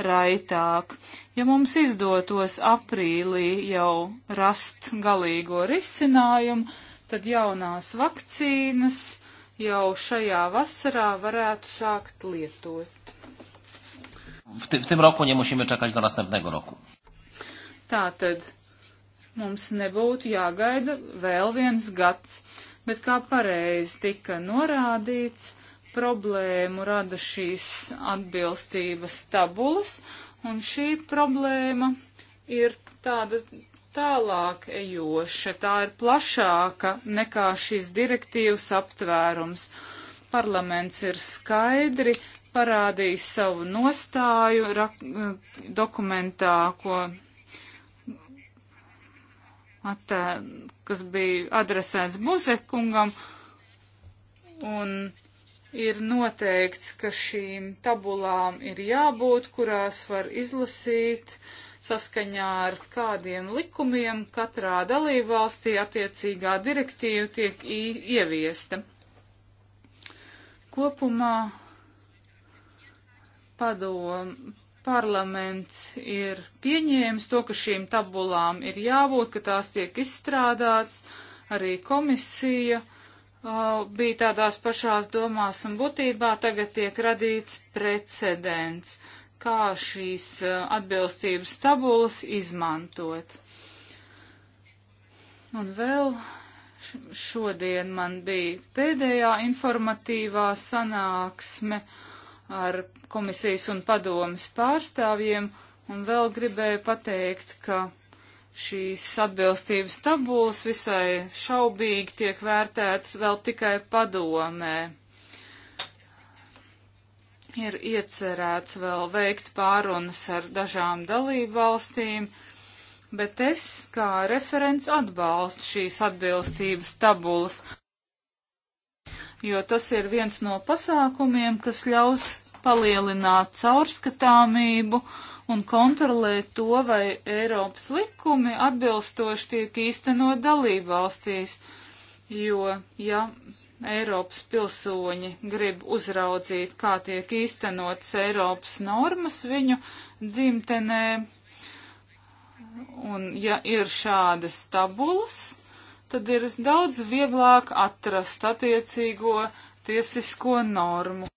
raitāk. Ja mums izdotos aprīlī jau rast galīgo risinājumu, tad jaunās vakcīnas jau šajā vasarā varētu sākt lietot. W, ty, w tym roku nie musimy czekać do następnego roku. Tātad mums nebūtu jāgaida vēl viens gads, bet kā pareizi tika norādīts, problēmu rada šīs atbilstības tabulas, un šī problēma ir tāda tālāk ejoša, tā ir plašāka nekā šīs direktīvas aptvērums. Parlaments ir skaidri parādījis savu nostāju eh, dokumentā, ko attē, eh, kas bija adresēts Buzekungam, un ir noteikts, ka šīm tabulām ir jābūt, kurās var izlasīt saskaņā ar kādiem likumiem katrā dalībvalstī attiecīgā direktīva tiek ieviesta. Kopumā padom, parlaments ir pieņēmis to, ka šīm tabulām ir jābūt, ka tās tiek izstrādāts, arī komisija uh, bija tādās pašās domās un būtībā tagad tiek radīts precedents, kā šīs uh, atbilstības tabulas izmantot. Un vēl šodien man bija pēdējā informatīvā sanāksme. Uh, ar komisijas un padomas pārstāvjiem, un vēl gribēju pateikt, ka šīs atbilstības tabulas visai šaubīgi tiek vērtētas vēl tikai padomē. Ir iecerēts vēl veikt pārunas ar dažām dalību valstīm, bet es kā referents atbalstu šīs atbilstības tabulas jo tas ir viens no pasākumiem, kas ļaus palielināt caurskatāmību un kontrolēt to, vai Eiropas likumi atbilstoši tiek īstenot dalībvalstīs, jo, ja Eiropas pilsoņi grib uzraudzīt, kā tiek īstenotas Eiropas normas viņu dzimtenē, un ja ir šādas tabulas, tad ir daudz vieglāk atrast attiecīgo tiesisko normu.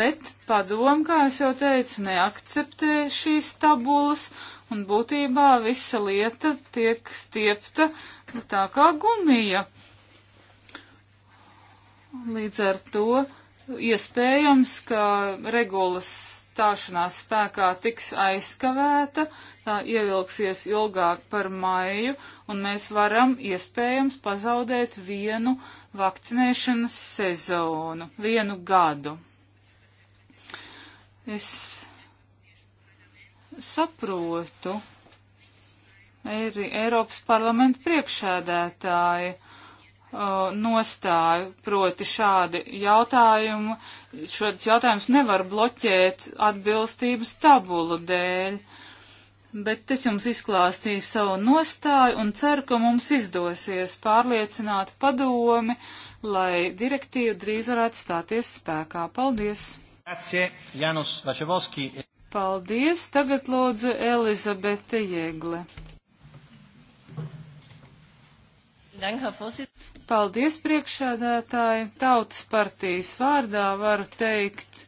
Bet padom, kā es jau teicu, neakceptē šīs tabulas, un būtībā visa lieta tiek stiepta tā kā gumija. Līdz ar to iespējams, ka regulas stāšanās spēkā tiks aizskavēta, tā ievilksies ilgāk par maiju, un mēs varam iespējams pazaudēt vienu vakcinēšanas sezonu, vienu gadu. Es saprotu, Eiri, Eiropas parlamenta priekšēdētāji Uh, nostāju, proti šādi jautājumi, šāds jautājums nevar bloķēt atbilstības tabulu dēļ, bet es jums izklāstīju savu nostāju un ceru, ka mums izdosies pārliecināt padomi, lai direktīva drīz varētu stāties spēkā. Paldies! Grazie, Janus Vačevoski. Paldies, tagad lūdzu Elizabete Jēgle. Paldies, priekšādātāji. Tautas partijas vārdā varu teikt,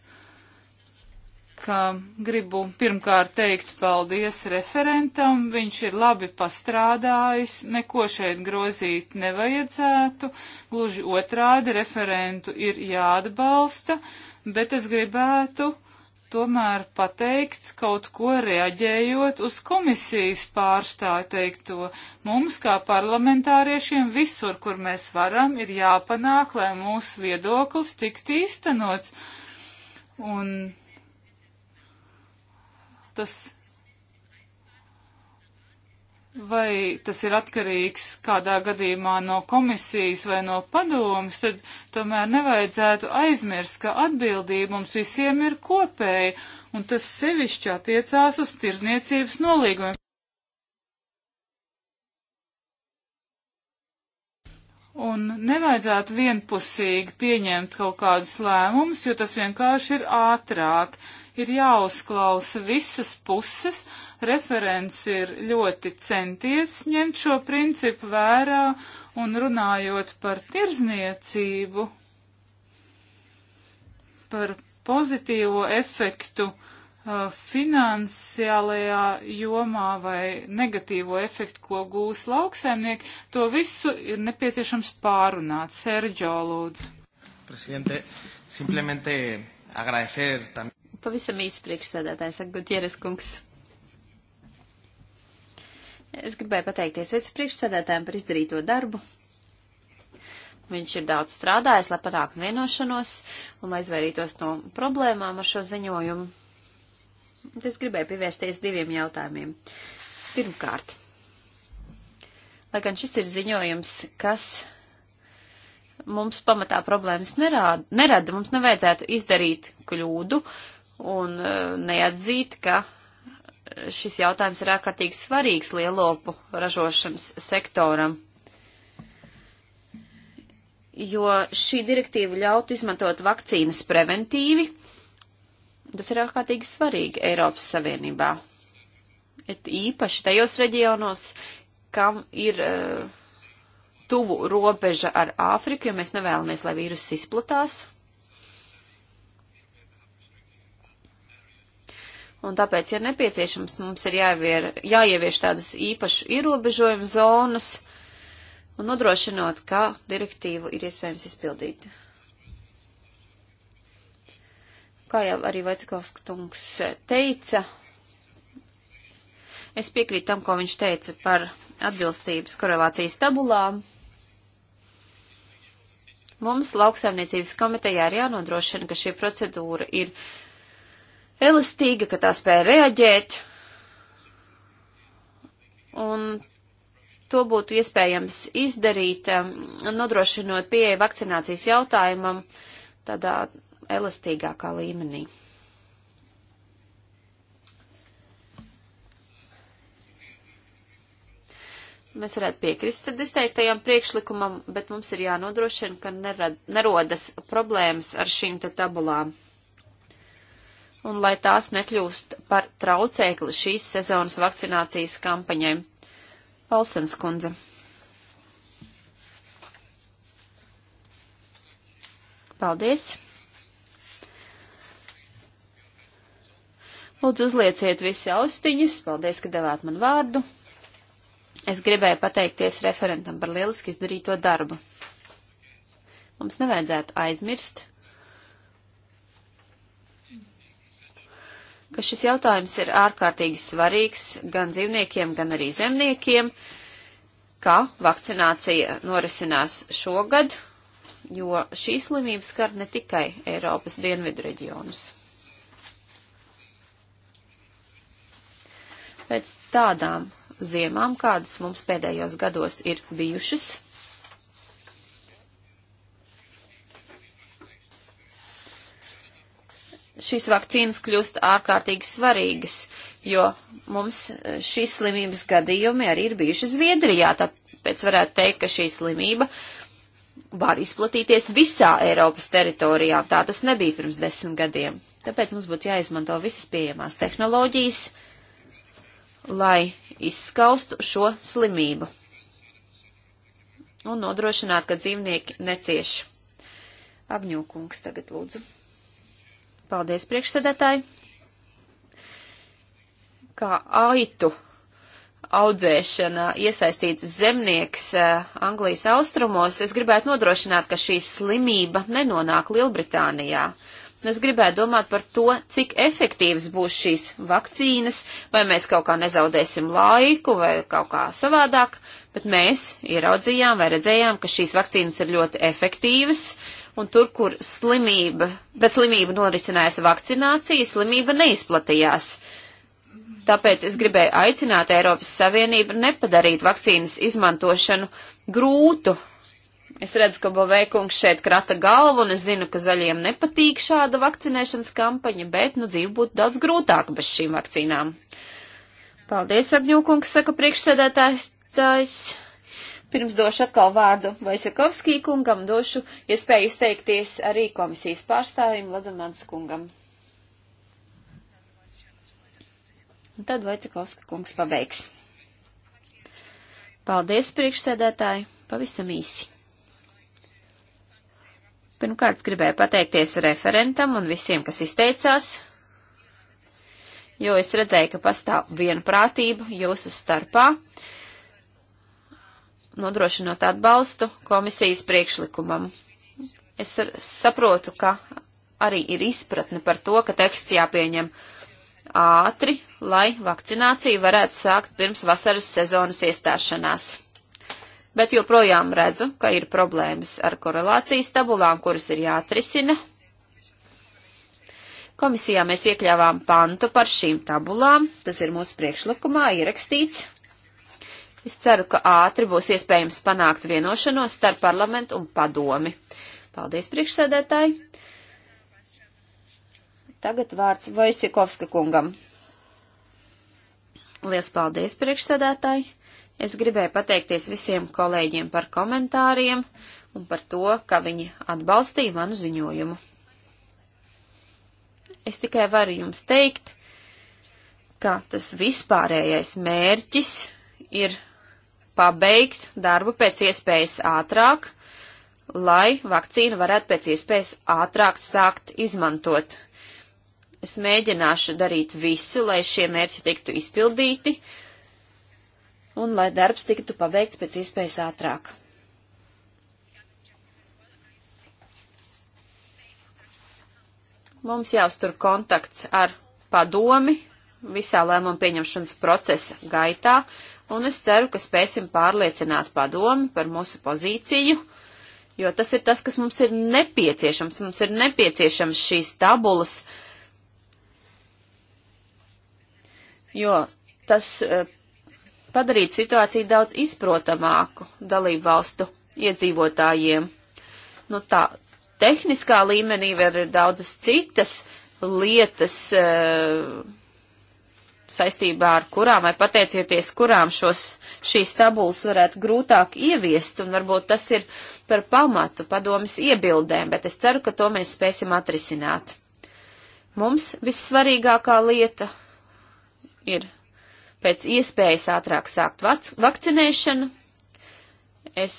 ka gribu pirmkārt teikt paldies referentam. Viņš ir labi pastrādājis, neko šeit grozīt nevajadzētu. Gluži otrādi referentu ir jāatbalsta, bet es gribētu tomēr pateikt kaut ko reaģējot uz komisijas pārstāju teikto. Mums, kā parlamentāriešiem, visur, kur mēs varam, ir jāpanāk, lai mūsu viedoklis tiktu īstenots. Un tas vai tas ir atkarīgs kādā gadījumā no komisijas vai no padomas, tad tomēr nevajadzētu aizmirst, ka atbildība mums visiem ir kopēja, un tas sevišķi attiecās uz tirzniecības nolīgumiem. Un nevajadzētu vienpusīgi pieņemt kaut kādus lēmumus, jo tas vienkārši ir ātrāk. Ir jāuzklausa visas puses, Referents ir ļoti centies ņemt šo principu vērā un runājot par tirzniecību, par pozitīvo efektu uh, finansiālajā jomā vai negatīvo efektu, ko gūs lauksaimnieki, to visu ir nepieciešams pārunāt. Sergio, lūdzu. Presidente, simplemente agradecer tam. Pavisam īsi priekšsēdētājs Gutieres kungs. Es gribēju pateikties vicepriekšsēdētājiem par izdarīto darbu. Viņš ir daudz strādājis, lai panāktu vienošanos un lai izvairītos no problēmām ar šo ziņojumu. Es gribēju pievērsties diviem jautājumiem. Pirmkārt, lai gan šis ir ziņojums, kas mums pamatā problēmas nerāda, nerada, mums nevajadzētu izdarīt kļūdu un eh, neatzīt, ka šis jautājums ir ārkārtīgi svarīgs lielopu ražošanas sektoram, jo šī direktīva ļautu izmantot vakcīnas preventīvi. Tas ir ārkārtīgi svarīgi Eiropas Savienībā. Et īpaši tajos reģionos, kam ir uh, tuvu robeža ar Āfriku, jo mēs nevēlamies, lai vīruss izplatās. Un tāpēc ir nepieciešams, mums ir jāievier, jāievieš tādas īpašu ierobežojumu zonas un nodrošinot, ka direktīvu ir iespējams izpildīt. Kā jau arī Vaicekovskungs teica, es piekrītu tam, ko viņš teica par atbilstības korelācijas tabulām. Mums lauksaimniecības komitejā ir jānodrošina, ka šī procedūra ir uh, elastīga, ka tā spēja reaģēt, un to būtu iespējams izdarīt, um, nodrošinot pieeja vakcinācijas jautājumam tādā elastīgākā līmenī. Mēs varētu piekrist tad izteiktajam priekšlikumam, bet mums ir jānodrošina, ka nerad, nerodas problēmas ar šīm te tabulām un lai tās nekļūst par traucēkli šīs sezonas vakcinācijas kampaņai. Palsens kundze. Paldies. Lūdzu, uzlieciet visi austiņas. Paldies, ka devāt man vārdu. Es gribēju pateikties referentam par lieliski izdarīto darbu. Mums nevajadzētu aizmirst, ka šis jautājums ir ārkārtīgi svarīgs gan dzīvniekiem, gan arī zemniekiem, ka vakcinācija norisinās šogad, jo šī slimība skar ne tikai Eiropas dienvidu reģionus. Pēc tādām ziemām, kādas mums pēdējos gados ir bijušas, šīs vakcīnas kļūst ārkārtīgi svarīgas, jo mums eh, šīs slimības gadījumi arī ir bijuši Zviedrijā, tāpēc varētu teikt, ka šī slimība var izplatīties visā Eiropas teritorijā. Tā tas nebija pirms desmit gadiem. Tāpēc mums būtu jāizmanto visas pieejamās tehnoloģijas, lai izskaustu šo slimību un nodrošinātu, ka dzīvnieki necieš. Agņūkungs tagad lūdzu. Paldies, priekšsēdētāji. Kā aitu audzēšana iesaistīts zemnieks eh, Anglijas austrumos, es gribētu nodrošināt, ka šī slimība nenonāk Lielbritānijā. Un es gribētu domāt par to, cik efektīvas būs šīs vakcīnas, vai mēs kaut kā nezaudēsim laiku, vai kaut kā savādāk, bet mēs ieraudzījām vai redzējām, ka šīs vakcīnas ir ļoti efektīvas. Uh, un tur, kur slimība, pret slimību norisinājās vakcinācija, slimība neizplatījās. Tāpēc es gribēju aicināt Eiropas Savienību nepadarīt vakcīnas izmantošanu grūtu. Es redzu, ka Bovēkungs šeit krata galvu, un es zinu, ka zaļiem nepatīk šāda vakcinēšanas kampaņa, bet, nu, dzīve būtu daudz grūtāka bez šīm vakcīnām. Paldies, Agņūkungs, saka priekšsēdētājs. Pirms došu atkal vārdu Vaisakovskī kungam, došu iespēju izteikties arī komisijas pārstāvim Ladamants kungam. Un tad Vaisakovska kungs pabeigs. Paldies, priekšsēdētāji, pavisam īsi. Pirmkārt, gribēju pateikties referentam un visiem, kas izteicās, jo es redzēju, ka pastāv vienprātība jūsu starpā. Uh, nodrošinot atbalstu komisijas priekšlikumam. Es ar, saprotu, ka arī ir izpratne par to, ka teksts jāpieņem ātri, lai vakcināciju varētu sākt pirms vasaras sezonas iestāšanās. Bet joprojām redzu, ka ir problēmas ar korelācijas tabulām, kuras ir jāatrisina. Komisijā mēs iekļāvām pantu par šīm tabulām, tas ir mūsu priekšlikumā ierakstīts, Es ceru, ka ātri būs iespējams panākt vienošanos starp parlamentu un padomi. Paldies, priekšsēdētāji! Tagad vārds Vojsikovska kungam. Lielas paldies, priekšsēdētāji! Es gribēju pateikties visiem kolēģiem par komentāriem un par to, ka viņi atbalstīja manu ziņojumu. Es tikai varu jums teikt, ka tas vispārējais mērķis ir pabeigt darbu pēc iespējas ātrāk, lai vakcīnu varētu pēc iespējas ātrāk sākt izmantot. Es mēģināšu darīt visu, lai šie mērķi tiktu izpildīti un lai darbs tiktu pabeigts pēc iespējas ātrāk. Mums jāuztur kontakts ar padomi visā lēmumu pieņemšanas procesa gaitā, un es ceru, ka spēsim pārliecināt padomi par mūsu pozīciju, jo tas ir tas, kas mums ir nepieciešams. Mums ir nepieciešams šīs tabulas, jo tas e, padarītu situāciju daudz izprotamāku dalību valstu iedzīvotājiem. Nu tā, tehniskā līmenī vēl ir daudzas citas lietas. Uh, saistībā ar kurām vai pateicoties kurām šos, šīs tabulas varētu grūtāk ieviest, un varbūt tas ir par pamatu padomas iebildēm, bet es ceru, ka to mēs spēsim atrisināt. Mums vissvarīgākā lieta ir pēc iespējas ātrāk sākt vakcinēšanu. Es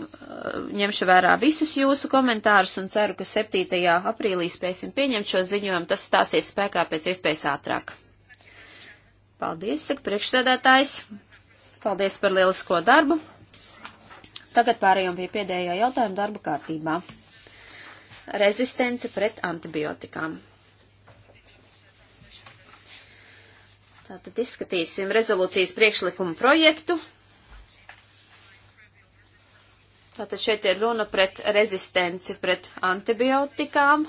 Uh, ņemšu vērā visus jūsu komentārus un ceru, ka 7. aprīlī spēsim pieņemt šo ziņojumu. Tas stāsies spēkā pēc iespējas ātrāk. Paldies, saka priekšsēdētājs. Paldies par lielisko darbu. Tagad pārējām pie pēdējā jautājuma darba kārtībā. Rezistence pret antibiotikām. Tātad izskatīsim rezolūcijas priekšlikumu projektu. Tātad šeit ir runa pret rezistenci pret antibiotikām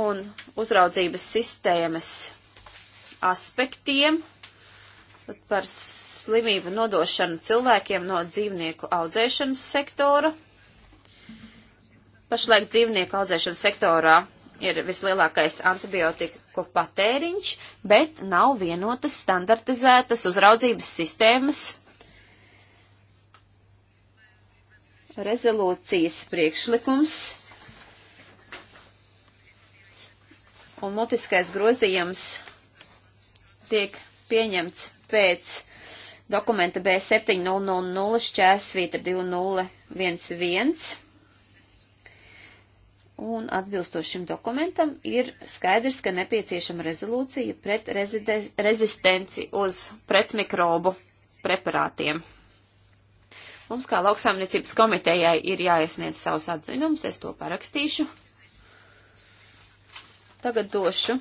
un uzraudzības sistēmas aspektiem par slimību nodošanu cilvēkiem no dzīvnieku audzēšanas sektora. Pašlaik dzīvnieku audzēšanas sektorā ir vislielākais antibiotiku patēriņš, bet nav vienotas standartizētas uzraudzības sistēmas rezolūcijas priekšlikums un mutiskais grozījums tiek pieņemts pēc dokumenta B7000 šķērsvīta 2011. Un atbilstošim dokumentam ir skaidrs, ka nepieciešama rezolūcija pret rezistenci uz pretmikrobu preparātiem. Mums kā lauksaimniecības komitejai ir jāiesniedz savus atzinumus, es to parakstīšu. Tagad došu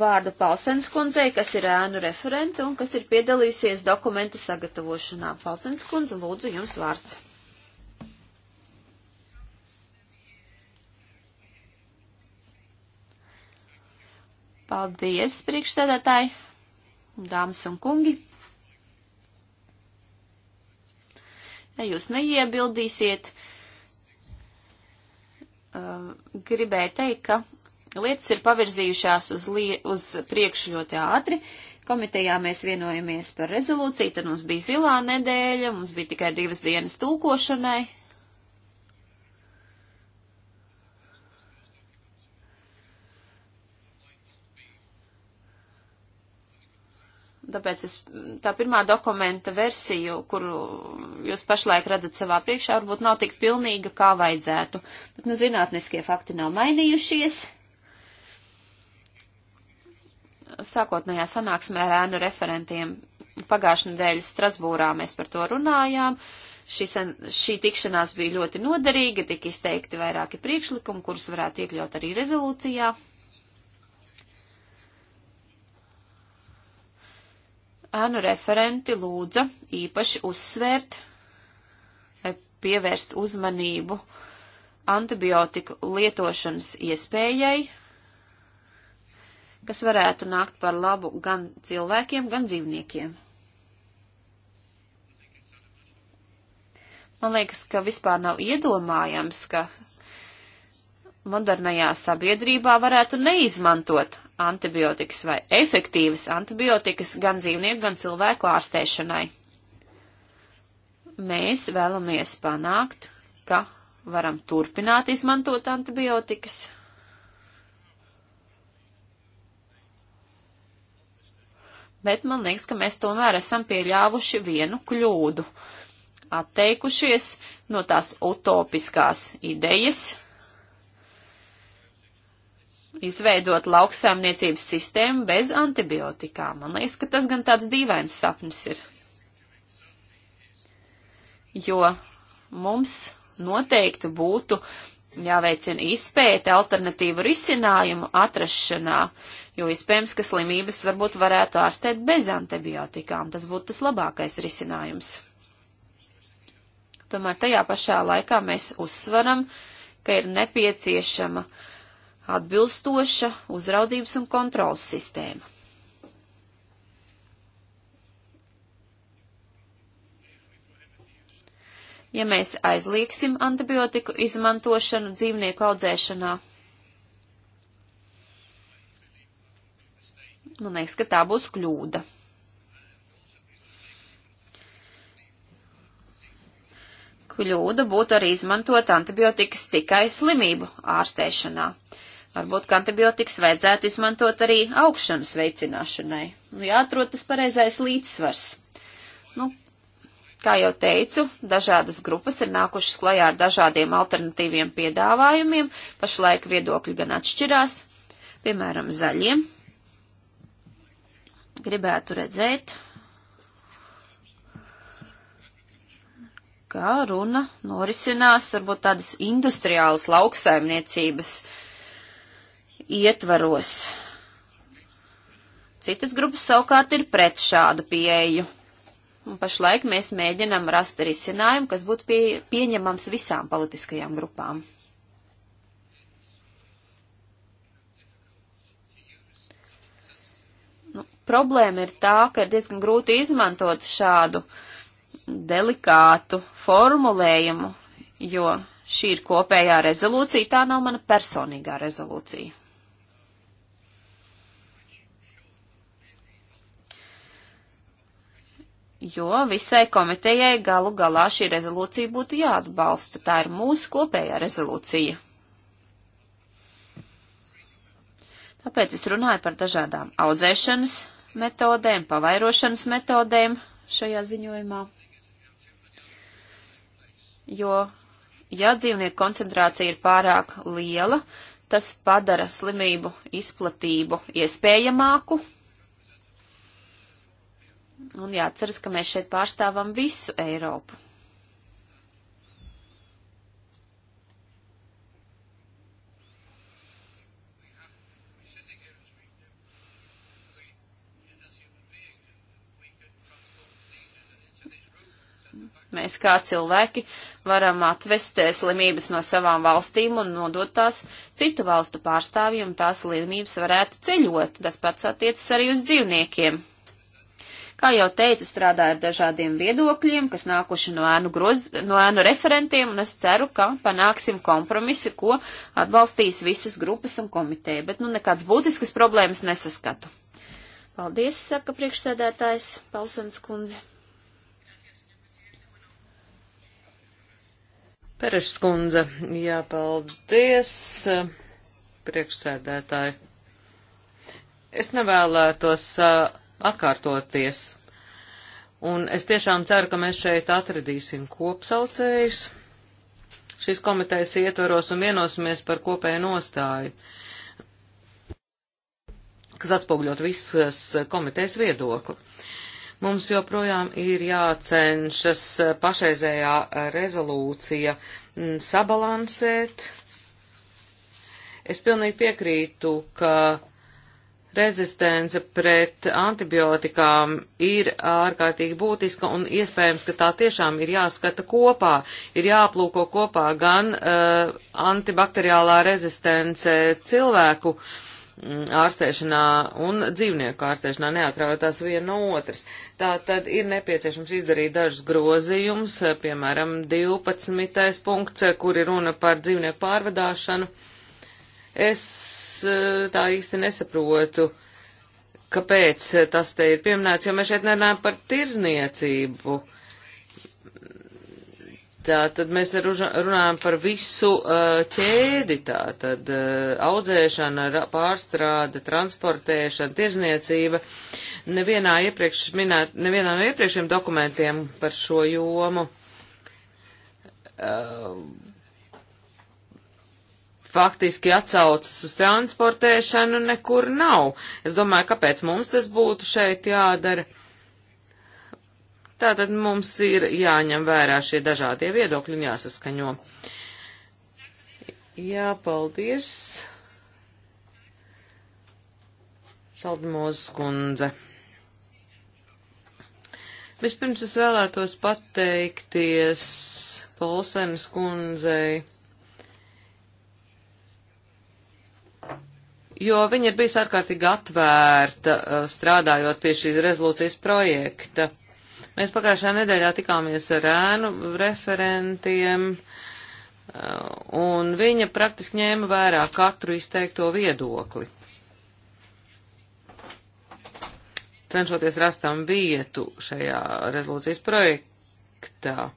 vārdu Palsens kundzei, kas ir ēnu referente un kas ir piedalījusies dokumenta sagatavošanā. Palsens kundze, lūdzu, jums vārds. Paldies, priekšstādātāji, dāmas un kungi! Ja jūs neiebildīsiet, uh, gribēju teikt, ka lietas ir pavirzījušās uz, lie, uz priekšu ļoti ātri. Komitejā mēs vienojamies par rezolūciju, tad mums bija zilā nedēļa, mums bija tikai divas dienas tulkošanai, Tāpēc es, tā pirmā dokumenta versija, kuru jūs pašlaik redzat savā priekšā, varbūt nav tik pilnīga, kā vajadzētu. Bet, nu, zinātniskie fakti nav mainījušies. Sākotnējā sanāksmē ar ēnu referentiem pagājušajā nedēļā Strasbūrā mēs par to runājām. Šī, san, šī tikšanās bija ļoti noderīga, tika izteikti vairāki priekšlikumi, kurus varētu iekļaut arī rezolūcijā. ēnu referenti lūdza īpaši uzsvērt vai pievērst uzmanību antibiotiku lietošanas iespējai, kas varētu nākt par labu gan cilvēkiem, gan dzīvniekiem. Man liekas, ka vispār nav iedomājams, ka modernajā sabiedrībā varētu neizmantot antibiotikas vai efektīvas antibiotikas gan dzīvnieku, gan cilvēku ārstēšanai. Mēs vēlamies panākt, ka varam turpināt izmantot antibiotikas. Bet man liekas, ka mēs tomēr esam pieļāvuši vienu kļūdu, atteikušies no tās utopiskās idejas, izveidot lauksaimniecības sistēmu bez antibiotikām. Man liekas, ka tas gan tāds dīvains sapnis ir. Jo mums noteikti būtu jāveicina izpēta alternatīvu risinājumu atrašanā, jo iespējams, ka slimības varbūt varētu ārstēt bez antibiotikām. Tas būtu tas labākais risinājums. Tomēr tajā pašā laikā mēs uzsveram, ka ir nepieciešama uh, atbilstoša uzraudzības un kontrolas sistēma. Ja mēs aizlieksim antibiotiku izmantošanu dzīvnieku audzēšanā, man nu, liekas, ka tā būs kļūda. Kļūda būtu arī izmantot antibiotikas tikai slimību ārstēšanā. Uh, Varbūt, ka antibiotikas vajadzētu izmantot arī augšanas veicināšanai. Nu, jāatrod tas pareizais līdzsvars. Nu, kā jau teicu, dažādas grupas ir nākušas klajā ar dažādiem alternatīviem piedāvājumiem, pašlaik viedokļi gan atšķirās, piemēram, zaļiem. Gribētu redzēt, kā runa norisinās varbūt tādas industriālas lauksaimniecības uh, ietvaros. Citas grupas savukārt ir pret šādu pieeju. Un pašlaik mēs mēģinam rast risinājumu, kas būtu pie, pieņemams visām politiskajām grupām. Nu, problēma ir tā, ka ir diezgan grūti izmantot šādu delikātu formulējumu, jo šī ir kopējā rezolūcija, tā nav mana personīgā rezolūcija. jo visai komitejai galu galā šī rezolūcija būtu jāatbalsta. Tā ir mūsu kopējā rezolūcija. Tāpēc es runāju par dažādām audzēšanas metodēm, pavairošanas metodēm šajā ziņojumā. Jo, ja dzīvnieku koncentrācija ir pārāk liela, tas padara slimību izplatību iespējamāku Un jāatceras, ka mēs šeit pārstāvam visu Eiropu. Mēs kā cilvēki varam atvest slimības no savām valstīm un nodot tās citu valstu pārstāvjiem, tās slimības varētu ceļot. Tas pats attiecas arī uz dzīvniekiem. Kā jau teicu, strādāju ar dažādiem viedokļiem, kas nākuši no ēnu, groz, no ēnu referentiem, un es ceru, ka panāksim kompromisu, ko atbalstīs visas grupas un komiteja, bet nu nekāds būtiskas problēmas nesaskatu. Paldies, saka priekšsēdētājs Palsons kundze. Perešs kundze, jā, paldies, priekšsēdētāji. Es nevēlētos uh, atkārtoties. Un es tiešām ceru, ka mēs šeit atradīsim kopsaucējus šīs komitejas ietvaros un vienosimies par kopēju nostāju, kas atspogļot visas komitejas viedokli. Mums joprojām ir jācenšas pašreizējā rezolūcija mm, sabalansēt. Es pilnīgi piekrītu, ka Rezistence pret antibiotikām ir ārkārtīgi būtiska un iespējams, ka tā tiešām ir jāskata kopā, ir jāplūko kopā gan uh, antibakteriālā rezistence cilvēku mm, ārstēšanā un dzīvnieku ārstēšanā neatraujotās viena no otras. Tā tad ir nepieciešams izdarīt dažus grozījumus, eh, piemēram, 12. punkts, eh, kur ir runa par dzīvnieku pārvadāšanu. Es Eh, tā īsti nesaprotu, kāpēc tas te ir pieminēts, jo mēs šeit nerunājam par tirzniecību. Tā tad mēs runājam par visu eh, ķēdi, tā tad eh, audzēšana, pārstrāde, transportēšana, tirzniecība. Nevienā iepriekš minēt, nevienā no iepriekšiem dokumentiem par šo jomu faktiski atsaucas uz transportēšanu nekur nav. Es domāju, kāpēc mums tas būtu šeit jādara. Tātad mums ir jāņem vērā šie dažādie viedokļi un jāsaskaņo. Jā, paldies. Šaldmozes kundze. Vispirms es vēlētos pateikties Polsenes kundzei jo viņa ir bijusi ārkārtīgi atvērta uh, strādājot pie šīs rezolūcijas projekta. Mēs pagājušajā nedēļā tikāmies ar ēnu referentiem, uh, un viņa praktiski ņēma vērā katru izteikto viedokli. Cenšoties rastam vietu šajā rezolūcijas projektā.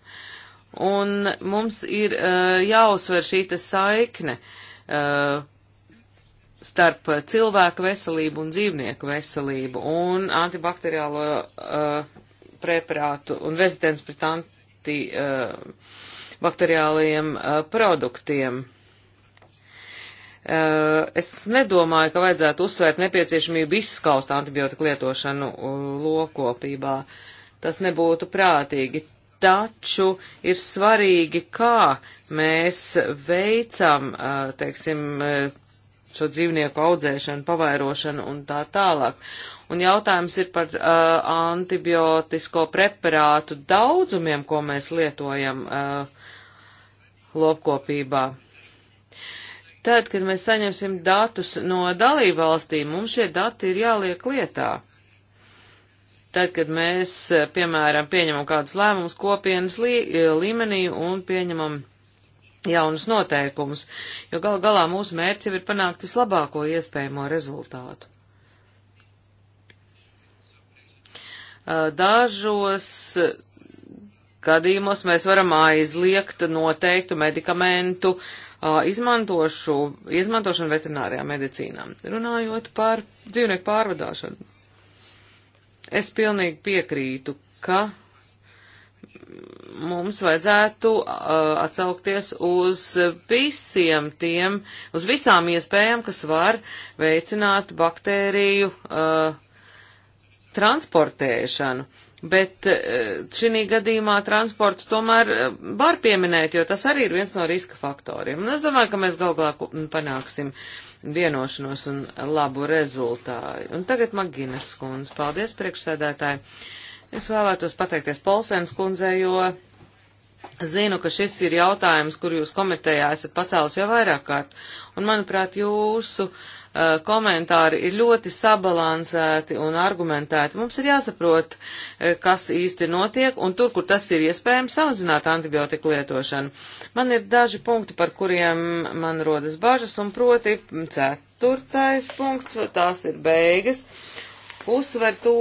Un mums ir uh, jāuzsver šī saikne uh, starp cilvēka veselību un dzīvnieku veselību un antibakteriālo uh, preparātu un rezistents pret antibakteriālajiem uh, uh, produktiem. Uh, es nedomāju, ka vajadzētu uzsvērt nepieciešamību izskaust antibiotiku lietošanu uh, lokopībā. Tas nebūtu prātīgi taču ir svarīgi, kā mēs veicam, uh, teiksim, uh, šo dzīvnieku audzēšanu, pavairošanu un tā tālāk. Un jautājums ir par uh, antibiotisko preparātu daudzumiem, ko mēs lietojam uh, lopkopībā. Tad, kad mēs saņemsim datus no dalībvalstīm, mums šie dati ir jāliek lietā. Tad, kad mēs, piemēram, pieņemam kādus lēmumus kopienas lī, līmenī un pieņemam uh, jaunus noteikumus, jo gal galā mūsu mērķi ir panākt vislabāko iespējamo rezultātu. Dažos gadījumos mēs varam aizliegt noteiktu medikamentu izmantošu, izmantošanu veterinārijā medicīnā. Runājot par dzīvnieku pārvadāšanu, es pilnīgi piekrītu, ka mums vajadzētu uh, atsaukties uz visiem tiem, uz visām iespējām, kas var veicināt baktēriju uh, transportēšanu. Bet uh, šī gadījumā transportu tomēr uh, var pieminēt, jo tas arī ir viens no riska faktoriem. Un es domāju, ka mēs galvā nu, panāksim vienošanos un labu rezultātu. Un tagad Maginas skundze. Paldies, priekšsēdētāji! Es vēlētos pateikties Polsēnas kundzei, jo Zinu, ka šis ir jautājums, kur jūs komitejā esat pacēlus jau vairāk kārt, un manuprāt, jūsu uh, komentāri ir ļoti sabalansēti un argumentēti. Mums ir jāsaprot, uh, kas īsti notiek, un tur, kur tas ir iespējams, samazināt antibiotiku lietošanu. Man ir daži punkti, par kuriem man rodas bažas, un proti ceturtais punkts, tās ir beigas. Uh, uzsver to,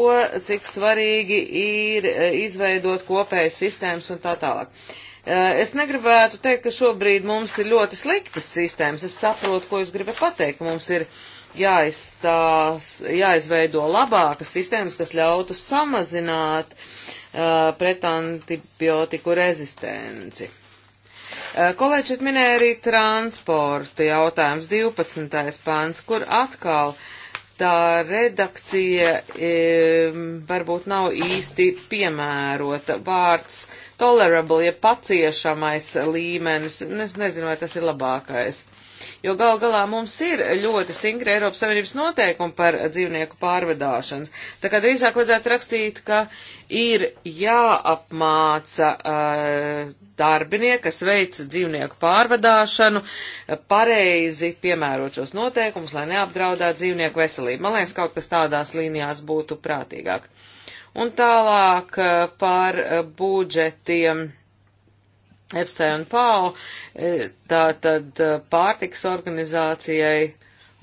cik svarīgi ir e, izveidot kopējas sistēmas un tā tālāk. E, es negribētu teikt, ka šobrīd mums ir ļoti sliktas sistēmas. Es saprotu, ko jūs gribat pateikt. Mums ir jāizstās, jāizveido labākas sistēmas, kas ļautu samazināt uh, pretantibiotiku rezistenci. Uh, kolēģi šeit minēja arī transportu jautājums 12. pāns, kur atkal uh, tā redakcija e, varbūt nav īsti piemērota. Vārds tolerable, ja paciešamais līmenis, es nezinu, vai tas ir labākais. Uh, Jo gal galā mums ir ļoti stingri Eiropas Savienības noteikumi par dzīvnieku pārvedāšanas. Tā kā drīzāk vajadzētu rakstīt, ka ir jāapmāca uh, darbinieki, kas veic dzīvnieku pārvedāšanu, eh, pareizi piemērot šos noteikumus, lai neapdraudētu dzīvnieku veselību. Man liekas, kaut kas tādās līnijās būtu prātīgāk. Un tālāk eh, par budžetiem EFSA un PAO, e, tā tad e, pārtiks organizācijai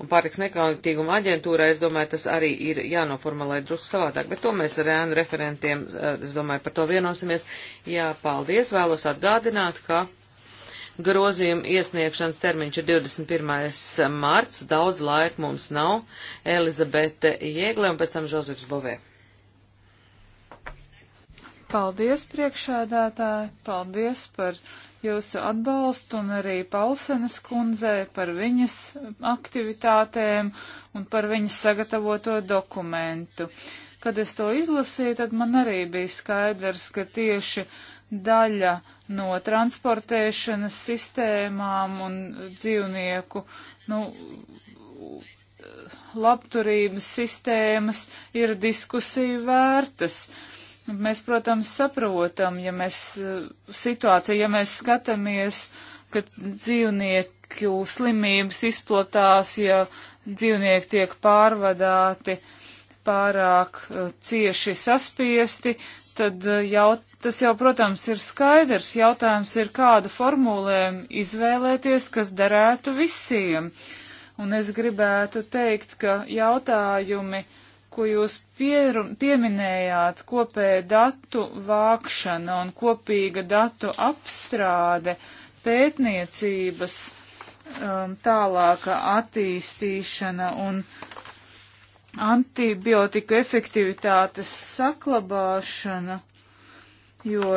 un pārtiks nekautīguma aģentūrai, es domāju, tas arī ir jānoformulē drusku savādāk, bet to mēs ar ēnu referentiem, e, es domāju, par to vienosimies. Jā, paldies, vēlos atgādināt, ka grozījuma iesniegšanas termiņš ir 21. marts, daudz laika mums nav, Elizabete Jēgle un pēc tam Žozefs Bovē. Paldies, priekšēdētāji, paldies par jūsu atbalstu un arī Palsenes kundzei par viņas aktivitātēm un par viņas sagatavoto dokumentu. Kad es to izlasīju, tad man arī bija skaidrs, ka tieši daļa no transportēšanas sistēmām un dzīvnieku nu, labturības sistēmas ir diskusiju vērtas. Uh, Mēs, protams, saprotam, ja mēs eh, situāciju, ja mēs skatāmies, ka dzīvnieku slimības izplatās, ja dzīvnieki tiek pārvadāti pārāk uh, cieši saspiesti, tad eh, jau, tas jau, protams, ir skaidrs. Jautājums ir, kādu formulēm izvēlēties, kas derētu visiem. Un es gribētu teikt, ka jautājumi ko jūs pieru, pieminējāt, kopēja datu vākšana un kopīga datu apstrāde, pētniecības um, tālāka attīstīšana un antibiotiku efektivitātes saklabāšana, jo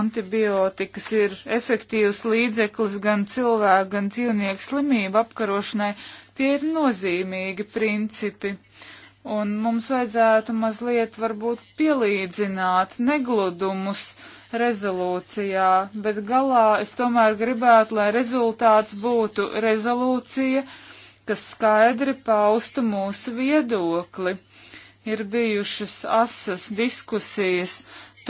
antibiotikas ir efektīvs līdzeklis gan cilvēku, gan dzīvnieku slimību apkarošanai, tie ir nozīmīgi principi. Uh, Un mums vajadzētu mazliet varbūt pielīdzināt negludumus rezolūcijā, bet galā es tomēr gribētu, lai rezultāts būtu rezolūcija, kas skaidri paustu mūsu viedokli. Ir bijušas asas diskusijas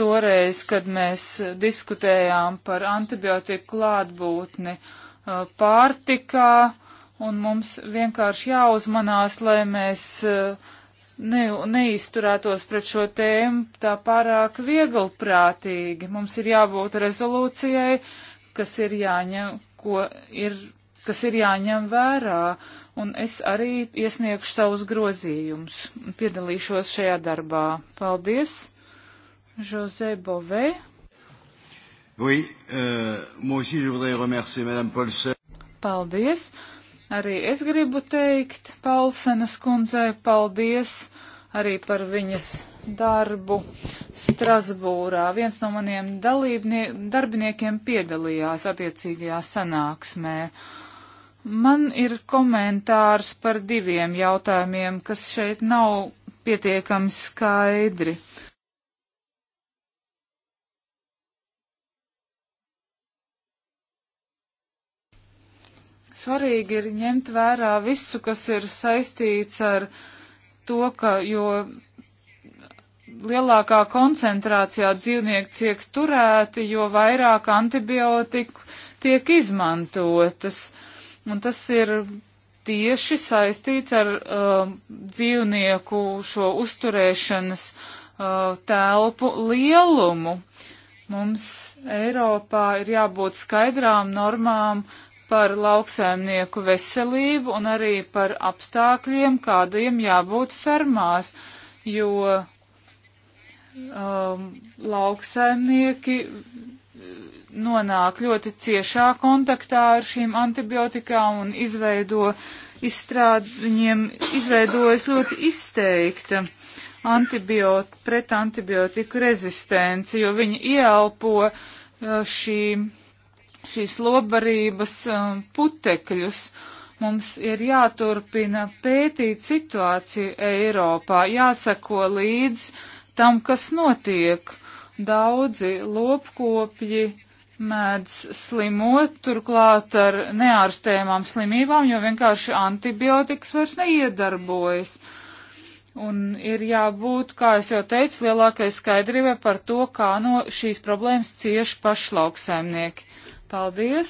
toreiz, kad mēs diskutējām par antibiotiku klātbūtni uh, pārtikā, un mums vienkārši jāuzmanās, lai mēs uh, ne, neizturētos pret šo tēmu tā pārāk vieglprātīgi. Mums ir jābūt rezolūcijai, kas ir jāņem, ko ir, kas ir jāņem vērā, un es arī iesniegšu savus grozījumus, piedalīšos šajā darbā. Paldies, Jose Bove. Oui, euh, moi aussi je voudrais remercier Madame Paulsen. Paldies. Euh, Arī es gribu teikt Palsenas kundzei paldies arī par viņas darbu Strasbūrā. Viens no maniem darbiniekiem piedalījās attiecīgajā sanāksmē. Man ir komentārs par diviem jautājumiem, kas šeit nav pietiekami skaidri. Uh, svarīgi ir ņemt vērā visu, kas ir saistīts ar to, ka jo lielākā koncentrācijā dzīvnieki tiek turēti, jo vairāk antibiotiku tiek izmantotas. Un tas ir tieši saistīts ar uh, dzīvnieku šo uzturēšanas uh, telpu lielumu. Mums Eiropā ir jābūt skaidrām normām par lauksaimnieku veselību un arī par apstākļiem, kādiem jābūt fermās, jo um, lauksaimnieki uh, nonāk ļoti ciešā kontaktā ar šīm antibiotikām un izveido izstrād, viņiem izveidojas ļoti izteikta antibiot, pret antibiotiku rezistence, jo viņi ieelpo uh, šīm šīs lobarības um, putekļus. Mums ir jāturpina pētīt situāciju Eiropā, jāseko līdz tam, kas notiek. Daudzi lopkopji mēdz slimot, turklāt ar neārstējumām slimībām, jo vienkārši antibiotikas vairs neiedarbojas. Un ir jābūt, kā es jau teicu, lielākai skaidrībai par to, kā no šīs problēmas cieši pašlauksaimnieki. Paldies!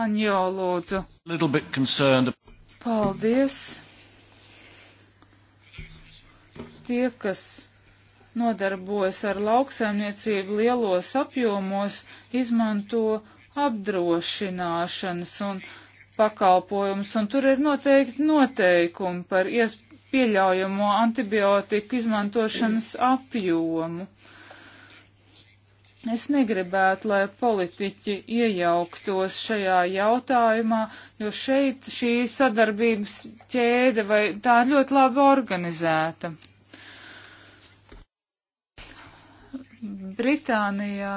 Anjo, lūdzu. Paldies! Tie, kas nodarbojas ar lauksaimniecību lielos apjomos, izmanto apdrošināšanas un pakalpojums, un tur ir noteikti noteikumi par pieļaujamo antibiotiku izmantošanas apjomu. Es negribētu, lai politiķi iejauktos šajā jautājumā, jo šeit šī sadarbības ķēde vai tā ir ļoti labi organizēta. Britānijā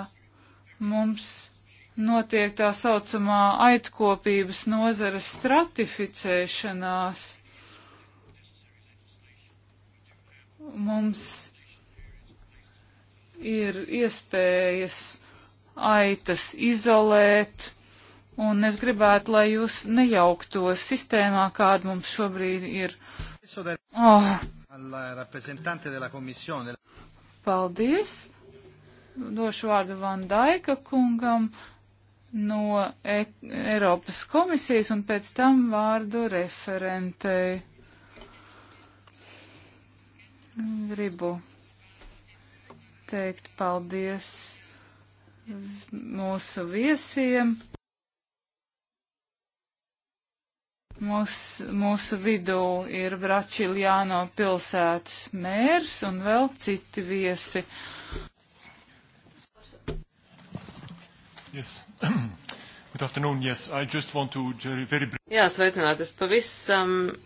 mums notiek tā saucamā aitkopības nozares stratificēšanās. Mums ir iespējas aitas izolēt, un es gribētu, lai jūs nejaukto sistēmā, kāda mums šobrīd ir. Oh. Paldies! Došu vārdu Van Daika kungam no e Eiropas komisijas un pēc tam vārdu referentei. Gribu teikt paldies mūsu viesiem. Mūs, mūsu vidū ir Bračiljāno pilsētas mērs un vēl citi viesi. Yes. [CLEARS THROAT] Good afternoon. Yes, I just want to very briefly. Jā, sveicināt. Es pavisam um,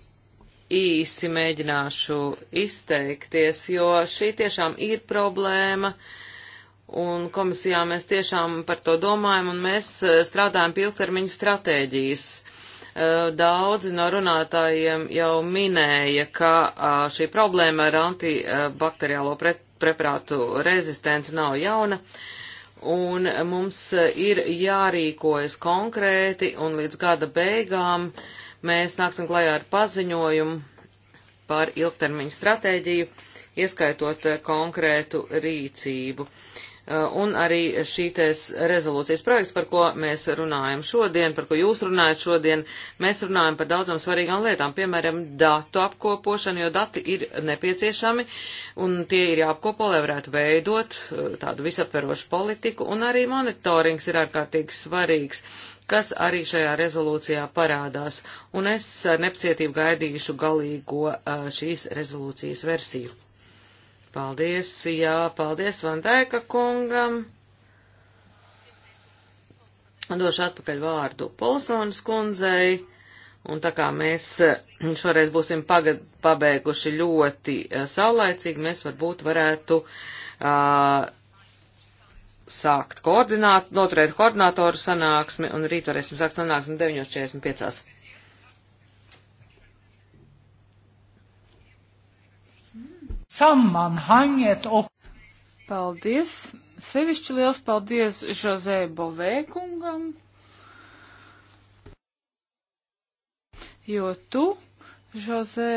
īsi mēģināšu izteikties, jo šī tiešām ir problēma, un komisijā mēs tiešām par to domājam, un mēs eh, strādājam pie ilgtermiņa stratēģijas. Eh, daudzi no runātājiem jau minēja, ka eh, šī problēma ar antibakteriālo pret, preparātu rezistenci nav jauna un mums ir jārīkojas konkrēti, un līdz gada beigām mēs nāksim klajā ar paziņojumu par ilgtermiņu stratēģiju, ieskaitot eh, konkrētu rīcību. Eh, un arī šīties rezolūcijas projekts, par ko mēs runājam šodien, par ko jūs runājat šodien, mēs runājam par daudzām svarīgām lietām, piemēram, datu apkopošanu, jo dati ir nepieciešami un tie ir jāapkopo, lai varētu veidot eh, tādu visaptverošu politiku, un arī monitorings ir ārkārtīgi svarīgs kas arī šajā rezolūcijā parādās, un es ar nepacietību gaidīšu galīgo šīs rezolūcijas versiju. Paldies, jā, paldies Vandēka kungam. Došu atpakaļ vārdu Polsonas kundzei. Un tā kā mēs šoreiz būsim pagad, pabeiguši ļoti saulēcīgi, mēs varbūt varētu uh, sākt koordināt, noturēt koordinātoru sanāksmi, un rīt varēsim sākt sanāksmi 9.45. sammanhanget och... Paldies! Sevišķi liels paldies Žozē Bovēkungam, jo tu, Žozē,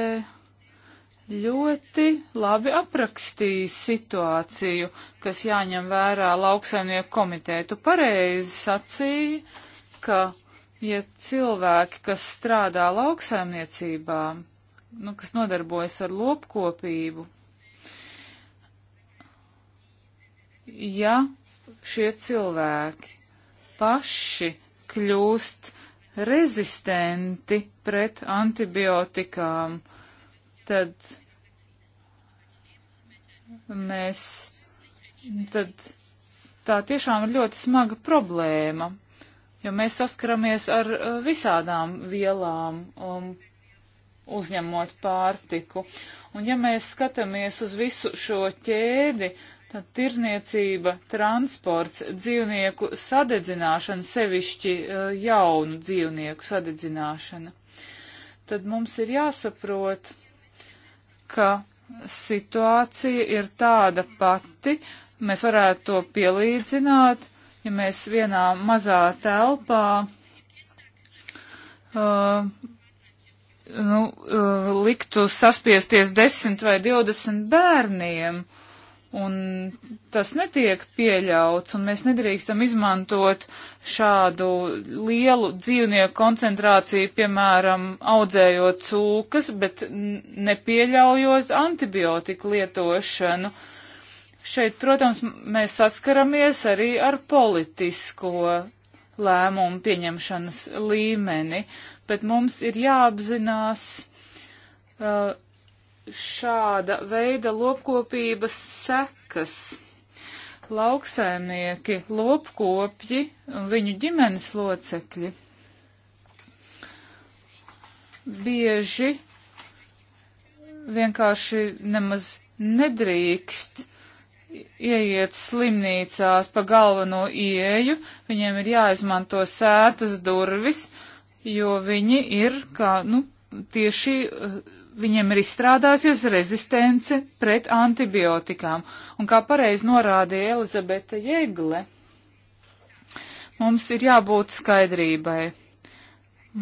ļoti labi aprakstīja situāciju, kas jāņem vērā lauksaimnieku komitētu. Pareizi sacīja, ka, ja cilvēki, kas strādā lauksaimniecībā, nu, kas nodarbojas ar lopkopību, ja šie cilvēki paši kļūst rezistenti pret antibiotikām, uh, tad mēs, tad tā tiešām ir ļoti smaga problēma, jo mēs saskaramies ar uh, visādām vielām um, uzņemot pārtiku. Un ja mēs skatāmies uz visu šo ķēdi, tad tirzniecība, transports, dzīvnieku sadedzināšana, sevišķi uh, jaunu dzīvnieku sadedzināšana, tad mums ir jāsaprot, ka situācija ir tāda pati, mēs varētu to pielīdzināt, ja mēs vienā mazā telpā uh, nu, uh, liktu saspiesties desmit vai divdesmit bērniem. Uh, Un tas netiek pieļauts, un mēs nedrīkstam izmantot šādu lielu dzīvnieku koncentrāciju, piemēram, audzējot cūkas, bet nepieļaujot antibiotiku lietošanu. Šeit, protams, mēs saskaramies arī ar politisko lēmumu pieņemšanas līmeni, bet mums ir jāapzinās, uh, šāda veida lopkopības sekas. Lauksaimnieki, lopkopji un viņu ģimenes locekļi bieži vienkārši nemaz nedrīkst ieiet slimnīcās pa galveno ieju, viņiem ir jāizmanto sētas durvis, jo viņi ir kā, nu, tieši uh, viņiem ir izstrādājusies rezistence pret antibiotikām. Un kā pareizi norādīja Elizabete Jēgle, mums ir jābūt skaidrībai.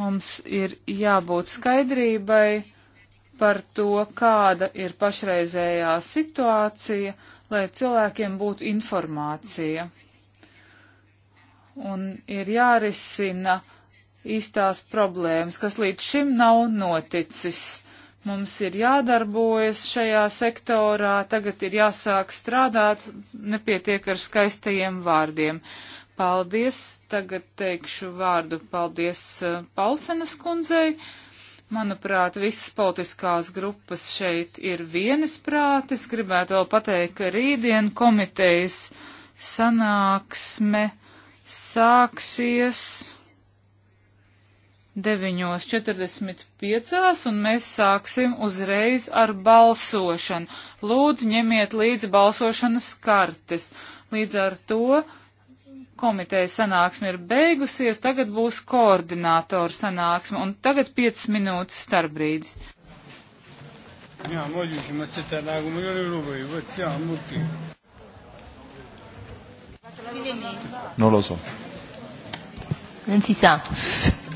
Mums ir jābūt skaidrībai par to, kāda ir pašreizējā situācija, lai cilvēkiem būtu informācija. Un ir jārisina īstās problēmas, kas līdz šim nav noticis Mums ir jādarbojas šajā sektorā, tagad ir jāsāk strādāt, nepietiek ar skaistajiem vārdiem. Paldies, tagad teikšu vārdu paldies uh, eh, Palsenas kundzei. Manuprāt, visas politiskās grupas šeit ir vienisprātis. Gribētu vēl pateikt, ka rītdien komitejas sanāksme sāksies 9.45 un mēs sāksim uzreiz ar balsošanu. Lūdzu, ņemiet līdzi balsošanas kartes. Līdz ar to komiteja sanāksme ir beigusies, tagad būs koordinātora sanāksme un tagad 5 minūtes starpbrīdis. Jā, moļuši, mēs te tādā gumu jau ir rūvēju, bet jā, mutī. Non lo so. Non si sa.